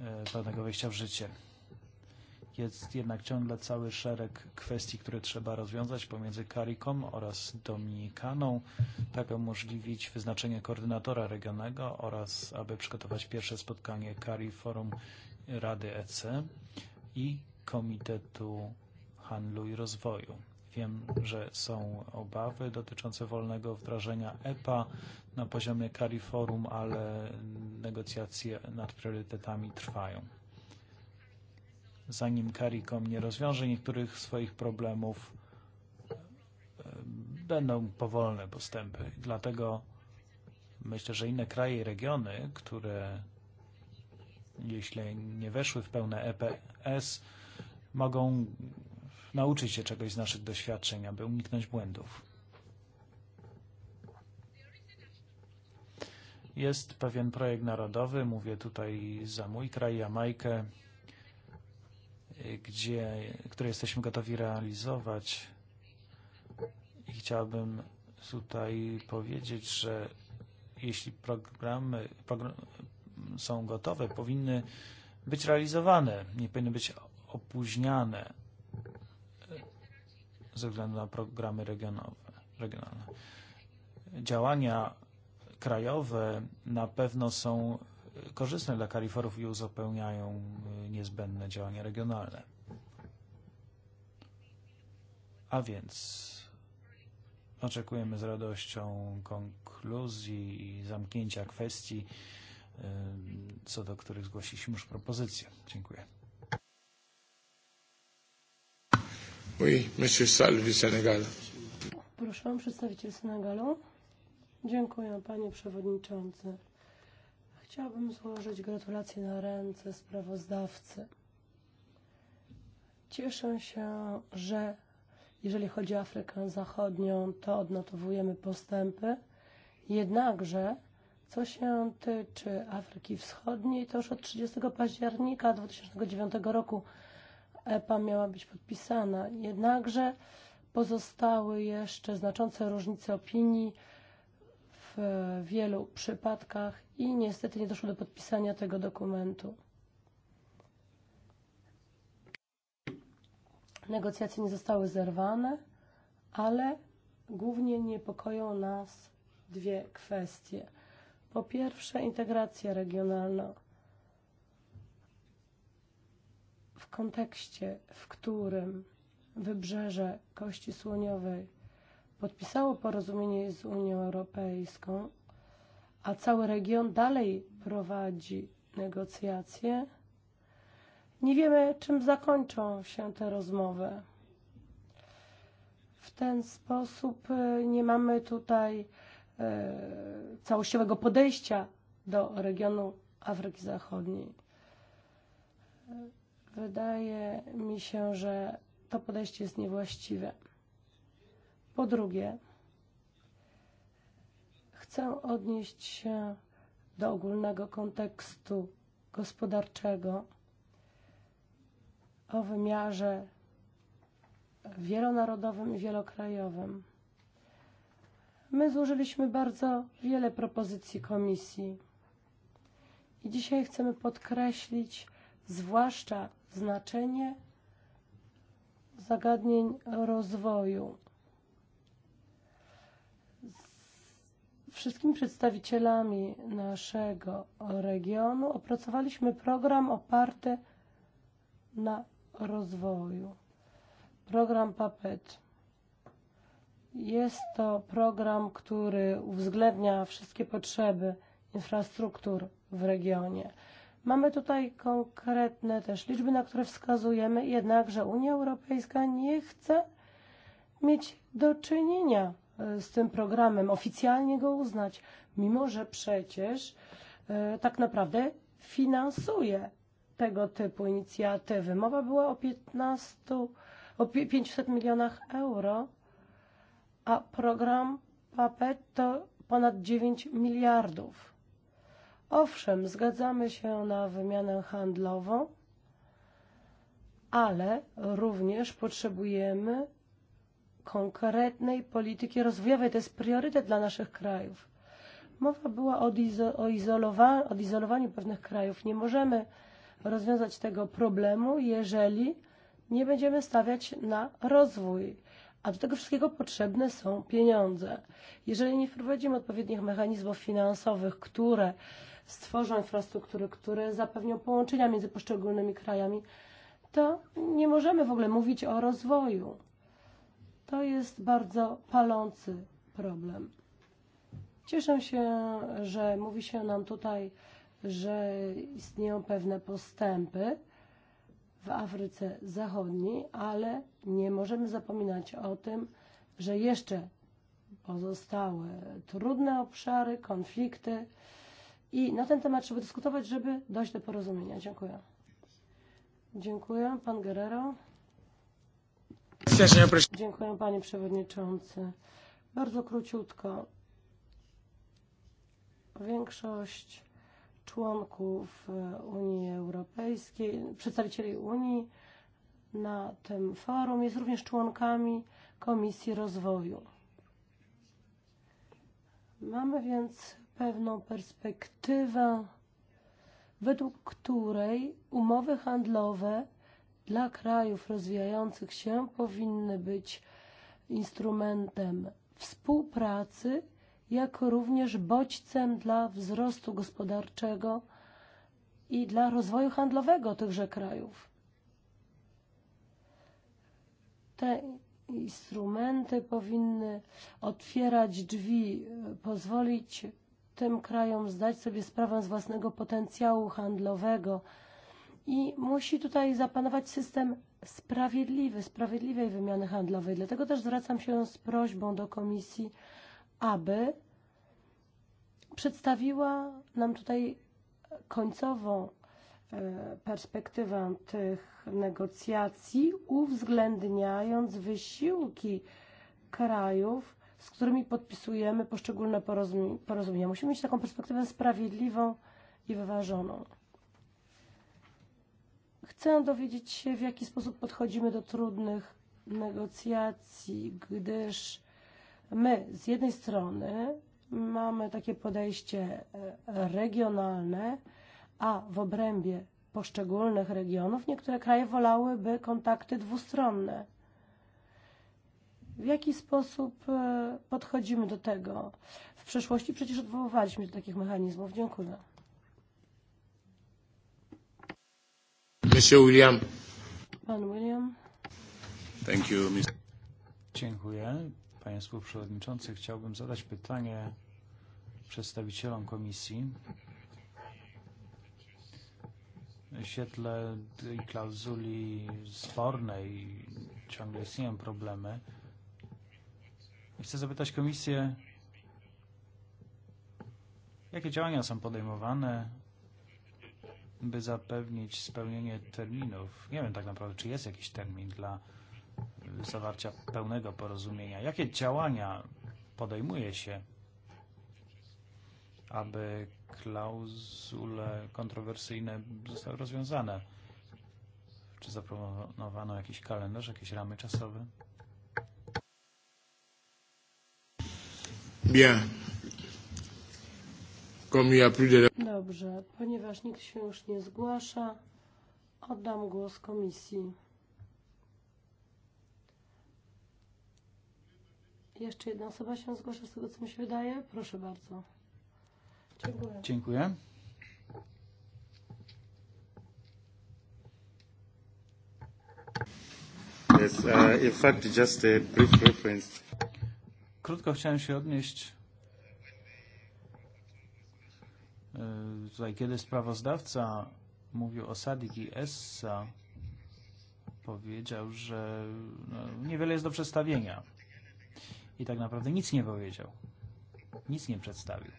e, pewnego wejścia w życie. Jest jednak ciągle cały szereg kwestii, które trzeba rozwiązać pomiędzy Karikom oraz Dominikaną, tak umożliwić wyznaczenie koordynatora regionalnego oraz aby przygotować pierwsze spotkanie Kari Forum Rady EC i Komitetu Handlu i Rozwoju. Wiem, że są obawy dotyczące wolnego wdrażania EPA na poziomie CARIFORUM, ale negocjacje nad priorytetami trwają. Zanim CARICOM nie rozwiąże niektórych swoich problemów, e, będą powolne postępy. Dlatego myślę, że inne kraje i regiony, które jeśli nie weszły w pełne EPS, mogą nauczyć się czegoś z naszych doświadczeń, aby uniknąć błędów. Jest pewien projekt narodowy, mówię tutaj za mój kraj, Jamajkę, gdzie, który jesteśmy gotowi realizować. I chciałbym tutaj powiedzieć, że jeśli programy progr są gotowe, powinny być realizowane, nie powinny być opóźniane ze względu na programy regionowe, regionalne. Działania krajowe na pewno są korzystne dla kaliforów i uzupełniają niezbędne działania regionalne. A więc oczekujemy z radością konkluzji i zamknięcia kwestii, co do których zgłosiliśmy już propozycję. Dziękuję. Oui, monsieur Salvi, Senegal. Proszę, przedstawiciel Senegalu. Dziękuję, panie przewodniczący. Chciałabym złożyć gratulacje na ręce sprawozdawcy. Cieszę się, że jeżeli chodzi o Afrykę Zachodnią, to odnotowujemy postępy. Jednakże, co się tyczy Afryki Wschodniej, to już od 30 października 2009 roku EPA miała być podpisana. Jednakże pozostały jeszcze znaczące różnice opinii w wielu przypadkach i niestety nie doszło do podpisania tego dokumentu. Negocjacje nie zostały zerwane, ale głównie niepokoją nas dwie kwestie. Po pierwsze, integracja regionalna w kontekście, w którym wybrzeże Kości Słoniowej podpisało porozumienie z Unią Europejską, a cały region dalej prowadzi negocjacje, nie wiemy, czym zakończą się te rozmowy. W ten sposób nie mamy tutaj e, całościowego podejścia do regionu Afryki Zachodniej. Wydaje mi się, że to podejście jest niewłaściwe. Po drugie, chcę odnieść się do ogólnego kontekstu gospodarczego o wymiarze wielonarodowym i wielokrajowym. My złożyliśmy bardzo wiele propozycji komisji i dzisiaj chcemy podkreślić zwłaszcza znaczenie zagadnień rozwoju. wszystkimi przedstawicielami naszego regionu opracowaliśmy program oparty na rozwoju. Program PAPET. Jest to program, który uwzględnia wszystkie potrzeby infrastruktur w regionie. Mamy tutaj konkretne też liczby, na które wskazujemy, że Unia Europejska nie chce mieć do czynienia z tym programem, oficjalnie go uznać, mimo że przecież eh, tak naprawdę finansuje tego typu inicjatywy. Mowa była o 15, o 500 milionach euro, a program PAPE to ponad 9 miliardów. Owszem, zgadzamy się na wymianę handlową, ale również potrzebujemy konkretnej polityki rozwojowej. To jest priorytet dla naszych krajów. Mowa była o, izo o, izolowa o izolowaniu pewnych krajów. Nie możemy rozwiązać tego problemu, jeżeli nie będziemy stawiać na rozwój. A do tego wszystkiego potrzebne są pieniądze. Jeżeli nie wprowadzimy odpowiednich mechanizmów finansowych, które stworzą infrastruktury, które zapewnią połączenia między poszczególnymi krajami, to nie możemy w ogóle mówić o rozwoju. To jest bardzo palący problem. Cieszę się, że mówi się nam tutaj, że istnieją pewne postępy w Afryce Zachodniej, ale nie możemy zapominać o tym, że jeszcze pozostały trudne obszary, konflikty, i na ten temat trzeba dyskutować, żeby dojść do porozumienia. Dziękuję. Dziękuję. Pan Guerrero. Dziękuję panie przewodniczący. Bardzo króciutko. Większość członków Unii Europejskiej, przedstawicieli Unii na tym forum jest również członkami Komisji Rozwoju. Mamy więc pewną perspektywę, według której umowy handlowe dla krajów rozwijających się powinny być instrumentem współpracy, jak również bodźcem dla wzrostu gospodarczego i dla rozwoju handlowego tychże krajów. Te instrumenty powinny otwierać drzwi, pozwolić tym krajom zdać sobie sprawę z własnego potencjału handlowego. I musi tutaj zapanować system sprawiedliwy, sprawiedliwej wymiany handlowej. Dlatego też zwracam się z prośbą do komisji, aby przedstawiła nam tutaj końcową e, perspektywę tych negocjacji, uwzględniając wysiłki krajów z którymi podpisujemy poszczególne porozumienia. Musimy mieć taką perspektywę sprawiedliwą i wyważoną. Chcę dowiedzieć się, w jaki sposób podchodzimy do trudnych negocjacji, gdyż my z jednej strony mamy takie podejście eh, regionalne, a w obrębie poszczególnych regionów niektóre kraje wolałyby kontakty dwustronne. W jaki sposób e, podchodzimy do tego? W przeszłości przecież odwoływaliśmy się do takich mechanizmów. Dziękuję. Monsieur William. Pan William. Thank you, Mr. Dziękuję. Panie Współprzewodniczący, chciałbym zadać pytanie przedstawicielom komisji w świetle tej klauzuli spornej ciągle istnieją problemy Chcę zapytać komisję, jakie działania są podejmowane, by zapewnić spełnienie terminów? Nie wiem tak naprawdę, czy jest jakiś termin dla zawarcia pełnego porozumienia. Jakie działania podejmuje się, aby klauzule kontrowersyjne zostały rozwiązane? Czy zaproponowano jakiś kalendarz, jakieś ramy czasowe? Bien. Dobrze, ponieważ nikt się już nie zgłasza, oddam głos komisji. Jeszcze jedna osoba się zgłasza z tego, co mi się wydaje. Proszę bardzo. Dziękuję. Dziękuję. Yes, uh, in fact, just a brief reference. Krótko chciałem się odnieść e, tutaj, kiedy sprawozdawca mówił o Sadik i Essa, powiedział, że no, niewiele jest do przedstawienia. I tak naprawdę nic nie powiedział. Nic nie przedstawił.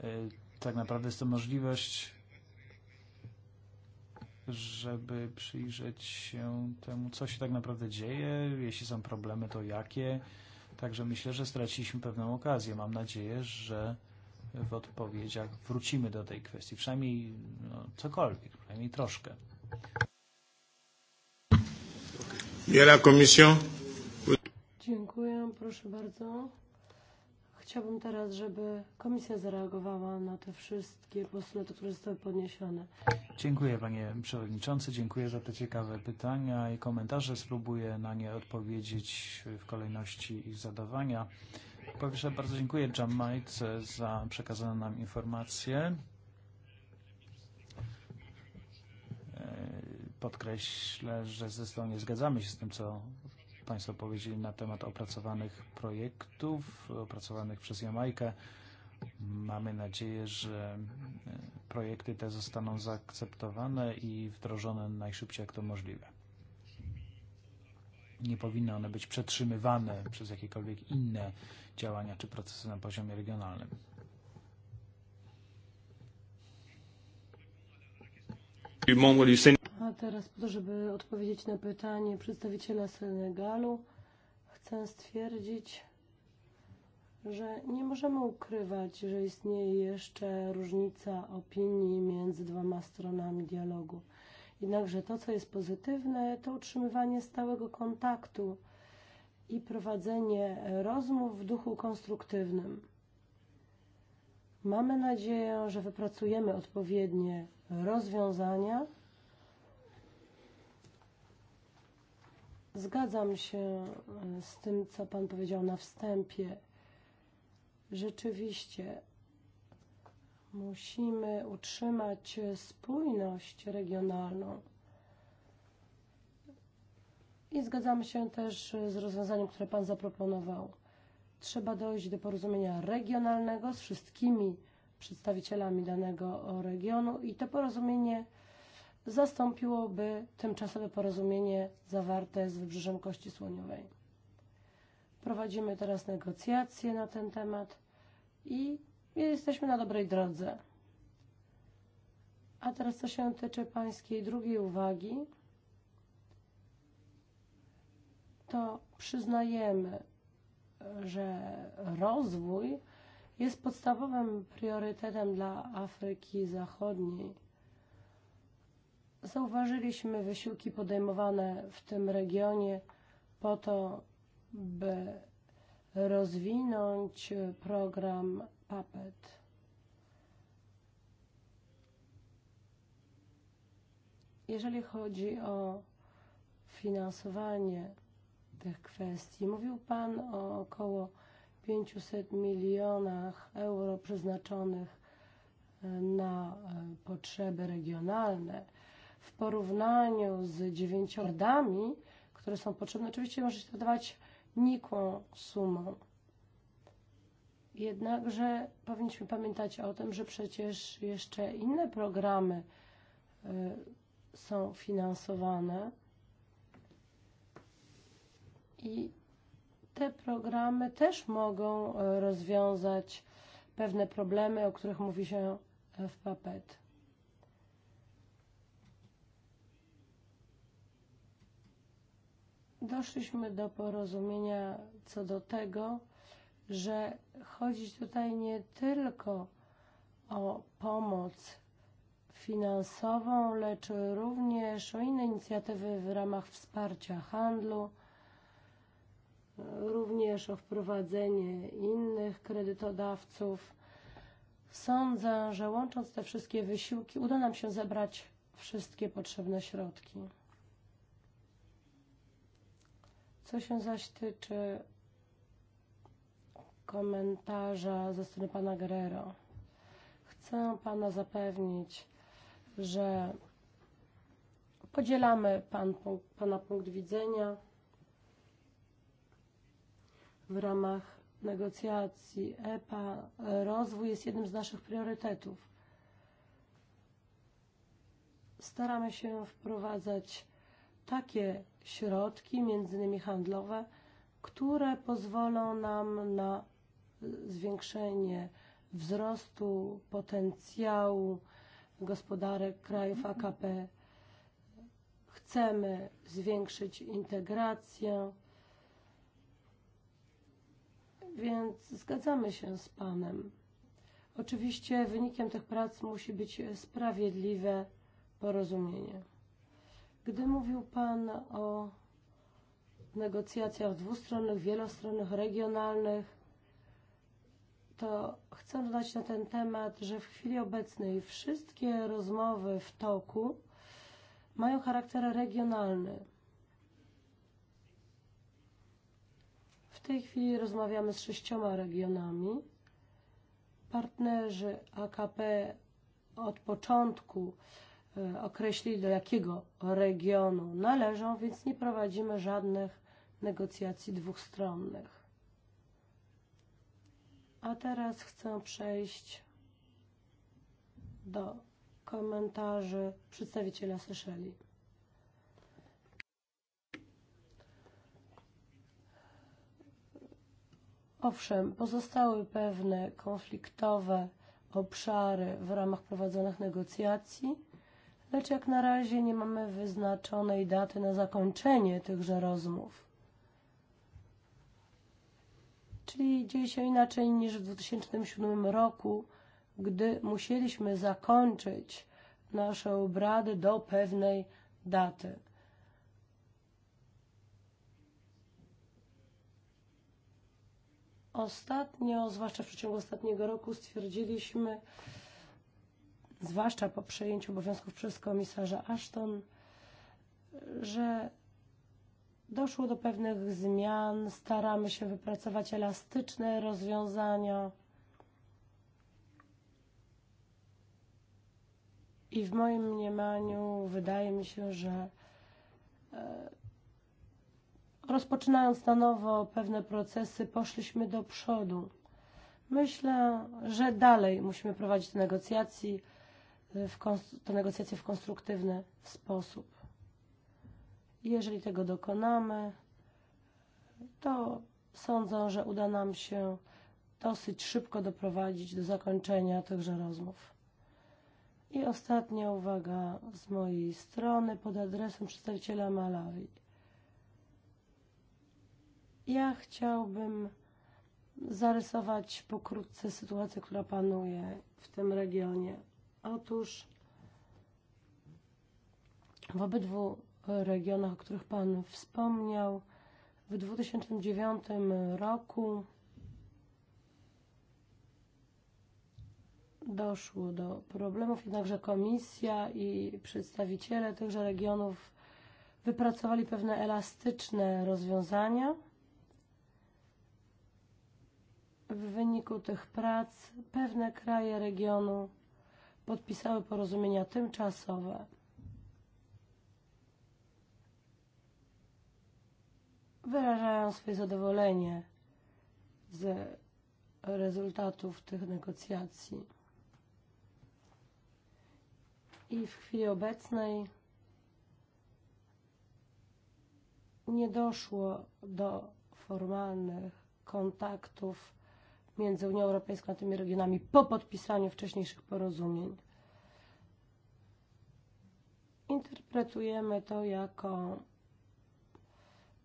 E, tak naprawdę jest to możliwość żeby przyjrzeć się temu, co się tak naprawdę dzieje, jeśli są problemy, to jakie. Także myślę, że straciliśmy pewną okazję. Mam nadzieję, że w odpowiedziach wrócimy do tej kwestii, przynajmniej no, cokolwiek, przynajmniej troszkę. Dziękuję, proszę bardzo. Chciałbym teraz, żeby komisja zareagowała na te wszystkie postulaty, które zostały podniesione. Dziękuję panie przewodniczący, dziękuję za te ciekawe pytania i komentarze. Spróbuję na nie odpowiedzieć w kolejności ich zadawania. Po pierwsze bardzo dziękuję Jamajce za przekazane nam informacje. E, podkreślę, że zresztą nie zgadzamy się z tym, co Poznań powiedzieli na temat opracowanych projektów, opracowanych przez Jamajkę. Mamy nadzieję, że eh, projekty te zostaną zaakceptowane i wdrożone najszybciej jak to możliwe. Nie powinny one być przetrzymywane przez jakiekolwiek inne działania czy procesy na poziomie regionalnym. membre du a teraz po to, żeby odpowiedzieć na pytanie przedstawiciela Senegalu, chcę stwierdzić, że nie możemy ukrywać, że istnieje jeszcze różnica opinii między dwoma stronami dialogu. Jednakże to, co jest pozytywne, to utrzymywanie stałego kontaktu i prowadzenie rozmów w duchu konstruktywnym. Mamy nadzieję, że wypracujemy odpowiednie rozwiązania Zgadzam się e, z tym, co Pan powiedział na wstępie. Rzeczywiście musimy utrzymać spójność regionalną. I zgadzam się też z rozwiązaniem, które Pan zaproponował. Trzeba dojść do porozumienia regionalnego z wszystkimi przedstawicielami danego regionu i to porozumienie zastąpiłoby tymczasowe porozumienie zawarte z Wybrzeżem Kości Słoniowej. Prowadzimy teraz negocjacje na ten temat i jesteśmy na dobrej drodze. A teraz co się tyczy pańskiej drugiej uwagi, to przyznajemy, że rozwój jest podstawowym priorytetem dla Afryki Zachodniej Zauważyliśmy wysiłki podejmowane w tym regionie po to, by rozwinąć program PAPET. Jeżeli chodzi o finansowanie tych kwestii, mówił Pan o około 500 milionach euro przeznaczonych na potrzeby regionalne w porównaniu z dziewięciordami, które są potrzebne, oczywiście może się to dawać nikłą sumą. Jednakże powinniśmy pamiętać o tym, że przecież jeszcze inne programy są finansowane i te programy też mogą rozwiązać pewne problemy, o których mówi się w PAPET. doszliśmy do porozumienia co do tego, że chodzi tutaj nie tylko o pomoc finansową, lecz również o inne inicjatywy w ramach wsparcia handlu, również o wprowadzenie innych kredytodawców. Sądzę, że łącząc te wszystkie wysiłki, uda nam się zebrać wszystkie potrzebne środki. Co się zaś tyczy komentarza ze strony pana Guerrero, chcę pana zapewnić, że podzielamy pan, pana punkt widzenia w ramach negocjacji EPA. Rozwój jest jednym z naszych priorytetów staramy się wprowadzać takie środki, między innymi handlowe, które pozwolą nam na zwiększenie wzrostu potencjału gospodarek krajów AKP. Chcemy zwiększyć integrację, więc zgadzamy się z Panem. Oczywiście wynikiem tych prac musi być sprawiedliwe porozumienie. Gdy mówił Pan o negocjacjach dwustronnych, wielostronnych, regionalnych, to chcę dodać na ten temat, że w chwili obecnej wszystkie rozmowy w toku mają charakter regionalny. W tej chwili rozmawiamy z sześcioma regionami. Partnerzy AKP od początku Eh, określi, do jakiego regionu należą, więc nie prowadzimy żadnych negocjacji dwustronnych. A teraz chcę przejść do komentarzy przedstawiciela Seszeli. Owszem, pozostały pewne konfliktowe obszary w ramach prowadzonych negocjacji lecz jak na razie nie mamy wyznaczonej daty na zakończenie tychże rozmów. Czyli dzieje się inaczej niż w 2007 roku, gdy musieliśmy zakończyć nasze obrady do pewnej daty. Ostatnio, zwłaszcza w przeciągu ostatniego roku, stwierdziliśmy, zwłaszcza po przejęciu obowiązków przez komisarza Ashton, że doszło do pewnych zmian, staramy się wypracować elastyczne rozwiązania. I w moim mniemaniu wydaje mi się, że e, rozpoczynając na nowo pewne procesy, poszliśmy do przodu. Myślę, że dalej musimy prowadzić negocjacje w to negocjacje w konstruktywny sposób. Jeżeli tego dokonamy, to sądzę, że uda nam się dosyć szybko doprowadzić do zakończenia tychże rozmów. I ostatnia uwaga z mojej strony pod adresem przedstawiciela Malawi. Ja chciałbym zarysować pokrótce sytuację, która panuje w tym regionie. Otóż w obydwu regionach, o których Pan wspomniał, w 2009 roku doszło do problemów, jednakże komisja i przedstawiciele tychże regionów wypracowali pewne elastyczne rozwiązania. W wyniku tych prac pewne kraje regionu podpisały porozumienia tymczasowe. Wyrażają swoje zadowolenie z rezultatów tych negocjacji. I w chwili obecnej nie doszło do formalnych kontaktów między Unią Europejską a tymi regionami po podpisaniu wcześniejszych porozumień. Interpretujemy to jako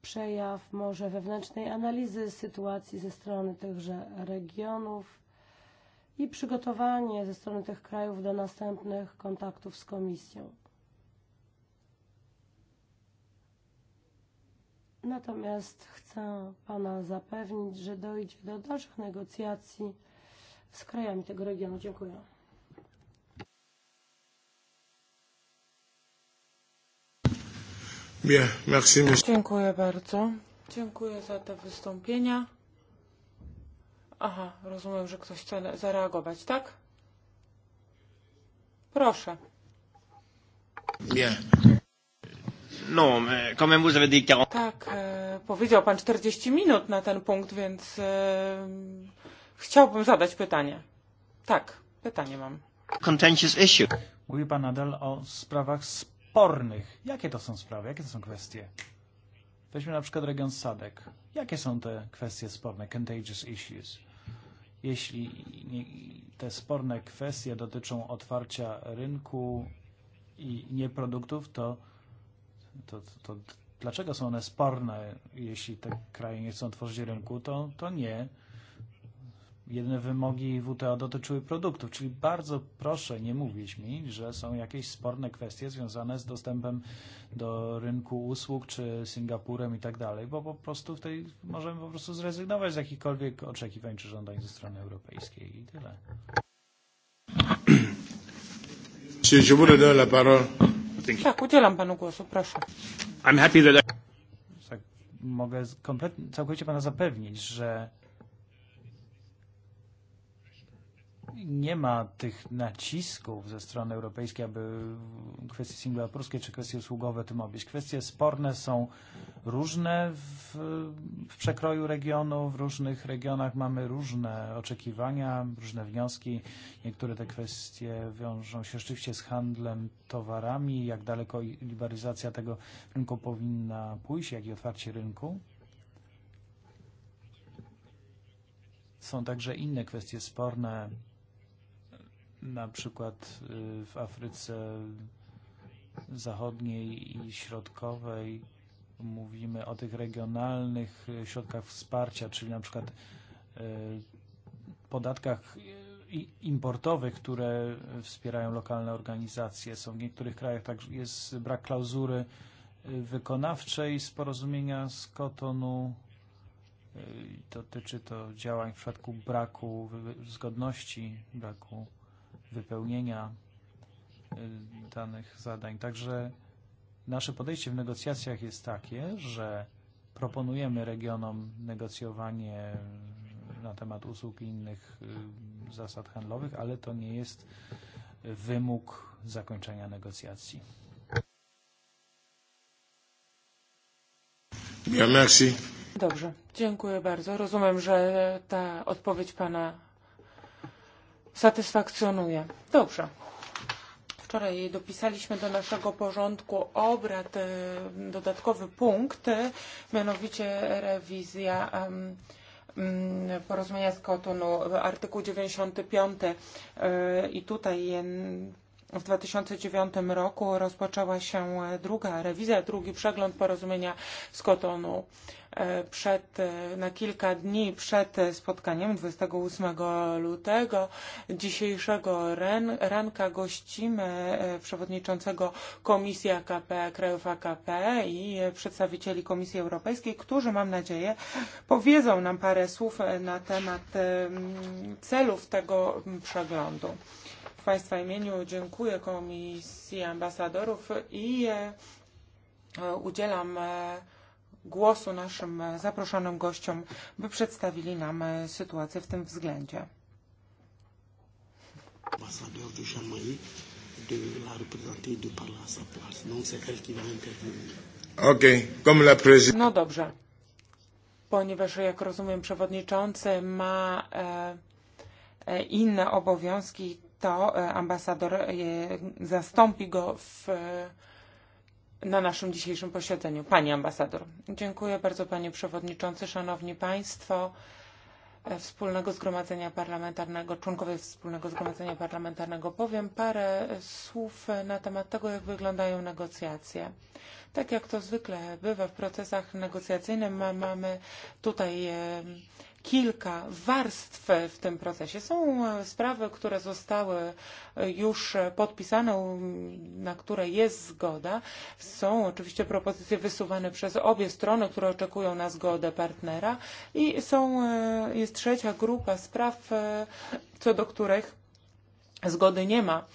przejaw może wewnętrznej analizy sytuacji ze strony tychże regionów i przygotowanie ze strony tych krajów do następnych kontaktów z Komisją. Natomiast chcę Pana zapewnić, że dojdzie do dalszych negocjacji z krajami tego regionu. Dziękuję. Dziękuję bardzo. Dziękuję za te wystąpienia. Aha, rozumiem, że ktoś chce zareagować, tak? Proszę. Bien. No, quand même vous Tak, eh, powiedział pan 40 minut na ten punkt, więc eh, chciałbym zadać pytanie. Tak, pytanie mam. Contentious issue. Mówi pan nadal o sprawach spornych. Jakie to są sprawy? Jakie to są kwestie? Weźmy na przykład region Sadek. Jakie są te kwestie sporne, contagious issues? Jeśli te sporne kwestie dotyczą otwarcia rynku i nie produktów, to to, to, to dlaczego są one sporne, jeśli te kraje nie chcą tworzyć rynku, to, to nie. Jedne wymogi WTO dotyczyły produktów, czyli bardzo proszę nie mówić mi, że są jakieś sporne kwestie związane z dostępem do rynku usług czy Singapurem i tak dalej, bo po prostu w tej możemy po prostu zrezygnować z jakichkolwiek oczekiwań czy żądań ze strony europejskiej i tyle. Monsieur, je vous redonne la parole something. Tak, udělám panu Kosu, proszę. I'm happy that I... Tak mogę kompletnie, całkowicie pana zapewnić, że nie ma tych nacisków ze strony europejskiej, aby kwestie singularskie czy kwestie usługowe tym objąć. Kwestie sporne są różne w, w przekroju regionu. W różnych regionach mamy różne oczekiwania, różne wnioski. Niektóre te kwestie wiążą się rzeczywiście z handlem towarami, jak daleko liberalizacja tego rynku powinna pójść, jak i otwarcie rynku. Są także inne kwestie sporne na przykład w e, Afryce Zachodniej i Środkowej mówimy o tych regionalnych środkach wsparcia, czyli na przykład e, podatkach importowych, które wspierają lokalne organizacje. Są w niektórych krajach także jest brak klauzury e, wykonawczej z porozumienia z Kotonu. Dotyczy to działań w przypadku braku zgodności, braku wypełnienia e, danych zadań. Także nasze podejście w negocjacjach jest takie, że proponujemy regionom negocjowanie na temat usług i innych e, zasad handlowych, ale to nie jest wymóg zakończenia negocjacji. Dobrze, dziękuję bardzo. Rozumiem, że ta odpowiedź pana satysfakcjonuje. Dobrze. Wczoraj dopisaliśmy do naszego porządku obrad e, dodatkowy punkt, e, mianowicie rewizja mm, porozumienia z Kotonu, artykuł 95 e, i tutaj W 2009 roku rozpoczęła się druga rewizja, drugi przegląd porozumienia z Kotonu. E, przed, e, na kilka dni przed spotkaniem 28 lutego dzisiejszego ren, ranka gościmy e, przewodniczącego Komisji AKP, krajów AKP i przedstawicieli Komisji Europejskiej, którzy mam nadzieję powiedzą nam parę słów na temat celów tego przeglądu państwa imieniu dziękuję komisji ambasadorów i e, udzielam e, głosu naszym zaproszonym gościom, by przedstawili nam e, sytuację w tym względzie. No dobrze. Ponieważ, jak rozumiem, przewodniczący ma e, e, inne obowiązki, to e, ambasador zastąpi go w, e, na naszym dzisiejszym posiedzeniu. Pani ambasador. Dziękuję bardzo panie przewodniczący, szanowni państwo. E, wspólnego Zgromadzenia Parlamentarnego, członkowie Wspólnego Zgromadzenia Parlamentarnego, powiem parę słów na temat tego, jak wyglądają negocjacje. Tak jak to zwykle bywa w procesach negocjacyjnych, mamy tutaj kilka warstw w tym procesie. Są e, sprawy, które zostały e, już podpisane, na które jest zgoda. Są oczywiście propozycje wysuwane przez obie strony, które oczekują na zgodę partnera i są, e, jest trzecia grupa spraw, co do których zgody nie ma.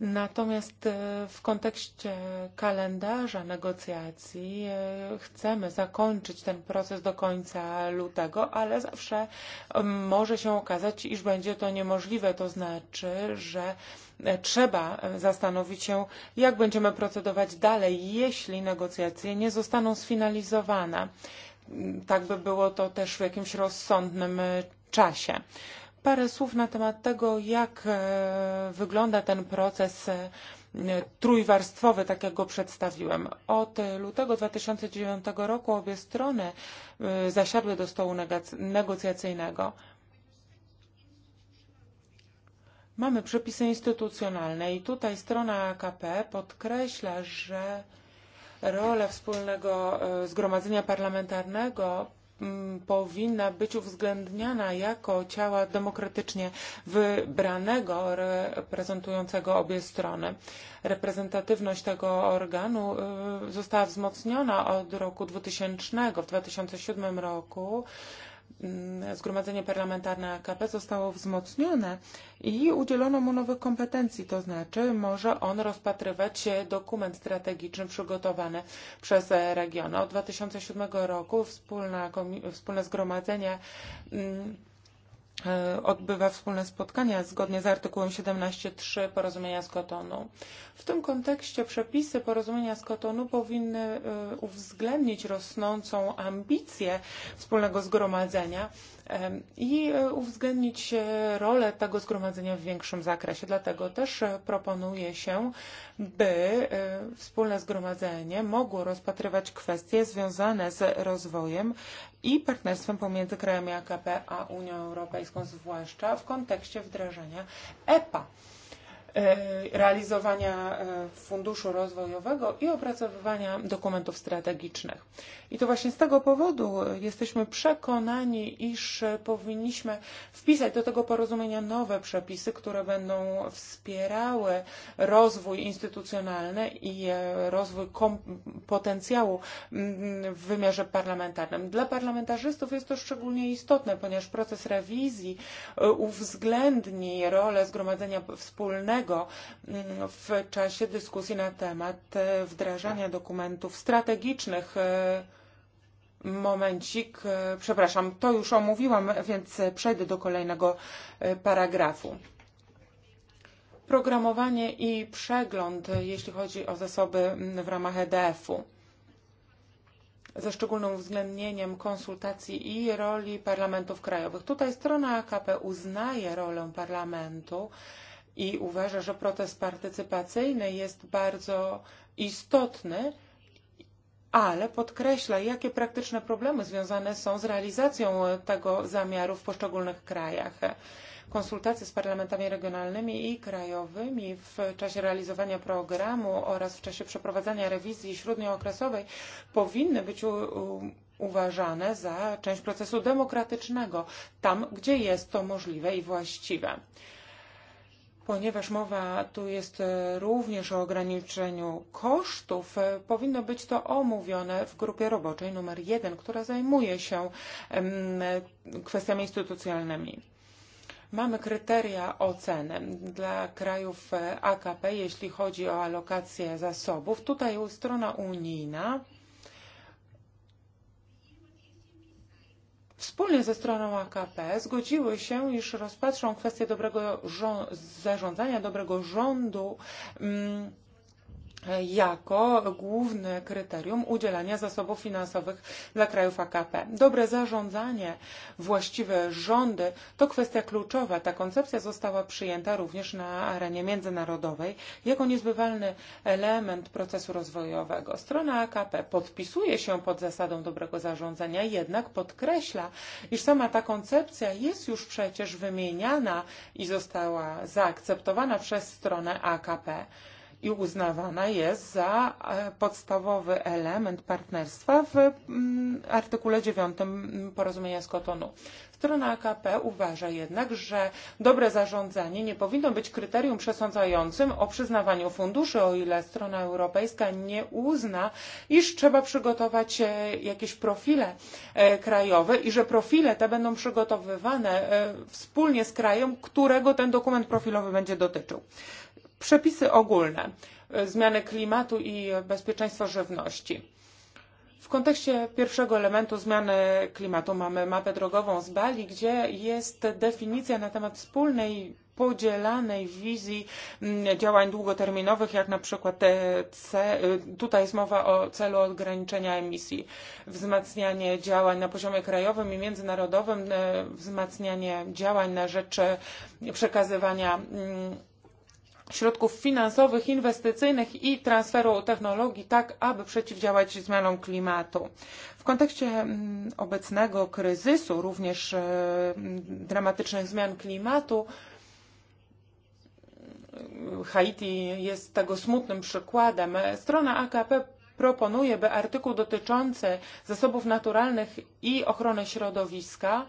Natomiast e, w kontekście kalendarza negocjacji e, chcemy zakończyć ten proces do końca lutego, ale zawsze e, może się okazać, iż będzie to niemożliwe. To znaczy, że trzeba zastanowić się, jak będziemy procedować dalej, jeśli negocjacje nie zostaną sfinalizowane. Mm, tak by było to też w jakimś rozsądnym czasie. Parę słów na temat tego, jak e, wygląda ten proces e, trójwarstwowy, tak jak go przedstawiłem. Od lutego 2009 roku obie strony e, zasiadły do stołu negocjacyjnego. Mamy przepisy instytucjonalne i tutaj strona AKP podkreśla, że rolę wspólnego zgromadzenia parlamentarnego powinna być uwzględniana jako ciała demokratycznie wybranego, reprezentującego obie strony. Reprezentatywność tego organu została wzmocniona od roku 2000. W 2007 roku Mm, zgromadzenie Parlamentarne AKP zostało wzmocnione i udzielono mu nowych kompetencji, to znaczy może on rozpatrywać dokument strategiczny przygotowany przez region. Od 2007 roku wspólna, wspólne zgromadzenie mm, E, odbywa wspólne spotkania zgodnie z artykułem 17.3 porozumienia z Kotonu. W tym kontekście przepisy porozumienia z Kotonu powinny e, uwzględnić rosnącą ambicję wspólnego zgromadzenia i e, uwzględnić e, rolę tego zgromadzenia w większym zakresie. Dlatego też e, proponuje się, by wspólne zgromadzenie mogło rozpatrywać kwestie związane z rozwojem i partnerstwem pomiędzy krajami AKP a Unią Europejską, zwłaszcza w kontekście wdrażania EPA. E, realizowania e, funduszu rozwojowego i opracowywania dokumentów strategicznych. I to właśnie z tego powodu jesteśmy przekonani, iż powinniśmy wpisać do tego porozumienia nowe przepisy, które będą wspierały rozwój instytucjonalny i e, rozwój potencjału mm, w wymiarze parlamentarnym. Dla parlamentarzystów jest to szczególnie istotne, ponieważ proces rewizji uwzględni rolę Zgromadzenia Wspólnego wspólnego w mm, czasie dyskusji na temat wdrażania e, dokumentów strategicznych. E, Momencik, e, przepraszam, to już omówiłam, więc przejdę do kolejnego paragrafu. Programowanie i przegląd, jeśli chodzi o zasoby mm, w ramach EDF-u ze szczególnym uwzględnieniem konsultacji i roli parlamentów krajowych. Tutaj strona AKP uznaje rolę parlamentu i uważa, że proces partycypacyjny jest bardzo istotny, ale podkreśla, jakie praktyczne problemy związane są z realizacją tego zamiaru w poszczególnych krajach. Konsultacje z parlamentami regionalnymi i krajowymi w czasie realizowania programu oraz w czasie przeprowadzania rewizji śródniookresowej powinny być uważane za część procesu demokratycznego, tam gdzie jest to możliwe i właściwe ponieważ mowa tu jest e, również o ograniczeniu kosztów, e, powinno być to omówione w grupie roboczej numer jeden, która zajmuje się kwestiami instytucjonalnymi. Mamy kryteria oceny dla krajów e, AKP, jeśli chodzi o alokację zasobów. Tutaj strona unijna Wspólnie ze stroną AKP zgodziły się, iż rozpatrzą kwestię dobrego zarządzania, dobrego rządu. Mm, jako główne kryterium udzielania zasobów finansowych dla krajów AKP. Dobre zarządzanie, właściwe rządy to kwestia kluczowa. Ta koncepcja została przyjęta również na arenie międzynarodowej jako niezbywalny element procesu rozwojowego. Strona AKP podpisuje się pod zasadą dobrego zarządzania, jednak podkreśla, iż sama ta koncepcja jest już przecież wymieniana i została zaakceptowana przez stronę AKP i uznawana jest za eh, podstawowy element partnerstwa w mm, artykule 9 porozumienia z Kotonu. Strona AKP uważa jednak, że dobre zarządzanie nie powinno być kryterium przesądzającym o przyznawaniu funduszy, o ile strona europejska nie uzna, iż trzeba przygotować eh, jakieś profile eh, krajowe i że profile te będą przygotowywane wspólnie z krajem, którego ten dokument profilowy będzie dotyczył przepisy ogólne, e, zmiany klimatu i bezpieczeństwo żywności. W kontekście pierwszego elementu zmiany klimatu mamy mapę drogową z Bali, gdzie jest definicja na temat wspólnej podzielanej wizji mm, działań długoterminowych, jak na przykład te e, tutaj jest mowa o celu ograniczenia emisji, wzmacnianie działań na poziomie krajowym i międzynarodowym, e, wzmacnianie działań na rzecz przekazywania mm, środków finansowych, inwestycyjnych i transferu technologii, tak aby przeciwdziałać zmianom klimatu. W kontekście mm, obecnego kryzysu, również dramatycznych zmian klimatu, Haiti jest tego smutnym przykładem. Strona AKP proponuje, by artykuł dotyczący zasobów naturalnych i ochrony środowiska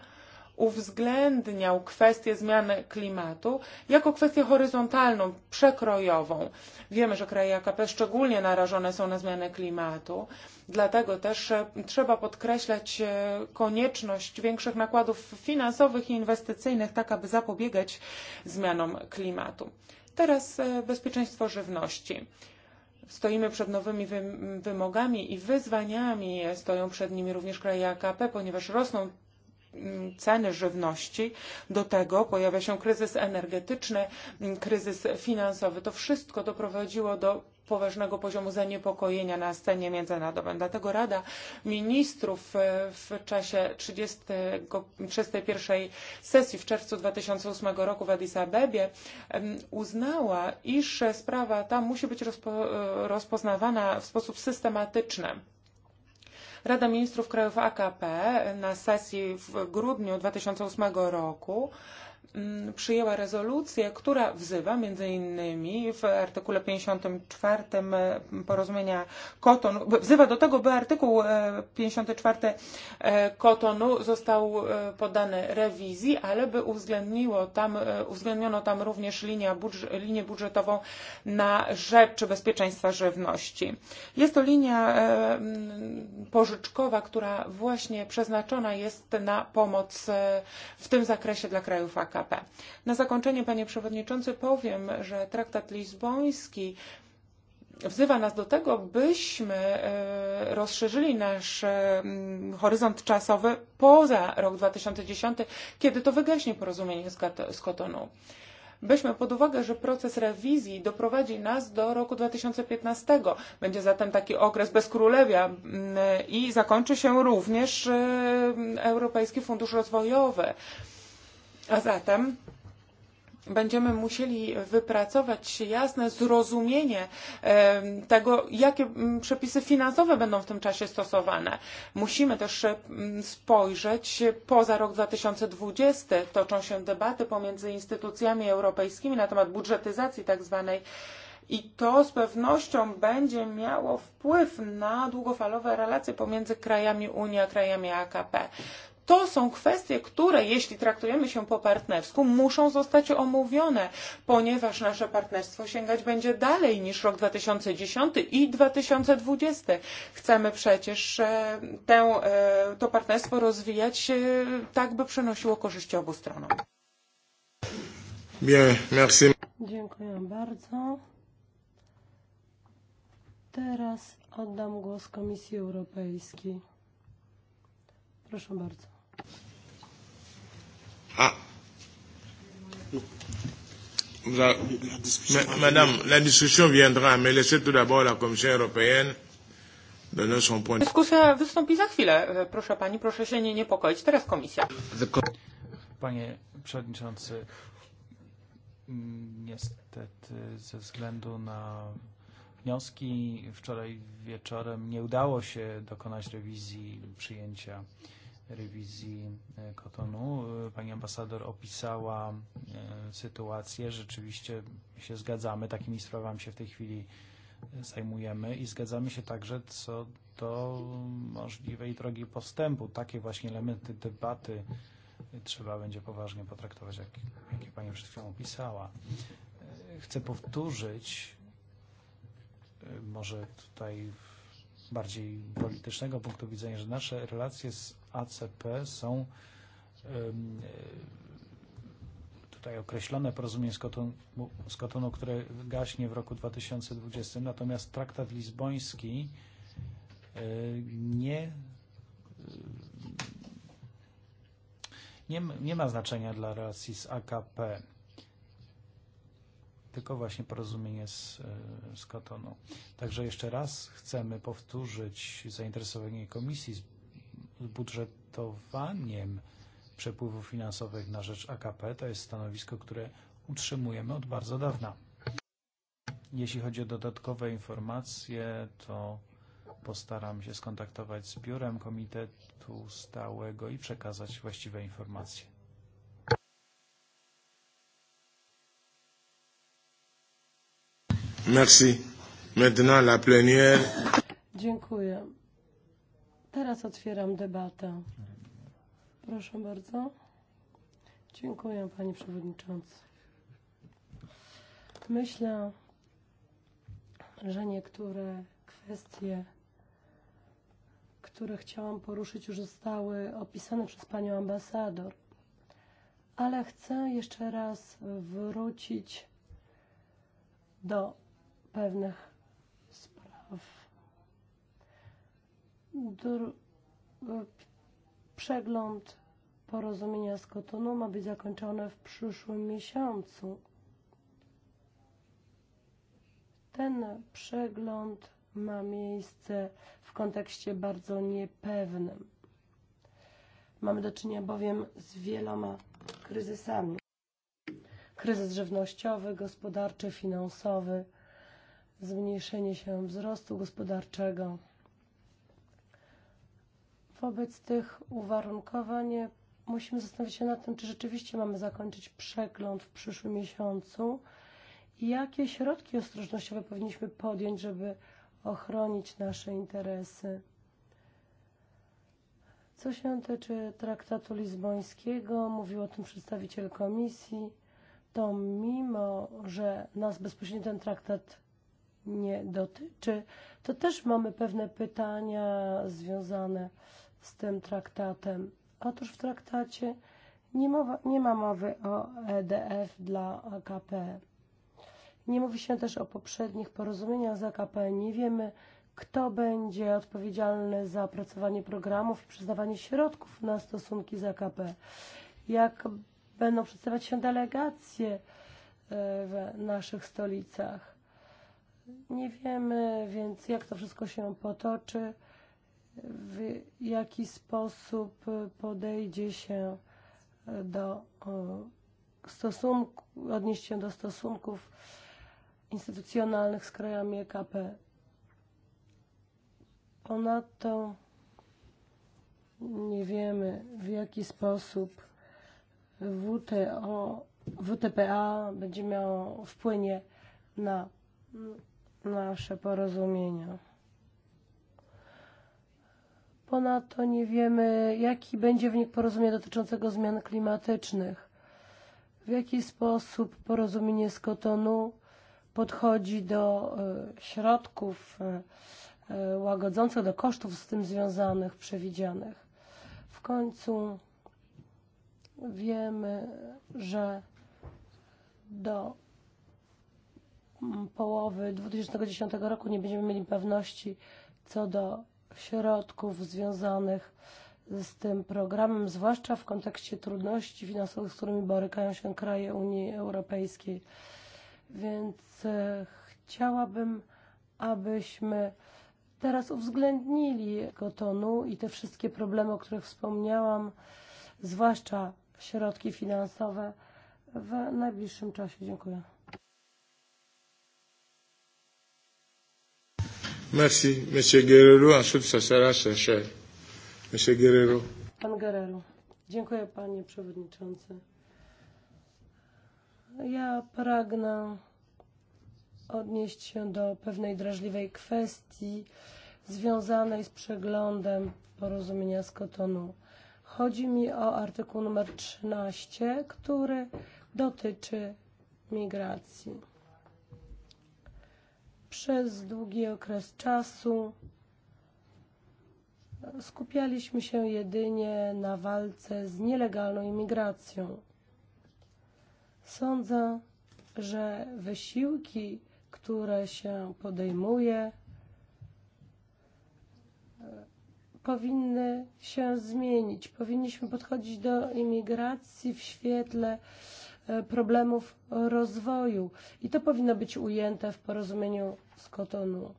uwzględniał kwestię zmiany klimatu jako kwestię horyzontalną, przekrojową. Wiemy, że kraje AKP szczególnie narażone są na zmianę klimatu, dlatego też e, trzeba podkreślać e, konieczność większych nakładów finansowych i inwestycyjnych, tak aby zapobiegać zmianom klimatu. Teraz e, bezpieczeństwo żywności stoimy przed nowymi wymogami i wyzwaniami. Stoją przed nimi również kraje AKP, ponieważ rosną ceny żywności, do tego pojawia się kryzys energetyczny, kryzys finansowy. To wszystko doprowadziło do poważnego poziomu zaniepokojenia na scenie międzynarodowej. Dlatego Rada Ministrów e, w czasie 31 sesji w czerwcu 2008 roku w Addis Abebie uznała, iż sprawa ta musi być rozpo, e, rozpoznawana w sposób systematyczny Rada Ministrów Krajów AKP na sesji w grudniu 2008 roku Mm, przyjęła rezolucję, która wzywa między innymi w artykule 54 e, porozumienia Kotonu, wzywa do tego, by artykuł 54 e, Kotonu e, został podany rewizji, ale by uwzględniło tam, uwzględniono tam również linia budż, linię budżetową na rzecz bezpieczeństwa żywności. Jest to linia pożyczkowa, która właśnie przeznaczona jest na pomoc w tym zakresie dla krajów AKP. PKP. Na zakończenie, panie przewodniczący, powiem, że traktat lizboński wzywa nas do tego, byśmy e, rozszerzyli nasz e, horyzont czasowy poza rok 2010, kiedy to wygaśnie porozumienie z Kotonu. Weźmy pod uwagę, że proces rewizji doprowadzi nas do roku 2015. Będzie zatem taki okres bez królewia i zakończy się również e, Europejski Fundusz Rozwojowy. A zatem będziemy musieli wypracować jasne zrozumienie tego, jakie mm, przepisy finansowe będą w tym czasie stosowane. Musimy też mm, spojrzeć poza rok 2020. Toczą się debaty pomiędzy instytucjami europejskimi na temat budżetyzacji tak zwanej i to z pewnością będzie miało wpływ na długofalowe relacje pomiędzy krajami Unii a krajami AKP to są kwestie, które jeśli traktujemy się po partnersku, muszą zostać omówione, ponieważ nasze partnerstwo sięgać będzie dalej niż rok 2010 i 2020. Chcemy przecież e, tę, e, to partnerstwo rozwijać e, tak, by przynosiło korzyści obu stronom. Bien, merci. Dziękuję bardzo. Teraz oddam głos Komisji Europejskiej. Proszę bardzo. Ah. La, madame, la discussion viendra, mais laissez tout d'abord la Commission européenne donner son point de Dyskusja wystąpi za chwilę. Proszę pani, proszę się nie niepokoić. Teraz komisja. Panie przewodniczący, niestety ze względu na wnioski wczoraj wieczorem nie udało się dokonać rewizji przyjęcia rewizji Kotonu. E, e, Pani ambasador opisała e, sytuację. Rzeczywiście się zgadzamy. Takimi sprawami się w tej chwili zajmujemy i zgadzamy się także co do możliwej drogi postępu. Takie właśnie elementy debaty trzeba będzie poważnie potraktować, jak, jakie Pani przed chwilą opisała. Chcę powtórzyć, może tutaj w bardziej politycznego punktu widzenia, że nasze relacje z ACP są e, tutaj określone porozumienie z Kotonu, z Kotonu, które gaśnie w roku 2020. Natomiast traktat lizboński e, nie, e, nie, nie ma znaczenia dla relacji z AKP tylko właśnie porozumienie z, e, z Kotonu. Także jeszcze raz chcemy powtórzyć zainteresowanie komisji z budżetowaniem przepływów finansowych na rzecz AKP. To jest stanowisko, które utrzymujemy od bardzo dawna. Jeśli chodzi o dodatkowe informacje, to postaram się skontaktować z biurem Komitetu Stałego i przekazać właściwe informacje. Merci. Maintenant la plénière. Dziękuję. Teraz otwieram debatę. Proszę bardzo. Dziękuję Panie Przewodniczący. Myślę, że niektóre kwestie, które chciałam poruszyć, już zostały opisane przez Panią Ambasador, ale chcę jeszcze raz wrócić do pewnych spraw. Dr przegląd porozumienia z Kotoną ma być zakończony w przyszłym miesiącu. Ten przegląd ma miejsce w kontekście bardzo niepewnym. Mamy do czynienia bowiem z wieloma kryzysami. Kryzys żywnościowy, gospodarczy, finansowy – zmniejszenie się wzrostu gospodarczego. Wobec tych uwarunkowań musimy zastanowić się nad tym, czy rzeczywiście mamy zakończyć przegląd w przyszłym miesiącu i jakie środki ostrożnościowe powinniśmy podjąć, żeby ochronić nasze interesy. Co się tyczy traktatu lizbońskiego, mówił o tym przedstawiciel komisji, to mimo, że nas bezpośrednio ten traktat nie dotyczy, to też mamy pewne pytania związane z tym traktatem. Otóż w traktacie nie, mowa, nie ma mowy o EDF dla AKP. Nie mówi się też o poprzednich porozumieniach z AKP. Nie wiemy, kto będzie odpowiedzialny za opracowanie programów i przyznawanie środków na stosunki z AKP. Jak będą przedstawiać się delegacje e, w naszych stolicach Nie wiemy więc, jak to wszystko się potoczy, w jaki sposób podejdzie się do stosunku, odnieść się do stosunków instytucjonalnych z krajami EKP. Ponadto nie wiemy, w jaki sposób WTO, WTPA będzie miało wpłynie na nasze porozumienia. Ponadto nie wiemy, jaki będzie wynik porozumienia dotyczącego zmian klimatycznych, w jaki sposób porozumienie z Kotonu podchodzi do e, środków e, e, łagodzących, do kosztów z tym związanych, przewidzianych. W końcu wiemy, że do Mm, połowy 2010 roku nie będziemy mieli pewności co do środków związanych z tym programem, zwłaszcza w kontekście trudności finansowych, z którymi borykają się kraje Unii Europejskiej. Więc e, chciałabym, abyśmy teraz uwzględnili Kotonu i te wszystkie problemy, o których wspomniałam, zwłaszcza środki finansowe w najbliższym czasie. Dziękuję. Merci, Monsieur Guerrero, ensuite ça sera cher. Monsieur Guerrero. Pan Guerrero. Dziękuję Panie Przewodniczący. Ja pragnę odnieść się do pewnej drażliwej kwestii związanej z przeglądem porozumienia z Kotonu. Chodzi mi o artykuł numer 13, który dotyczy migracji przez długi okres czasu skupialiśmy się jedynie na walce z nielegalną imigracją. Sądzę, że wysiłki, które się podejmuje, powinny się zmienić. Powinniśmy podchodzić do imigracji w świetle Eh, problemów rozwoju. I to powinno być ujęte w porozumieniu z Kotonu.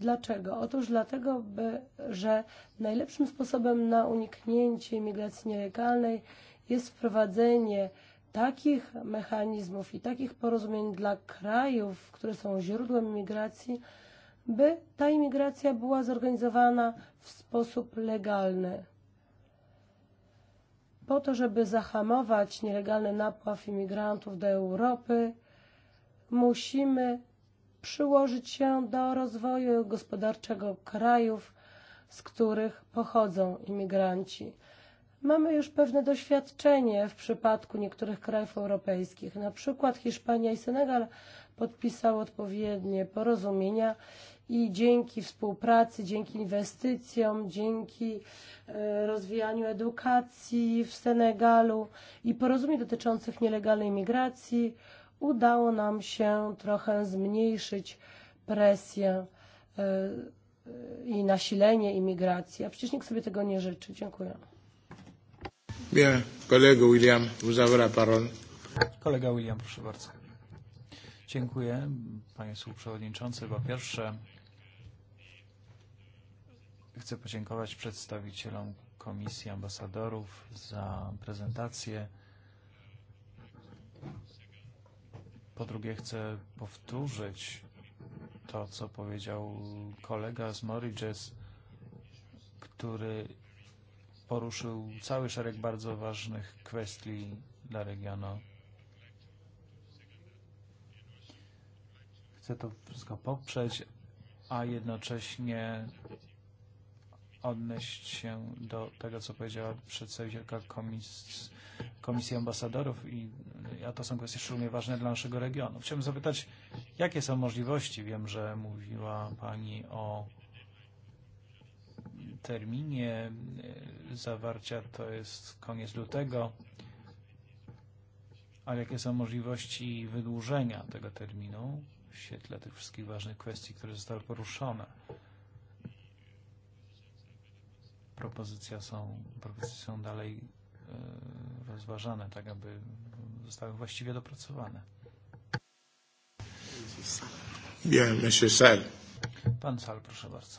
Dlaczego? Otóż dlatego, by, że najlepszym sposobem na uniknięcie imigracji nielegalnej jest wprowadzenie takich mechanizmów i takich porozumień dla krajów, które są źródłem imigracji, by ta imigracja była zorganizowana w sposób legalny po to, żeby zahamować nielegalny napław imigrantów do Europy, musimy przyłożyć się do rozwoju gospodarczego krajów, z których pochodzą imigranci. Mamy już pewne doświadczenie w przypadku niektórych krajów europejskich, na przykład Hiszpania i Senegal podpisał odpowiednie porozumienia i dzięki współpracy, dzięki inwestycjom, dzięki eh, rozwijaniu edukacji w Senegalu i porozumień dotyczących nielegalnej migracji udało nam się trochę zmniejszyć presję eh, i nasilenie imigracji, a przecież nikt sobie tego nie życzy. Dziękuję. Bien, kolega William, vous avez la parole. Kolega William, proszę bardzo. Dziękuję, panie współprzewodniczący. Po pierwsze, chcę podziękować przedstawicielom Komisji Ambasadorów za prezentację. Po drugie, chcę powtórzyć to, co powiedział kolega z Moriges, który poruszył cały szereg bardzo ważnych kwestii dla regionu chce to wszystko poprzeć, a jednocześnie odnieść się do tego, co powiedziała przedstawicielka komis Komisji Ambasadorów i a to są kwestie szczególnie ważne dla naszego regionu. Chciałbym zapytać, jakie są możliwości? Wiem, że mówiła Pani o terminie zawarcia, to jest koniec lutego, ale jakie są możliwości wydłużenia tego terminu? w świetle tych wszystkich ważnych kwestii, które zostały poruszone. Propozycja są, propozycje są dalej e, rozważane, tak aby zostały właściwie dopracowane. Bien, monsieur Sal. Pan Sal, proszę bardzo.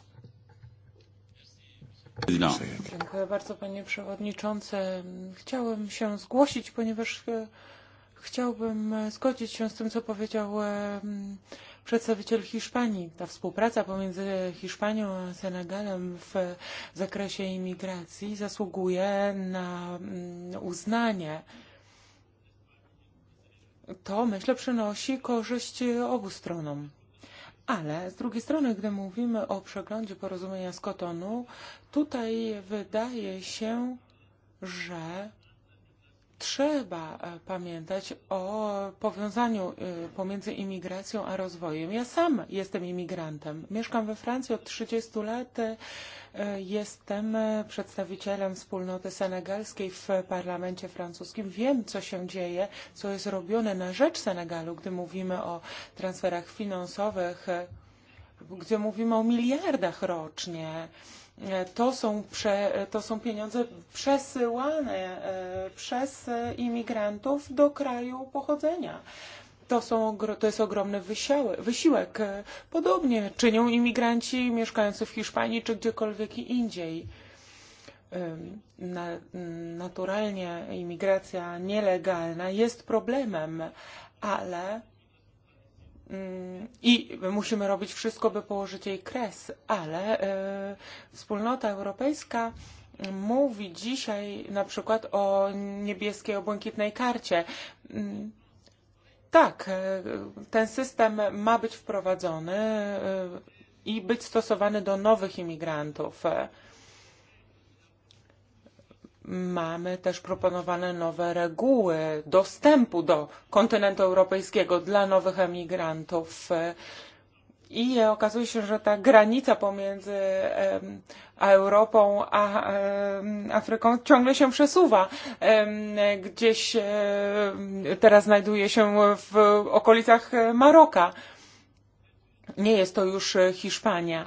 No. Dziękuję bardzo, panie przewodniczący. Chciałem się zgłosić, ponieważ e, Chciałbym zgodzić się z tym, co powiedział przedstawiciel Hiszpanii. Ta współpraca pomiędzy Hiszpanią a Senegalem w zakresie imigracji zasługuje na mm, uznanie. To, myślę, przynosi korzyść obu stronom. Ale z drugiej strony, gdy mówimy o przeglądzie porozumienia z Kotonu, tutaj wydaje się, że trzeba e, pamiętać o powiązaniu e, pomiędzy imigracją a rozwojem. Ja sam jestem imigrantem. Mieszkam we Francji od 30 lat. E, jestem przedstawicielem wspólnoty senegalskiej w parlamencie francuskim. Wiem, co się dzieje, co jest robione na rzecz Senegalu, gdy mówimy o transferach finansowych, gdzie mówimy o miliardach rocznie to są, prze, to są pieniądze przesyłane eh, przez eh, imigrantów do kraju pochodzenia. To, są, to jest ogromny wysiłek, Podobnie czynią imigranci mieszkający w Hiszpanii czy gdziekolwiek indziej. Na, naturalnie imigracja nielegalna jest problemem, ale Mm, i musimy robić wszystko, by położyć jej kres, ale e, wspólnota europejska mówi dzisiaj na przykład o niebieskiej, o błękitnej karcie. Mm, tak, e, ten system ma być wprowadzony e, i być stosowany do nowych imigrantów. Mamy też proponowane nowe reguły dostępu do kontynentu europejskiego dla nowych emigrantów. I okazuje się, że ta granica pomiędzy Europą a Afryką ciągle się przesuwa. Gdzieś teraz znajduje się w okolicach Maroka. Nie jest to już Hiszpania.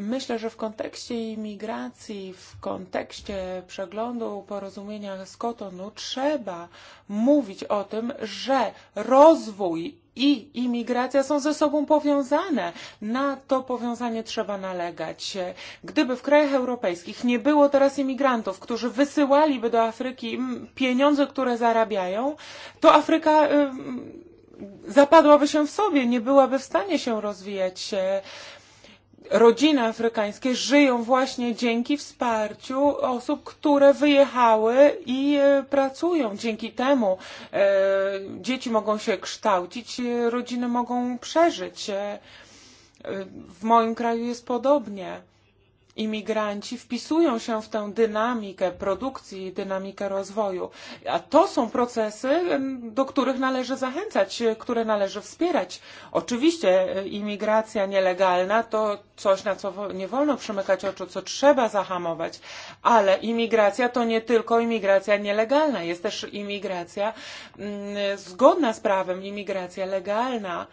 Myślę, że w kontekście imigracji, w kontekście przeglądu porozumienia z Kotonu trzeba mówić o tym, że rozwój i imigracja są ze sobą powiązane. Na to powiązanie trzeba nalegać. Gdyby w krajach europejskich nie było teraz imigrantów, którzy wysyłaliby do Afryki pieniądze, które zarabiają, to Afryka. Yy, zapadłaby się w sobie, nie byłaby w stanie się rozwijać. Yy, rodziny afrykańskie żyją właśnie dzięki wsparciu osób, które wyjechały i e, pracują. Dzięki temu e, dzieci mogą się kształcić, e, rodziny mogą przeżyć. W moim kraju jest podobnie imigranci wpisują się w tę dynamikę produkcji i dynamikę rozwoju. A to są procesy, do których należy zachęcać, które należy wspierać. Oczywiście e, imigracja nielegalna to coś, na co nie wolno przymykać oczu, co trzeba zahamować, ale imigracja to nie tylko imigracja nielegalna, jest też imigracja mm, zgodna z prawem, imigracja legalna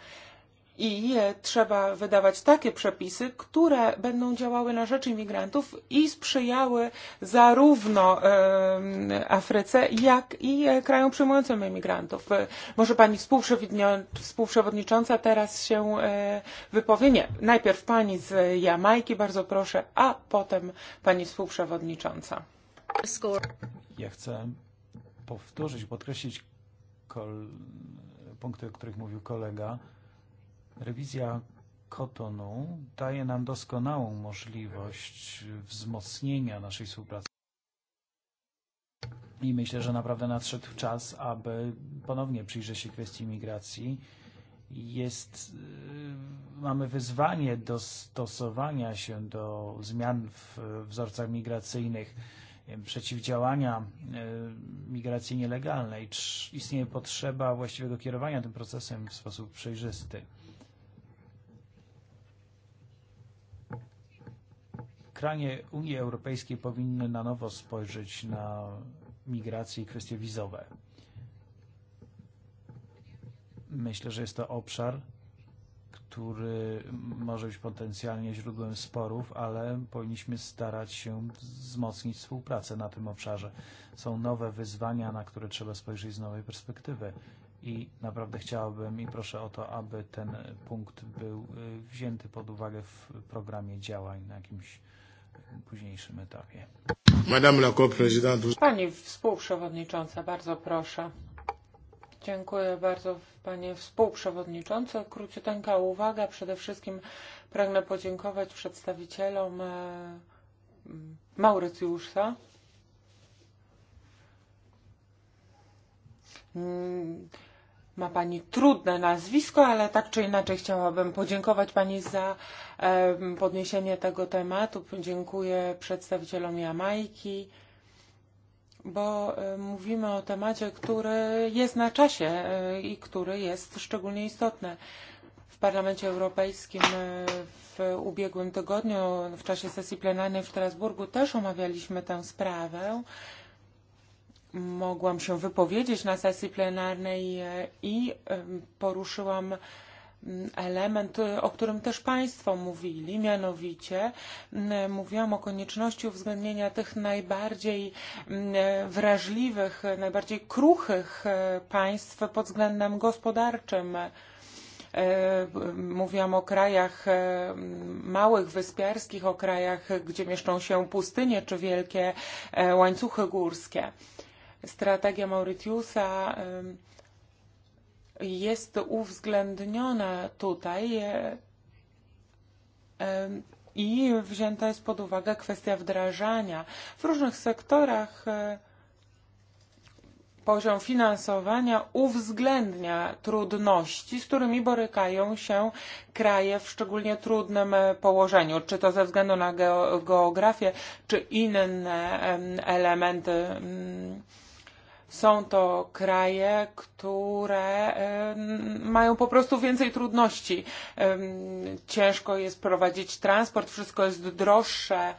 i trzeba wydawać takie przepisy, które będą działały na rzecz imigrantów i sprzyjały zarówno Afryce, jak i e, krajom przyjmującym imigrantów. E, może pani współprzewodnicząca teraz się e, wypowie? Nie. Najpierw pani z Jamajki, bardzo proszę, a potem pani współprzewodnicząca. Ja chcę powtórzyć, podkreślić kol... punkty, o których mówił kolega Rewizja Kotonu daje nam doskonałą możliwość wzmocnienia naszej współpracy. I myślę, że naprawdę nadszedł czas, aby ponownie przyjrzeć się kwestii migracji. Jest, mamy wyzwanie do stosowania się do zmian w wzorcach migracyjnych, przeciwdziałania migracji nielegalnej. Istnieje potrzeba właściwego kierowania tym procesem w sposób przejrzysty. kranie Unii Europejskiej powinny na nowo spojrzeć na migrację i kwestie wizowe. Myślę, że jest to obszar, który może być potencjalnie źródłem sporów, ale powinniśmy starać się wzmocnić współpracę na tym obszarze. Są nowe wyzwania, na które trzeba spojrzeć z nowej perspektywy. I naprawdę chciałbym i proszę o to, aby ten punkt był wzięty pod uwagę w programie działań na jakimś późniejszym etapie. Pani współprzewodnicząca, bardzo proszę. Dziękuję bardzo Panie Współprzewodniczący. Króciuteńka uwaga. Przede wszystkim pragnę podziękować przedstawicielom e, Maurycjusza. Mm, ma Pani trudne nazwisko, ale tak czy inaczej chciałabym podziękować Pani za e, podniesienie tego tematu. Dziękuję przedstawicielom Jamajki, bo e, mówimy o temacie, który jest na czasie e, i który jest szczególnie istotny. W Parlamencie Europejskim w ubiegłym tygodniu, w czasie sesji plenarnej w Strasburgu też omawialiśmy tę sprawę mogłam się wypowiedzieć na sesji plenarnej i poruszyłam element, o którym też Państwo mówili, mianowicie mówiłam o konieczności uwzględnienia tych najbardziej wrażliwych, najbardziej kruchych e, państw pod względem gospodarczym e, mówiłam o krajach e, małych, wyspiarskich, o krajach, gdzie mieszczą się pustynie czy wielkie łańcuchy górskie strategia Mauritiusa jest uwzględniona tutaj i wzięta jest pod uwagę kwestia wdrażania. W różnych sektorach e, poziom finansowania uwzględnia trudności, z którymi borykają się kraje w szczególnie trudnym e, położeniu, czy to ze względu na geografię, czy inne elementy mm, Są to kraje, które eh, mają po prostu więcej trudności. Ciężko jest prowadzić transport, wszystko jest droższe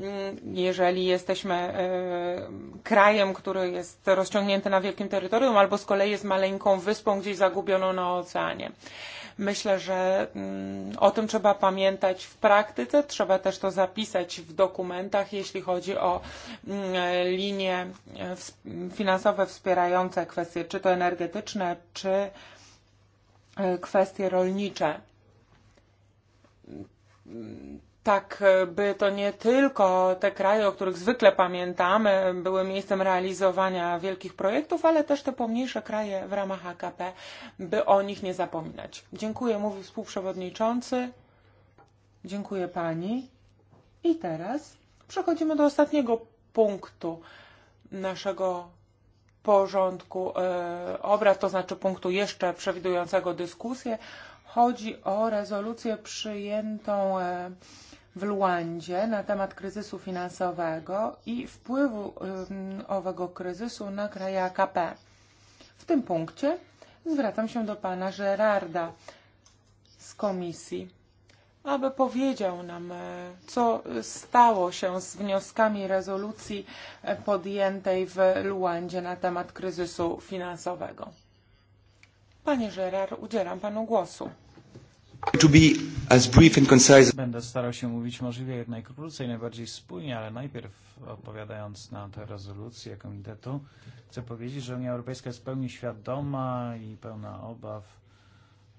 mm, jeżeli jesteśmy e, krajem, który jest rozciągnięty na wielkim terytorium, albo z kolei jest maleńką wyspą gdzieś zagubioną na oceanie. Myślę, że mm, o tym trzeba pamiętać w praktyce, trzeba też to zapisać w dokumentach, jeśli chodzi o mm, linie e, finansowe wspierające kwestie, czy to energetyczne, czy e, kwestie rolnicze tak eh, by to nie tylko te kraje, o których zwykle pamiętamy, były miejscem realizowania wielkich projektów, ale też te pomniejsze kraje w ramach AKP, by o nich nie zapominać. Dziękuję, mówi współprzewodniczący. Dziękuję pani. I teraz przechodzimy do ostatniego punktu naszego porządku e, obrad, to znaczy punktu jeszcze przewidującego dyskusję. Chodzi o rezolucję przyjętą e, w Luandzie na temat kryzysu finansowego i wpływu um, owego kryzysu na kraje AKP. W tym punkcie zwracam się do pana Gerarda z komisji, aby powiedział nam, eh, co stało się z wnioskami rezolucji eh, podjętej w Luandzie na temat kryzysu finansowego. Panie Gerard, udzielam panu głosu. Będę starał się mówić możliwie jak najkrócej, najbardziej spójnie, ale najpierw odpowiadając na tę rezolucję komitetu, chcę powiedzieć, że Unia Europejska jest w pełni świadoma i pełna obaw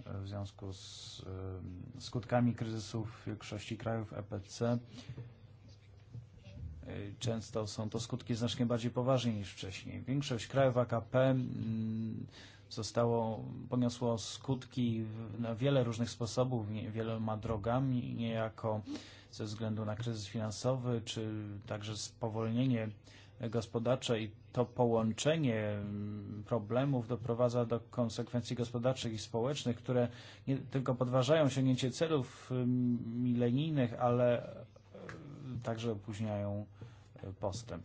w eh, związku z eh, skutkami kryzysu w większości krajów EPC. Eh, często są to skutki znacznie bardziej poważne niż wcześniej. Większość krajów AKP mm, zostało, poniosło skutki na wiele różnych sposobów, wieloma drogami, niejako ze względu na kryzys finansowy, czy także spowolnienie gospodarcze i to połączenie mm, problemów doprowadza do konsekwencji gospodarczych i społecznych, które nie tylko podważają sięgnięcie celów mm, milenijnych, ale e, także opóźniają e, postęp.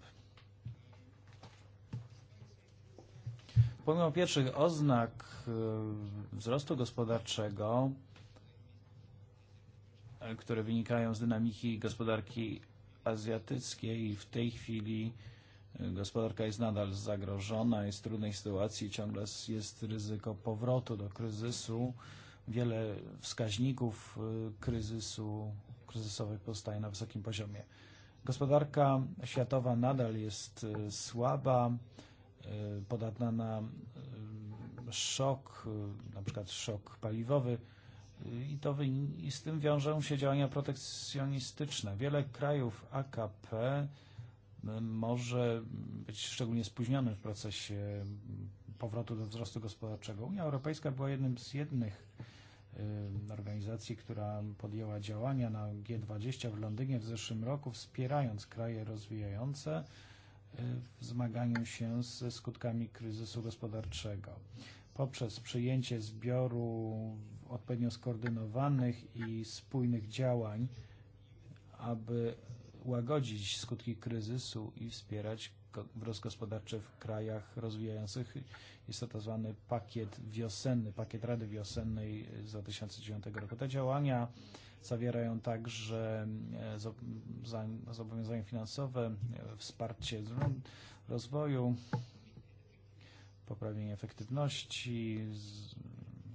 Pomimo pierwszych oznak e, wzrostu gospodarczego, e, które wynikają z dynamiki gospodarki azjatyckiej, w tej chwili e, gospodarka jest nadal zagrożona, jest w trudnej sytuacji, ciągle jest ryzyko powrotu do kryzysu. Wiele wskaźników kryzysu, kryzysowych powstaje na wysokim poziomie. Gospodarka światowa nadal jest słaba, E, podatna na e, szok, e, na przykład szok paliwowy i to i z tym wiążą się działania protekcjonistyczne. Wiele krajów AKP może być szczególnie spóźnionym w procesie powrotu do wzrostu gospodarczego. Unia Europejska była jednym z jednych organizacji, która podjęła działania na G20 w Londynie w zeszłym roku, wspierając kraje rozwijające w zmaganiu się ze skutkami kryzysu gospodarczego. Poprzez przyjęcie zbioru odpowiednio skoordynowanych i spójnych działań, aby łagodzić skutki kryzysu i wspierać wzrost gospodarczy w krajach rozwijających. Jest to tak zwany pakiet wiosenny, pakiet Rady Wiosennej z 2009 roku. Te działania zawierają także e, zobowiązania finansowe, e, wsparcie rozwoju, poprawienie efektywności,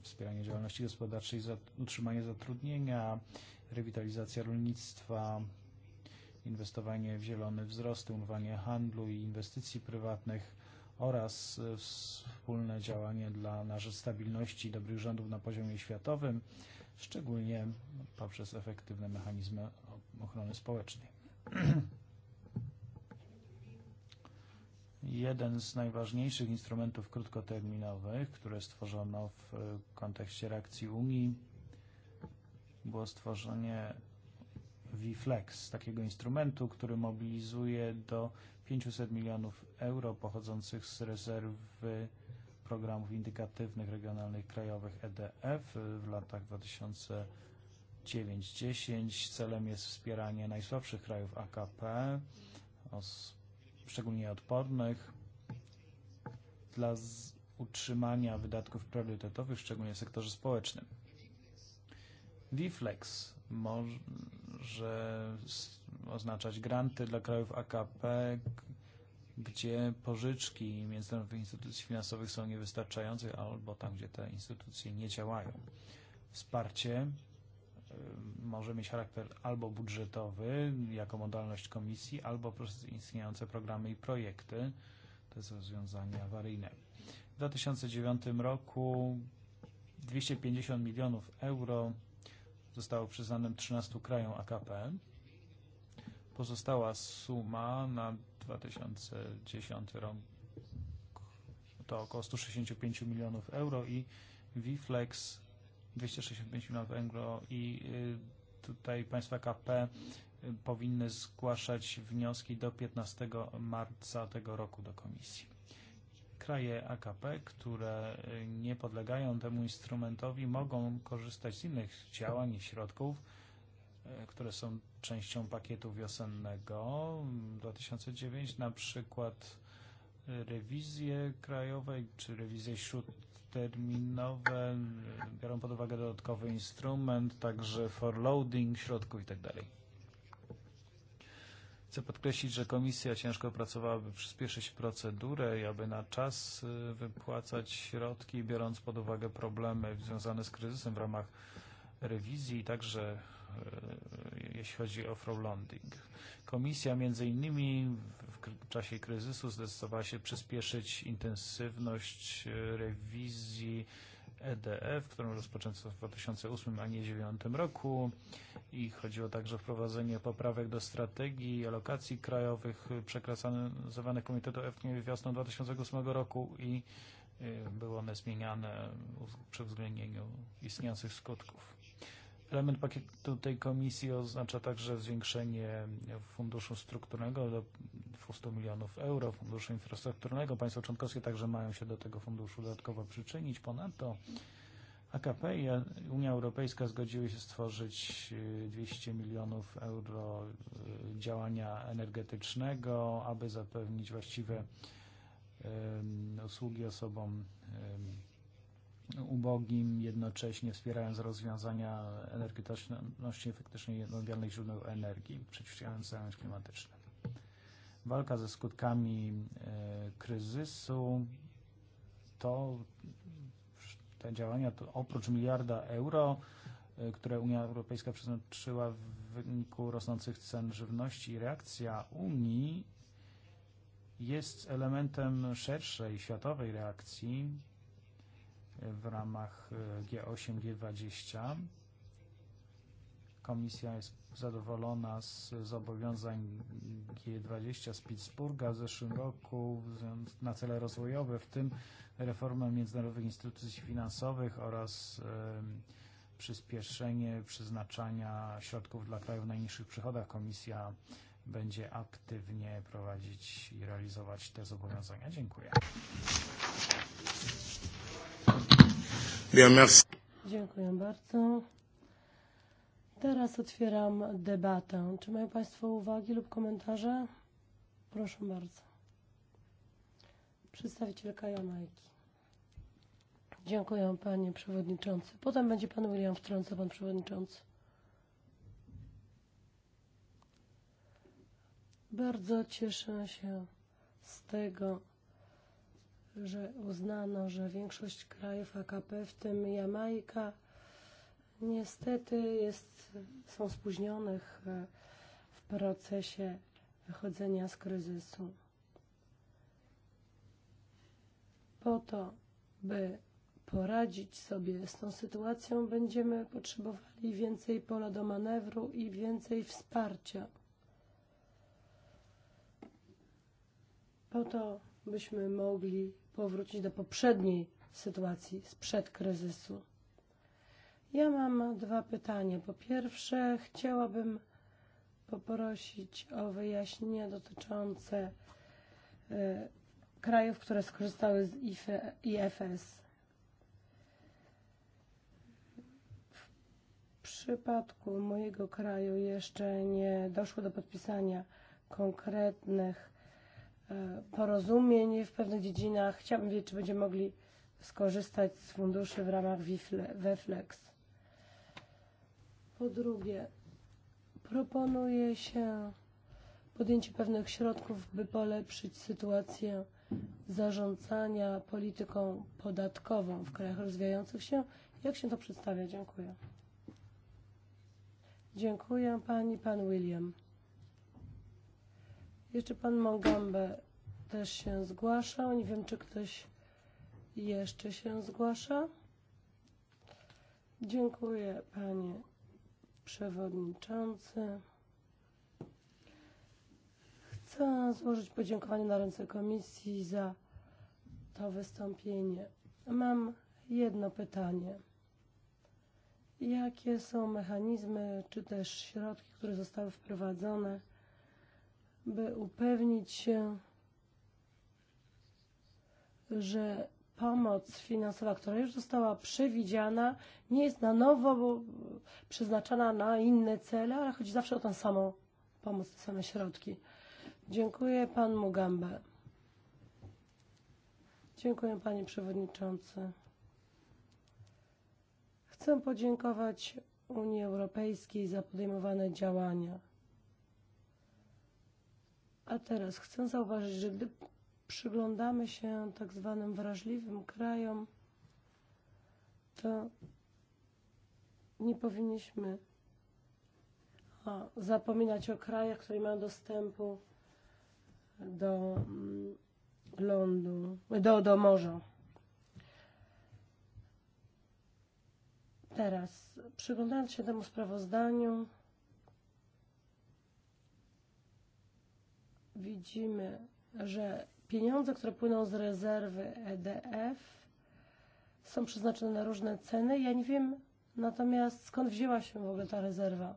wspieranie działalności gospodarczej, utrzymanie zatrudnienia, rewitalizacja rolnictwa, inwestowanie w zielony wzrost, umowanie handlu i inwestycji prywatnych oraz e, wspólne działanie dla na rzecz stabilności i dobrych rządów na poziomie światowym, szczególnie poprzez efektywne mechanizmy ochrony społecznej. [clears throat] Jeden z najważniejszych instrumentów krótkoterminowych, które stworzono w e, kontekście reakcji Unii, było stworzenie v-Flex, takiego instrumentu, który mobilizuje do 500 milionów euro pochodzących z rezerwy programów indykatywnych regionalnych krajowych EDF w latach 2009-10. Celem jest wspieranie najsłabszych krajów AKP, szczególnie odpornych, dla utrzymania wydatków priorytetowych, szczególnie w sektorze społecznym. Wiflex może oznaczać granty dla krajów AKP, gdzie pożyczki międzynarodowych instytucji finansowych są niewystarczające, albo tam, gdzie te instytucje nie działają. Wsparcie może mieć charakter albo budżetowy, jako modalność komisji, albo przez istniejące programy i projekty. To jest rozwiązanie awaryjne. W 2009 roku 250 milionów euro zostało przyznane 13 krajom AKP. Pozostała suma na 2010 rok to około 165 milionów euro i Wiflex 265 milionów euro i tutaj państwa KP powinny zgłaszać wnioski do 15 marca tego roku do komisji kraje AKP, które nie podlegają temu instrumentowi, mogą korzystać z innych działań i środków, e, które są częścią pakietu wiosennego 2009, na przykład rewizje krajowej czy rewizje śródterminowe, e, biorą pod uwagę dodatkowy instrument, także forloading środków itd. Chcę podkreślić, że komisja ciężko pracowała, by przyspieszyć procedurę i aby na czas wypłacać środki, biorąc pod uwagę problemy związane z kryzysem w ramach rewizji i także jeśli chodzi o frowlonding. Komisja między innymi w czasie kryzysu zdecydowała się przyspieszyć intensywność rewizji EDF, którą rozpoczęto w 2008, a nie 2009 roku i chodziło także o wprowadzenie poprawek do strategii alokacji krajowych przekracowane Komitetu EFKNI wiosną 2008 roku i były one zmieniane przy uwzględnieniu istniejących skutków. Element pakietu tej komisji oznacza także zwiększenie funduszu strukturnego do 200 milionów euro, funduszu infrastrukturnego. Państwa członkowskie także mają się do tego funduszu dodatkowo przyczynić. Ponadto AKP i Unia Europejska zgodziły się stworzyć 200 milionów euro działania energetycznego, aby zapewnić właściwe um, usługi osobom um, ubogim, jednocześnie wspierając rozwiązania energetyczności efektycznej odnawialnych źródeł energii, przeciwdziałając zmianom klimatycznym. Walka ze skutkami e, kryzysu to te działania to oprócz miliarda euro, e, które Unia Europejska przeznaczyła w wyniku rosnących cen żywności, reakcja Unii jest elementem szerszej światowej reakcji w ramach G8, e, G20. Komisja jest zadowolona z zobowiązań G20 z Pittsburgha w zeszłym roku na cele rozwojowe, w tym reformę międzynarodowych instytucji finansowych oraz e, przyspieszenie przeznaczania środków dla krajów najniższych przychodach. Komisja będzie aktywnie prowadzić i realizować te zobowiązania. Dziękuję. Dziękuję bardzo. Teraz otwieram debatę. Czy mają Państwo uwagi lub komentarze? Proszę bardzo. Przedstawicielka Jamajki. Dziękuję Panie Przewodniczący. Potem będzie Pan William wtrąca Pan Przewodniczący. Bardzo cieszę się z tego, że uznano, że większość krajów AKP, w tym Jamajka, niestety jest, są spóźnionych e, w procesie wychodzenia z kryzysu. Po to, by poradzić sobie z tą sytuacją, będziemy potrzebowali więcej pola do manewru i więcej wsparcia. Po to, byśmy mogli powrócić do poprzedniej sytuacji sprzed kryzysu. Ja mam dwa pytania. Po pierwsze, chciałabym poprosić o wyjaśnienia dotyczące y, e, krajów, które skorzystały z IFE, IFS. W przypadku mojego kraju jeszcze nie doszło do podpisania konkretnych porozumień w pewnych dziedzinach. Chciałabym wiedzieć, czy będziemy mogli skorzystać z funduszy w ramach WEFLEX. Po drugie, proponuje się podjęcie pewnych środków, by polepszyć sytuację zarządzania polityką podatkową w krajach rozwijających się. Jak się to przedstawia? Dziękuję. Dziękuję pani, pan William. Jeszcze pan Mogambe też się zgłasza. Nie wiem, czy ktoś jeszcze się zgłasza. Dziękuję, panie przewodniczący. Chcę złożyć podziękowanie na ręce komisji za to wystąpienie. Mam jedno pytanie. Jakie są mechanizmy czy też środki, które zostały wprowadzone by upewnić się, że pomoc finansowa, która już została przewidziana, nie jest na nowo przeznaczana na inne cele, ale chodzi zawsze o tę samą pomoc, te same środki. Dziękuję pan Mugambe. Dziękuję panie przewodniczący. Chcę podziękować Unii Europejskiej za podejmowane działania a teraz chcę zauważyć, że gdy przyglądamy się tak zwanym wrażliwym krajom, to nie powinniśmy zapominać o krajach, które mają dostępu do mm, lądu, do, do morza. Teraz, przyglądając się temu sprawozdaniu, widzimy, że pieniądze, które płyną z rezerwy EDF są przeznaczone na różne ceny. Ja nie wiem natomiast skąd wzięła się w ogóle ta rezerwa.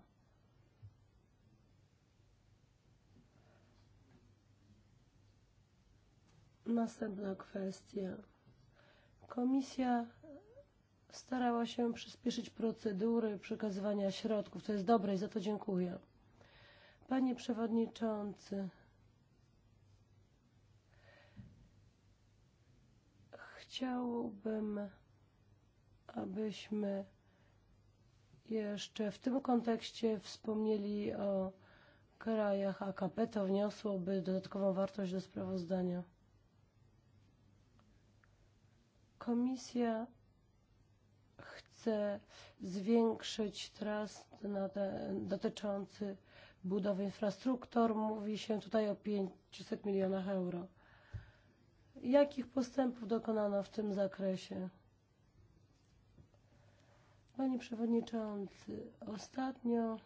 Następna kwestia. Komisja starała się przyspieszyć procedury przekazywania środków. To jest dobre i za to dziękuję. Panie Przewodniczący, Chciałbym, abyśmy jeszcze w tym kontekście wspomnieli o krajach AKP. To wniosłoby dodatkową wartość do sprawozdania. Komisja chce zwiększyć trust na te, dotyczący budowy infrastruktur. Mówi się tutaj o 500 milionach euro. Jakich postępów dokonano w tym zakresie? Panie Przewodniczący, ostatnio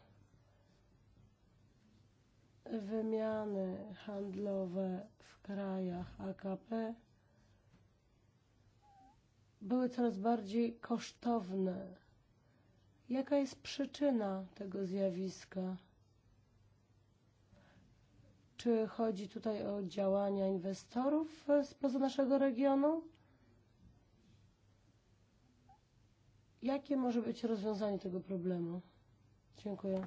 wymiany handlowe w krajach AKP były coraz bardziej kosztowne. Jaka jest przyczyna tego zjawiska? Czy chodzi tutaj o działania inwestorów spoza naszego regionu? Jakie może być rozwiązanie tego problemu? Dziękuję.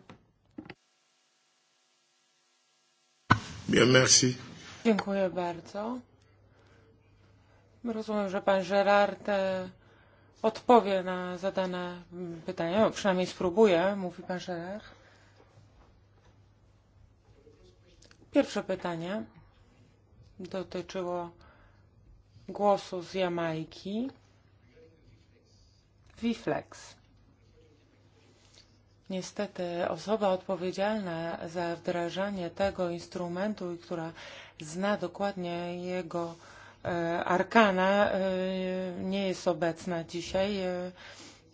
Bien, merci. Dziękuję bardzo. Rozumiem, że pan Gerard e, odpowie na zadane mm, pytania, no przynajmniej spróbuje, mówi pan Gerard. Pierwsze pytanie dotyczyło głosu z Jamajki. Wiflex. Niestety osoba odpowiedzialna za wdrażanie tego instrumentu i która zna dokładnie jego e, arkana e, nie jest obecna dzisiaj. E,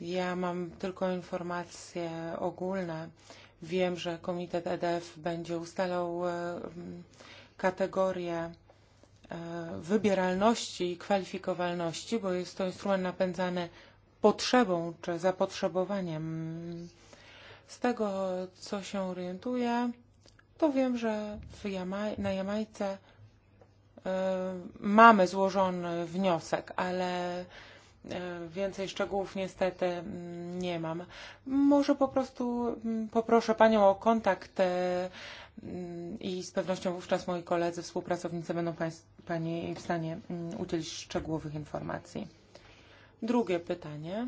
ja mam tylko informacje ogólne Wiem, że Komitet EDF będzie ustalał e, kategorie wybieralności i kwalifikowalności, bo jest to instrument napędzany potrzebą czy zapotrzebowaniem. Z tego, co się orientuję, to wiem, że w Jamaj na Jamajce y, e, mamy złożony wniosek, ale Eh, więcej szczegółów niestety mm, nie mam. Może po prostu mm, poproszę Panią o kontakt e, mm, i z pewnością wówczas moi koledzy, współpracownicy będą Pani w stanie udzielić szczegółowych informacji. Drugie pytanie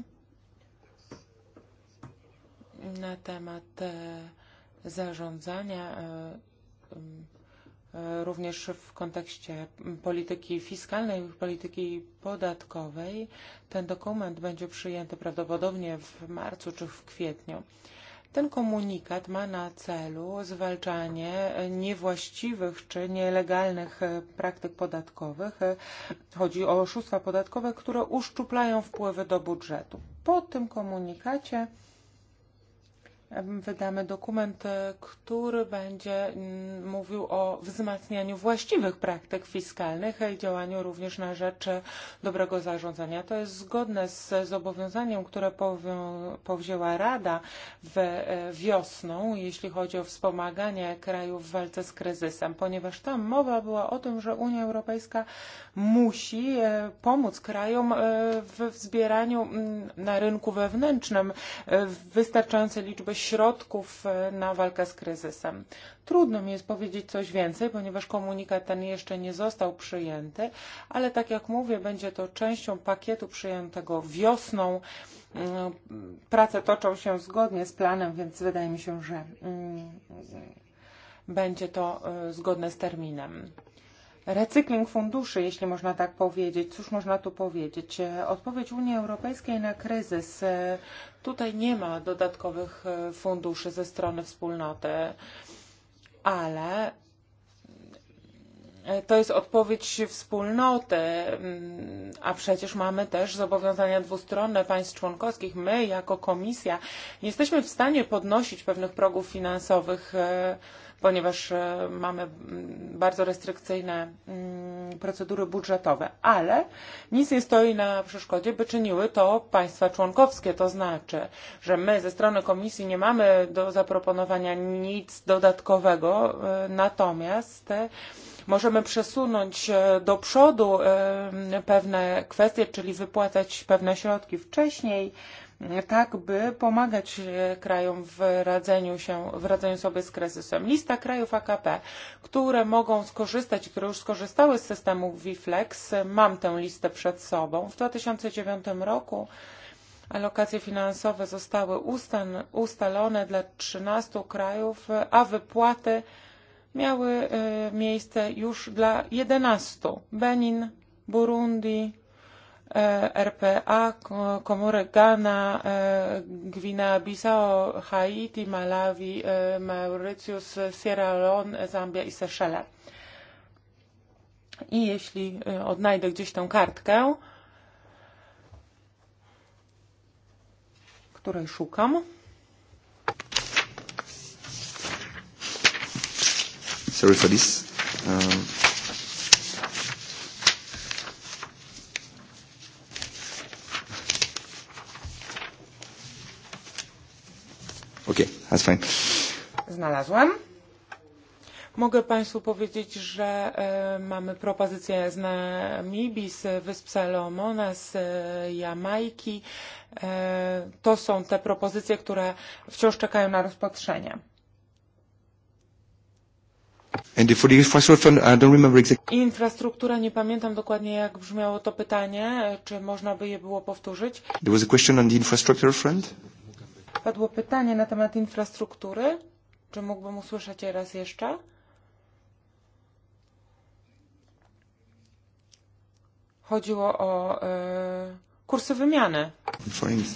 na temat e, zarządzania e, E, również w kontekście polityki fiskalnej, polityki podatkowej. Ten dokument będzie przyjęty prawdopodobnie w marcu czy w kwietniu. Ten komunikat ma na celu zwalczanie niewłaściwych czy nielegalnych praktyk podatkowych. Chodzi o oszustwa podatkowe, które uszczuplają wpływy do budżetu. Po tym komunikacie wydamy dokument, który będzie mówił mm, o wzmacnianiu właściwych praktyk fiskalnych i działaniu również na rzecz dobrego zarządzania. To jest zgodne z zobowiązaniem, które powzięła Rada w e, wiosną, jeśli chodzi o wspomaganie krajów w walce z kryzysem, ponieważ tam mowa była o tym, że Unia Europejska musi e, pomóc krajom e, w zbieraniu mm, na rynku wewnętrznym wystarczającej liczby środków na walkę z kryzysem. Trudno mi jest powiedzieć coś więcej, ponieważ komunikat ten jeszcze nie został przyjęty, ale tak jak mówię, będzie to częścią pakietu przyjętego wiosną. Mm, prace toczą się zgodnie z planem, więc wydaje mi się, że mm, będzie to e, zgodne z terminem. Recykling funduszy, jeśli można tak powiedzieć. Cóż można tu powiedzieć? E, odpowiedź Unii Europejskiej na kryzys e, Tutaj nie ma dodatkowych e, funduszy ze strony wspólnoty, ale e, to jest odpowiedź wspólnoty, mm, a przecież mamy też zobowiązania dwustronne państw członkowskich. My jako komisja nie jesteśmy w stanie podnosić pewnych progów finansowych e, ponieważ eh, mamy mm, bardzo restrykcyjne mm, procedury budżetowe, ale nic nie stoi na przeszkodzie, by czyniły to państwa członkowskie. To znaczy, że my ze strony komisji nie mamy do zaproponowania nic dodatkowego, e, natomiast e, możemy przesunąć e, do przodu pewne kwestie, czyli wypłacać pewne środki wcześniej, tak, by pomagać krajom w radzeniu, się, w radzeniu sobie z kryzysem. Lista krajów AKP, które mogą skorzystać, które już skorzystały z systemu WIFLEX, mam tę listę przed sobą. W 2009 roku alokacje finansowe zostały ustan, ustalone dla 13 krajów, a wypłaty miały e, miejsce już dla 11. Benin, Burundi, Eh, RPA, Komory Ghana, eh, gwina, Bissau, Haiti, Malawi, eh, Mauritius, Sierra Leone, Zambia i Seszele. I jeśli odnajdę gdzieś tę kartkę, której szukam, Sorry for this. Um... Okej, okay, that's fine. Znalazłam. Mogę Państwu powiedzieć, że y, e, mamy propozycje z Namibii, z Wysp Salomona, z e, Jamajki. Y, e, to są te propozycje, które wciąż czekają na rozpatrzenie. Infrastruktura, nie pamiętam dokładnie jak brzmiało to pytanie, czy można by je było powtórzyć? There was a question on the infrastructure front padło pytanie na temat infrastruktury. Czy mógłbym usłyszeć je raz jeszcze? Chodziło o e, kursy wymiany.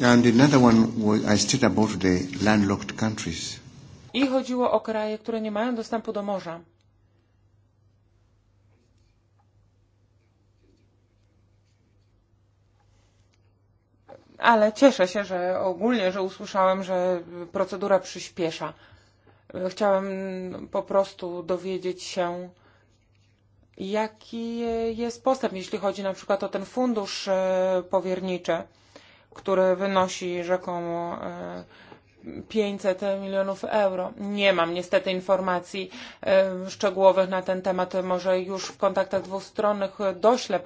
and another one I stated about the landlocked countries. I chodziło o kraje, które nie mają dostępu do morza. ale cieszę się, że ogólnie, że usłyszałem, że procedura przyspiesza. Chciałem po prostu dowiedzieć się, jaki jest postęp, jeśli chodzi na przykład o ten fundusz e, powierniczy, który wynosi rzekomo e, 500 milionów euro. Nie mam niestety informacji e, szczegółowych na ten temat. Może już w kontaktach dwustronnych doślę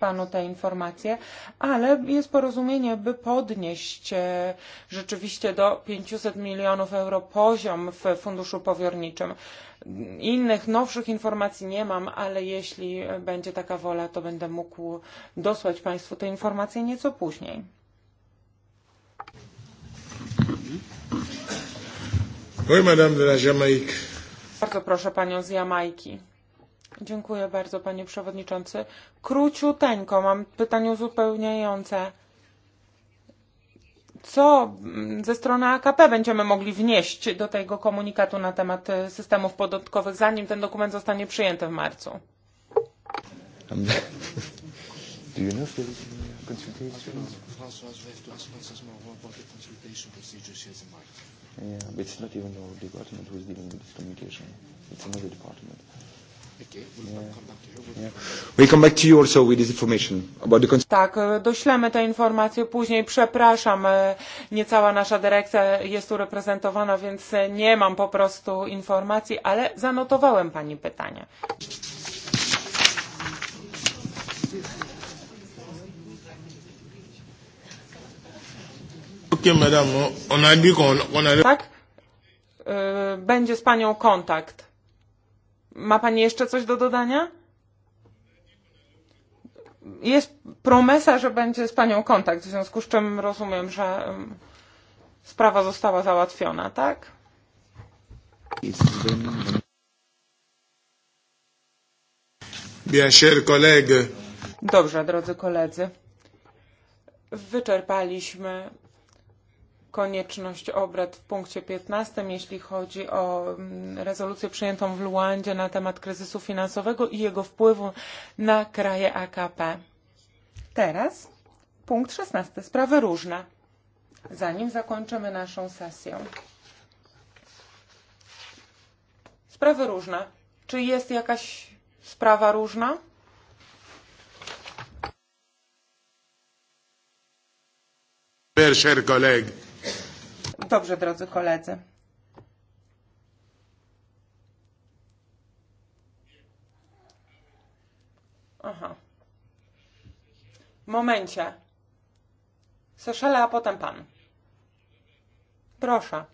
panu te informacje, ale jest porozumienie, by podnieść e, rzeczywiście do 500 milionów euro poziom w funduszu powierniczym. Innych, nowszych informacji nie mam, ale jeśli będzie taka wola, to będę mógł dosłać Państwu te informacje nieco później. Oui, madame de la Jamaïque. Bardzo proszę panią z Jamajki. Dziękuję bardzo, panie przewodniczący. Króciuteńko, mam pytanie uzupełniające. Co mm, ze strony AKP będziemy mogli wnieść do tego komunikatu na temat systemów podatkowych, zanim ten dokument zostanie przyjęty w marcu? [laughs] Do you know consultation? Yeah, but it's not even our department who is dealing with this communication. It's another department. tak, e, doślemy tę informację później. Przepraszam, e, nie cała nasza dyrekcja jest tu reprezentowana, więc nie mam po prostu informacji, ale zanotowałem Pani pytanie. Okay, madam, ona on, a... Tak, yy, e, będzie z panią kontakt. Ma pani jeszcze coś do dodania? Jest promesa, że będzie z panią kontakt, w związku z czym rozumiem, że yy, sprawa została załatwiona, tak? Bien, cher collègue. Dobrze, drodzy koledzy. Wyczerpaliśmy konieczność obrad w punkcie 15, jeśli chodzi o mm, rezolucję przyjętą w Luandzie na temat kryzysu finansowego i jego wpływu na kraje AKP. Teraz punkt 16. Sprawy różne. Zanim zakończymy naszą sesję. Sprawy różne. Czy jest jakaś sprawa różna? chers collègues, Dobrze, drodzy koledzy. Aha. Momencie. Seszele, a potem pan. Proszę.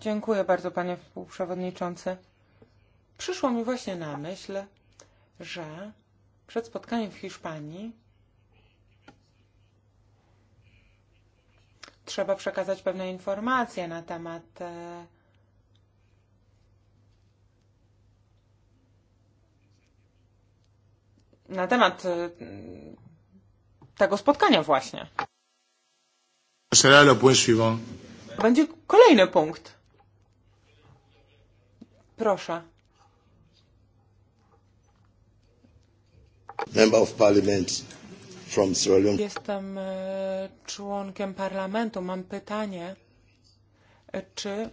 Dziękuję bardzo, panie współprzewodniczący. Przyszło mi właśnie na myśl, że przed spotkaniem w Hiszpanii trzeba przekazać pewne informacje na temat eh, na temat tego spotkania właśnie. Będzie kolejny punkt. Proszę. Member of Parliament from Sierra Leone. Jestem e, członkiem parlamentu. Mam pytanie, e, czy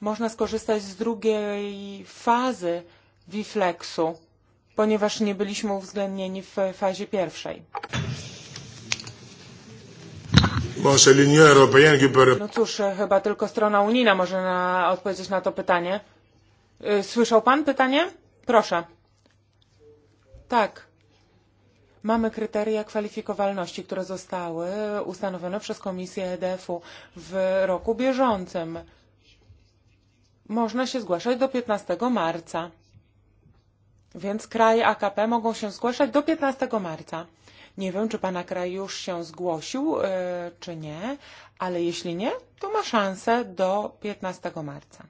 można skorzystać z drugiej fazy Wiflexu, ponieważ nie byliśmy uwzględnieni w fazie pierwszej. No cóż, e, chyba tylko strona unijna może na, odpowiedzieć na to pytanie. Słyszał pan pytanie? Proszę. Tak. Mamy kryteria kwalifikowalności, które zostały ustanowione przez Komisję EDF-u w roku bieżącym. Można się zgłaszać do 15 marca. Więc kraje AKP mogą się zgłaszać do 15 marca. Nie wiem, czy pana kraj już się zgłosił, e, czy nie, ale jeśli nie, to ma szansę do 15 marca.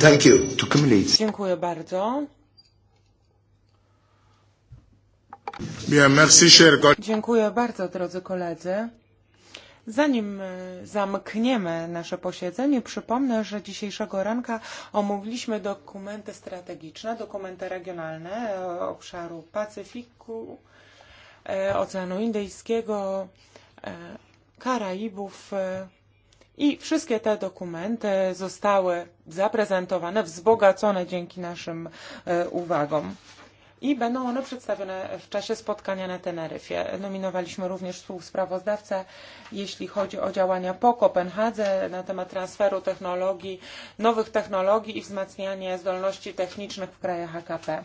thank you. To complete. Dziękuję bardzo. Bien, merci, cher Dziękuję bardzo, drodzy koledzy. Zanim e, zamkniemy nasze posiedzenie, przypomnę, że dzisiejszego ranka omówiliśmy dokumenty strategiczne, dokumenty regionalne e, obszaru Pacyfiku, e, Oceanu Indyjskiego, Karaibów, i wszystkie te dokumenty zostały zaprezentowane, wzbogacone dzięki naszym e, uwagom. I będą one przedstawione w czasie spotkania na Teneryfie. Nominowaliśmy również współsprawozdawcę, jeśli chodzi o działania po Kopenhadze na temat transferu technologii, nowych technologii i wzmacniania zdolności technicznych w krajach AKP.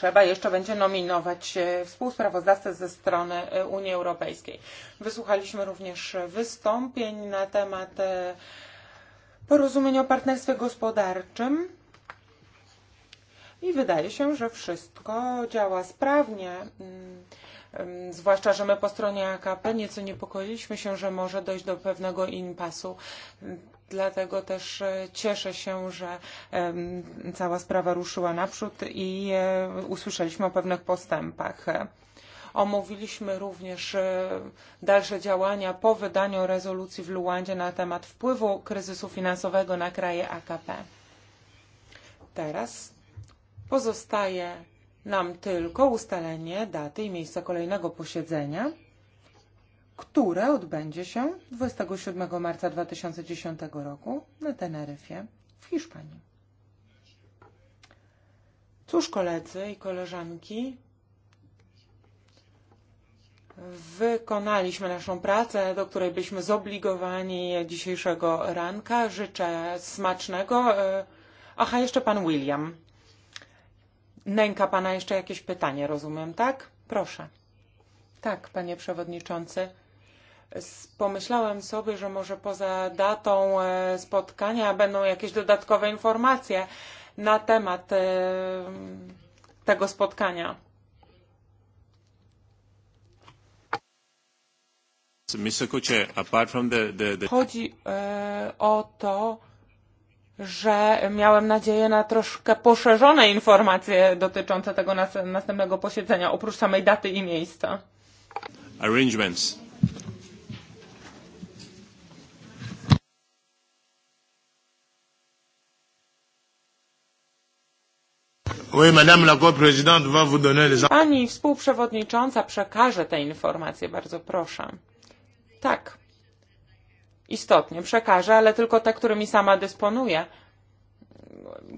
trzeba jeszcze będzie nominować współsprawozdawcę ze strony Unii Europejskiej. Wysłuchaliśmy również wystąpień na temat eh, porozumień o partnerstwie gospodarczym i wydaje się, że wszystko działa sprawnie. Hmm zwłaszcza, że my po stronie AKP nieco niepokoiliśmy się, że może dojść do pewnego impasu. Dlatego też e, cieszę się, że cała sprawa ruszyła naprzód i e, usłyszeliśmy o pewnych postępach. Omówiliśmy również e, dalsze działania po wydaniu rezolucji w Luandzie na temat wpływu kryzysu finansowego na kraje AKP. Teraz pozostaje nam tylko ustalenie daty i miejsca kolejnego posiedzenia, które odbędzie się 27 marca 2010 roku na Teneryfie w Hiszpanii. Cóż, koledzy i koleżanki, wykonaliśmy naszą pracę, do której byliśmy zobligowani dzisiejszego ranka. Życzę smacznego. E, aha, jeszcze pan William. Nęka pana jeszcze jakieś pytanie, rozumiem, tak? Proszę. Tak, panie przewodniczący. Pomyślałem sobie, że może poza datą e, spotkania będą jakieś dodatkowe informacje na temat e, tego spotkania. Chodzi e, o to, że miałem nadzieję na troszkę poszerzone informacje dotyczące tego nas następnego posiedzenia, oprócz samej daty i miejsca. Arrangements. Pani współprzewodnicząca przekaże te informacje, bardzo proszę. Tak istotnie przekażę, ale tylko te, którymi sama dysponuję.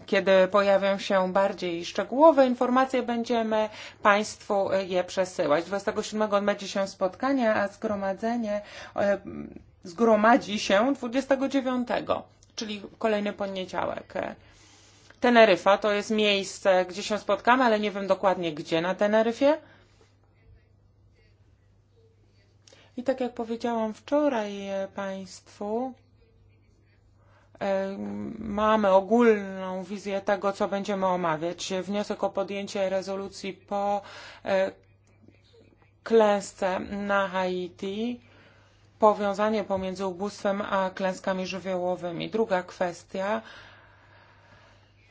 Kiedy pojawią się bardziej szczegółowe informacje, będziemy Państwu je przesyłać. 27 odbędzie się spotkanie, a zgromadzenie e, zgromadzi się 29, czyli kolejny poniedziałek. Teneryfa to jest miejsce, gdzie się spotkamy, ale nie wiem dokładnie gdzie na Teneryfie. I tak jak powiedziałam wczoraj e, Państwu, e, mamy ogólną wizję tego, co będziemy omawiać. Wniosek o podjęcie rezolucji po e, klęsce na Haiti, powiązanie pomiędzy ubóstwem a klęskami żywiołowymi. Druga kwestia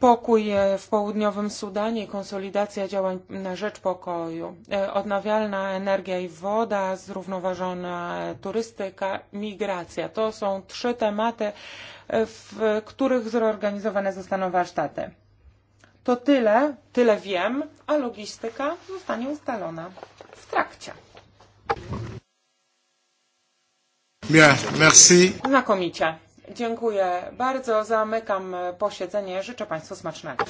Pokój w południowym Sudanie, konsolidacja działań na rzecz pokoju, e, odnawialna energia i woda, zrównoważona turystyka, migracja. To są trzy tematy, e, w których zorganizowane zostaną warsztaty. To tyle, tyle wiem, a logistyka zostanie ustalona w trakcie. Bien, merci. Znakomicie. Dziękuję bardzo. Zamykam posiedzenie. Życzę Państwu smacznego.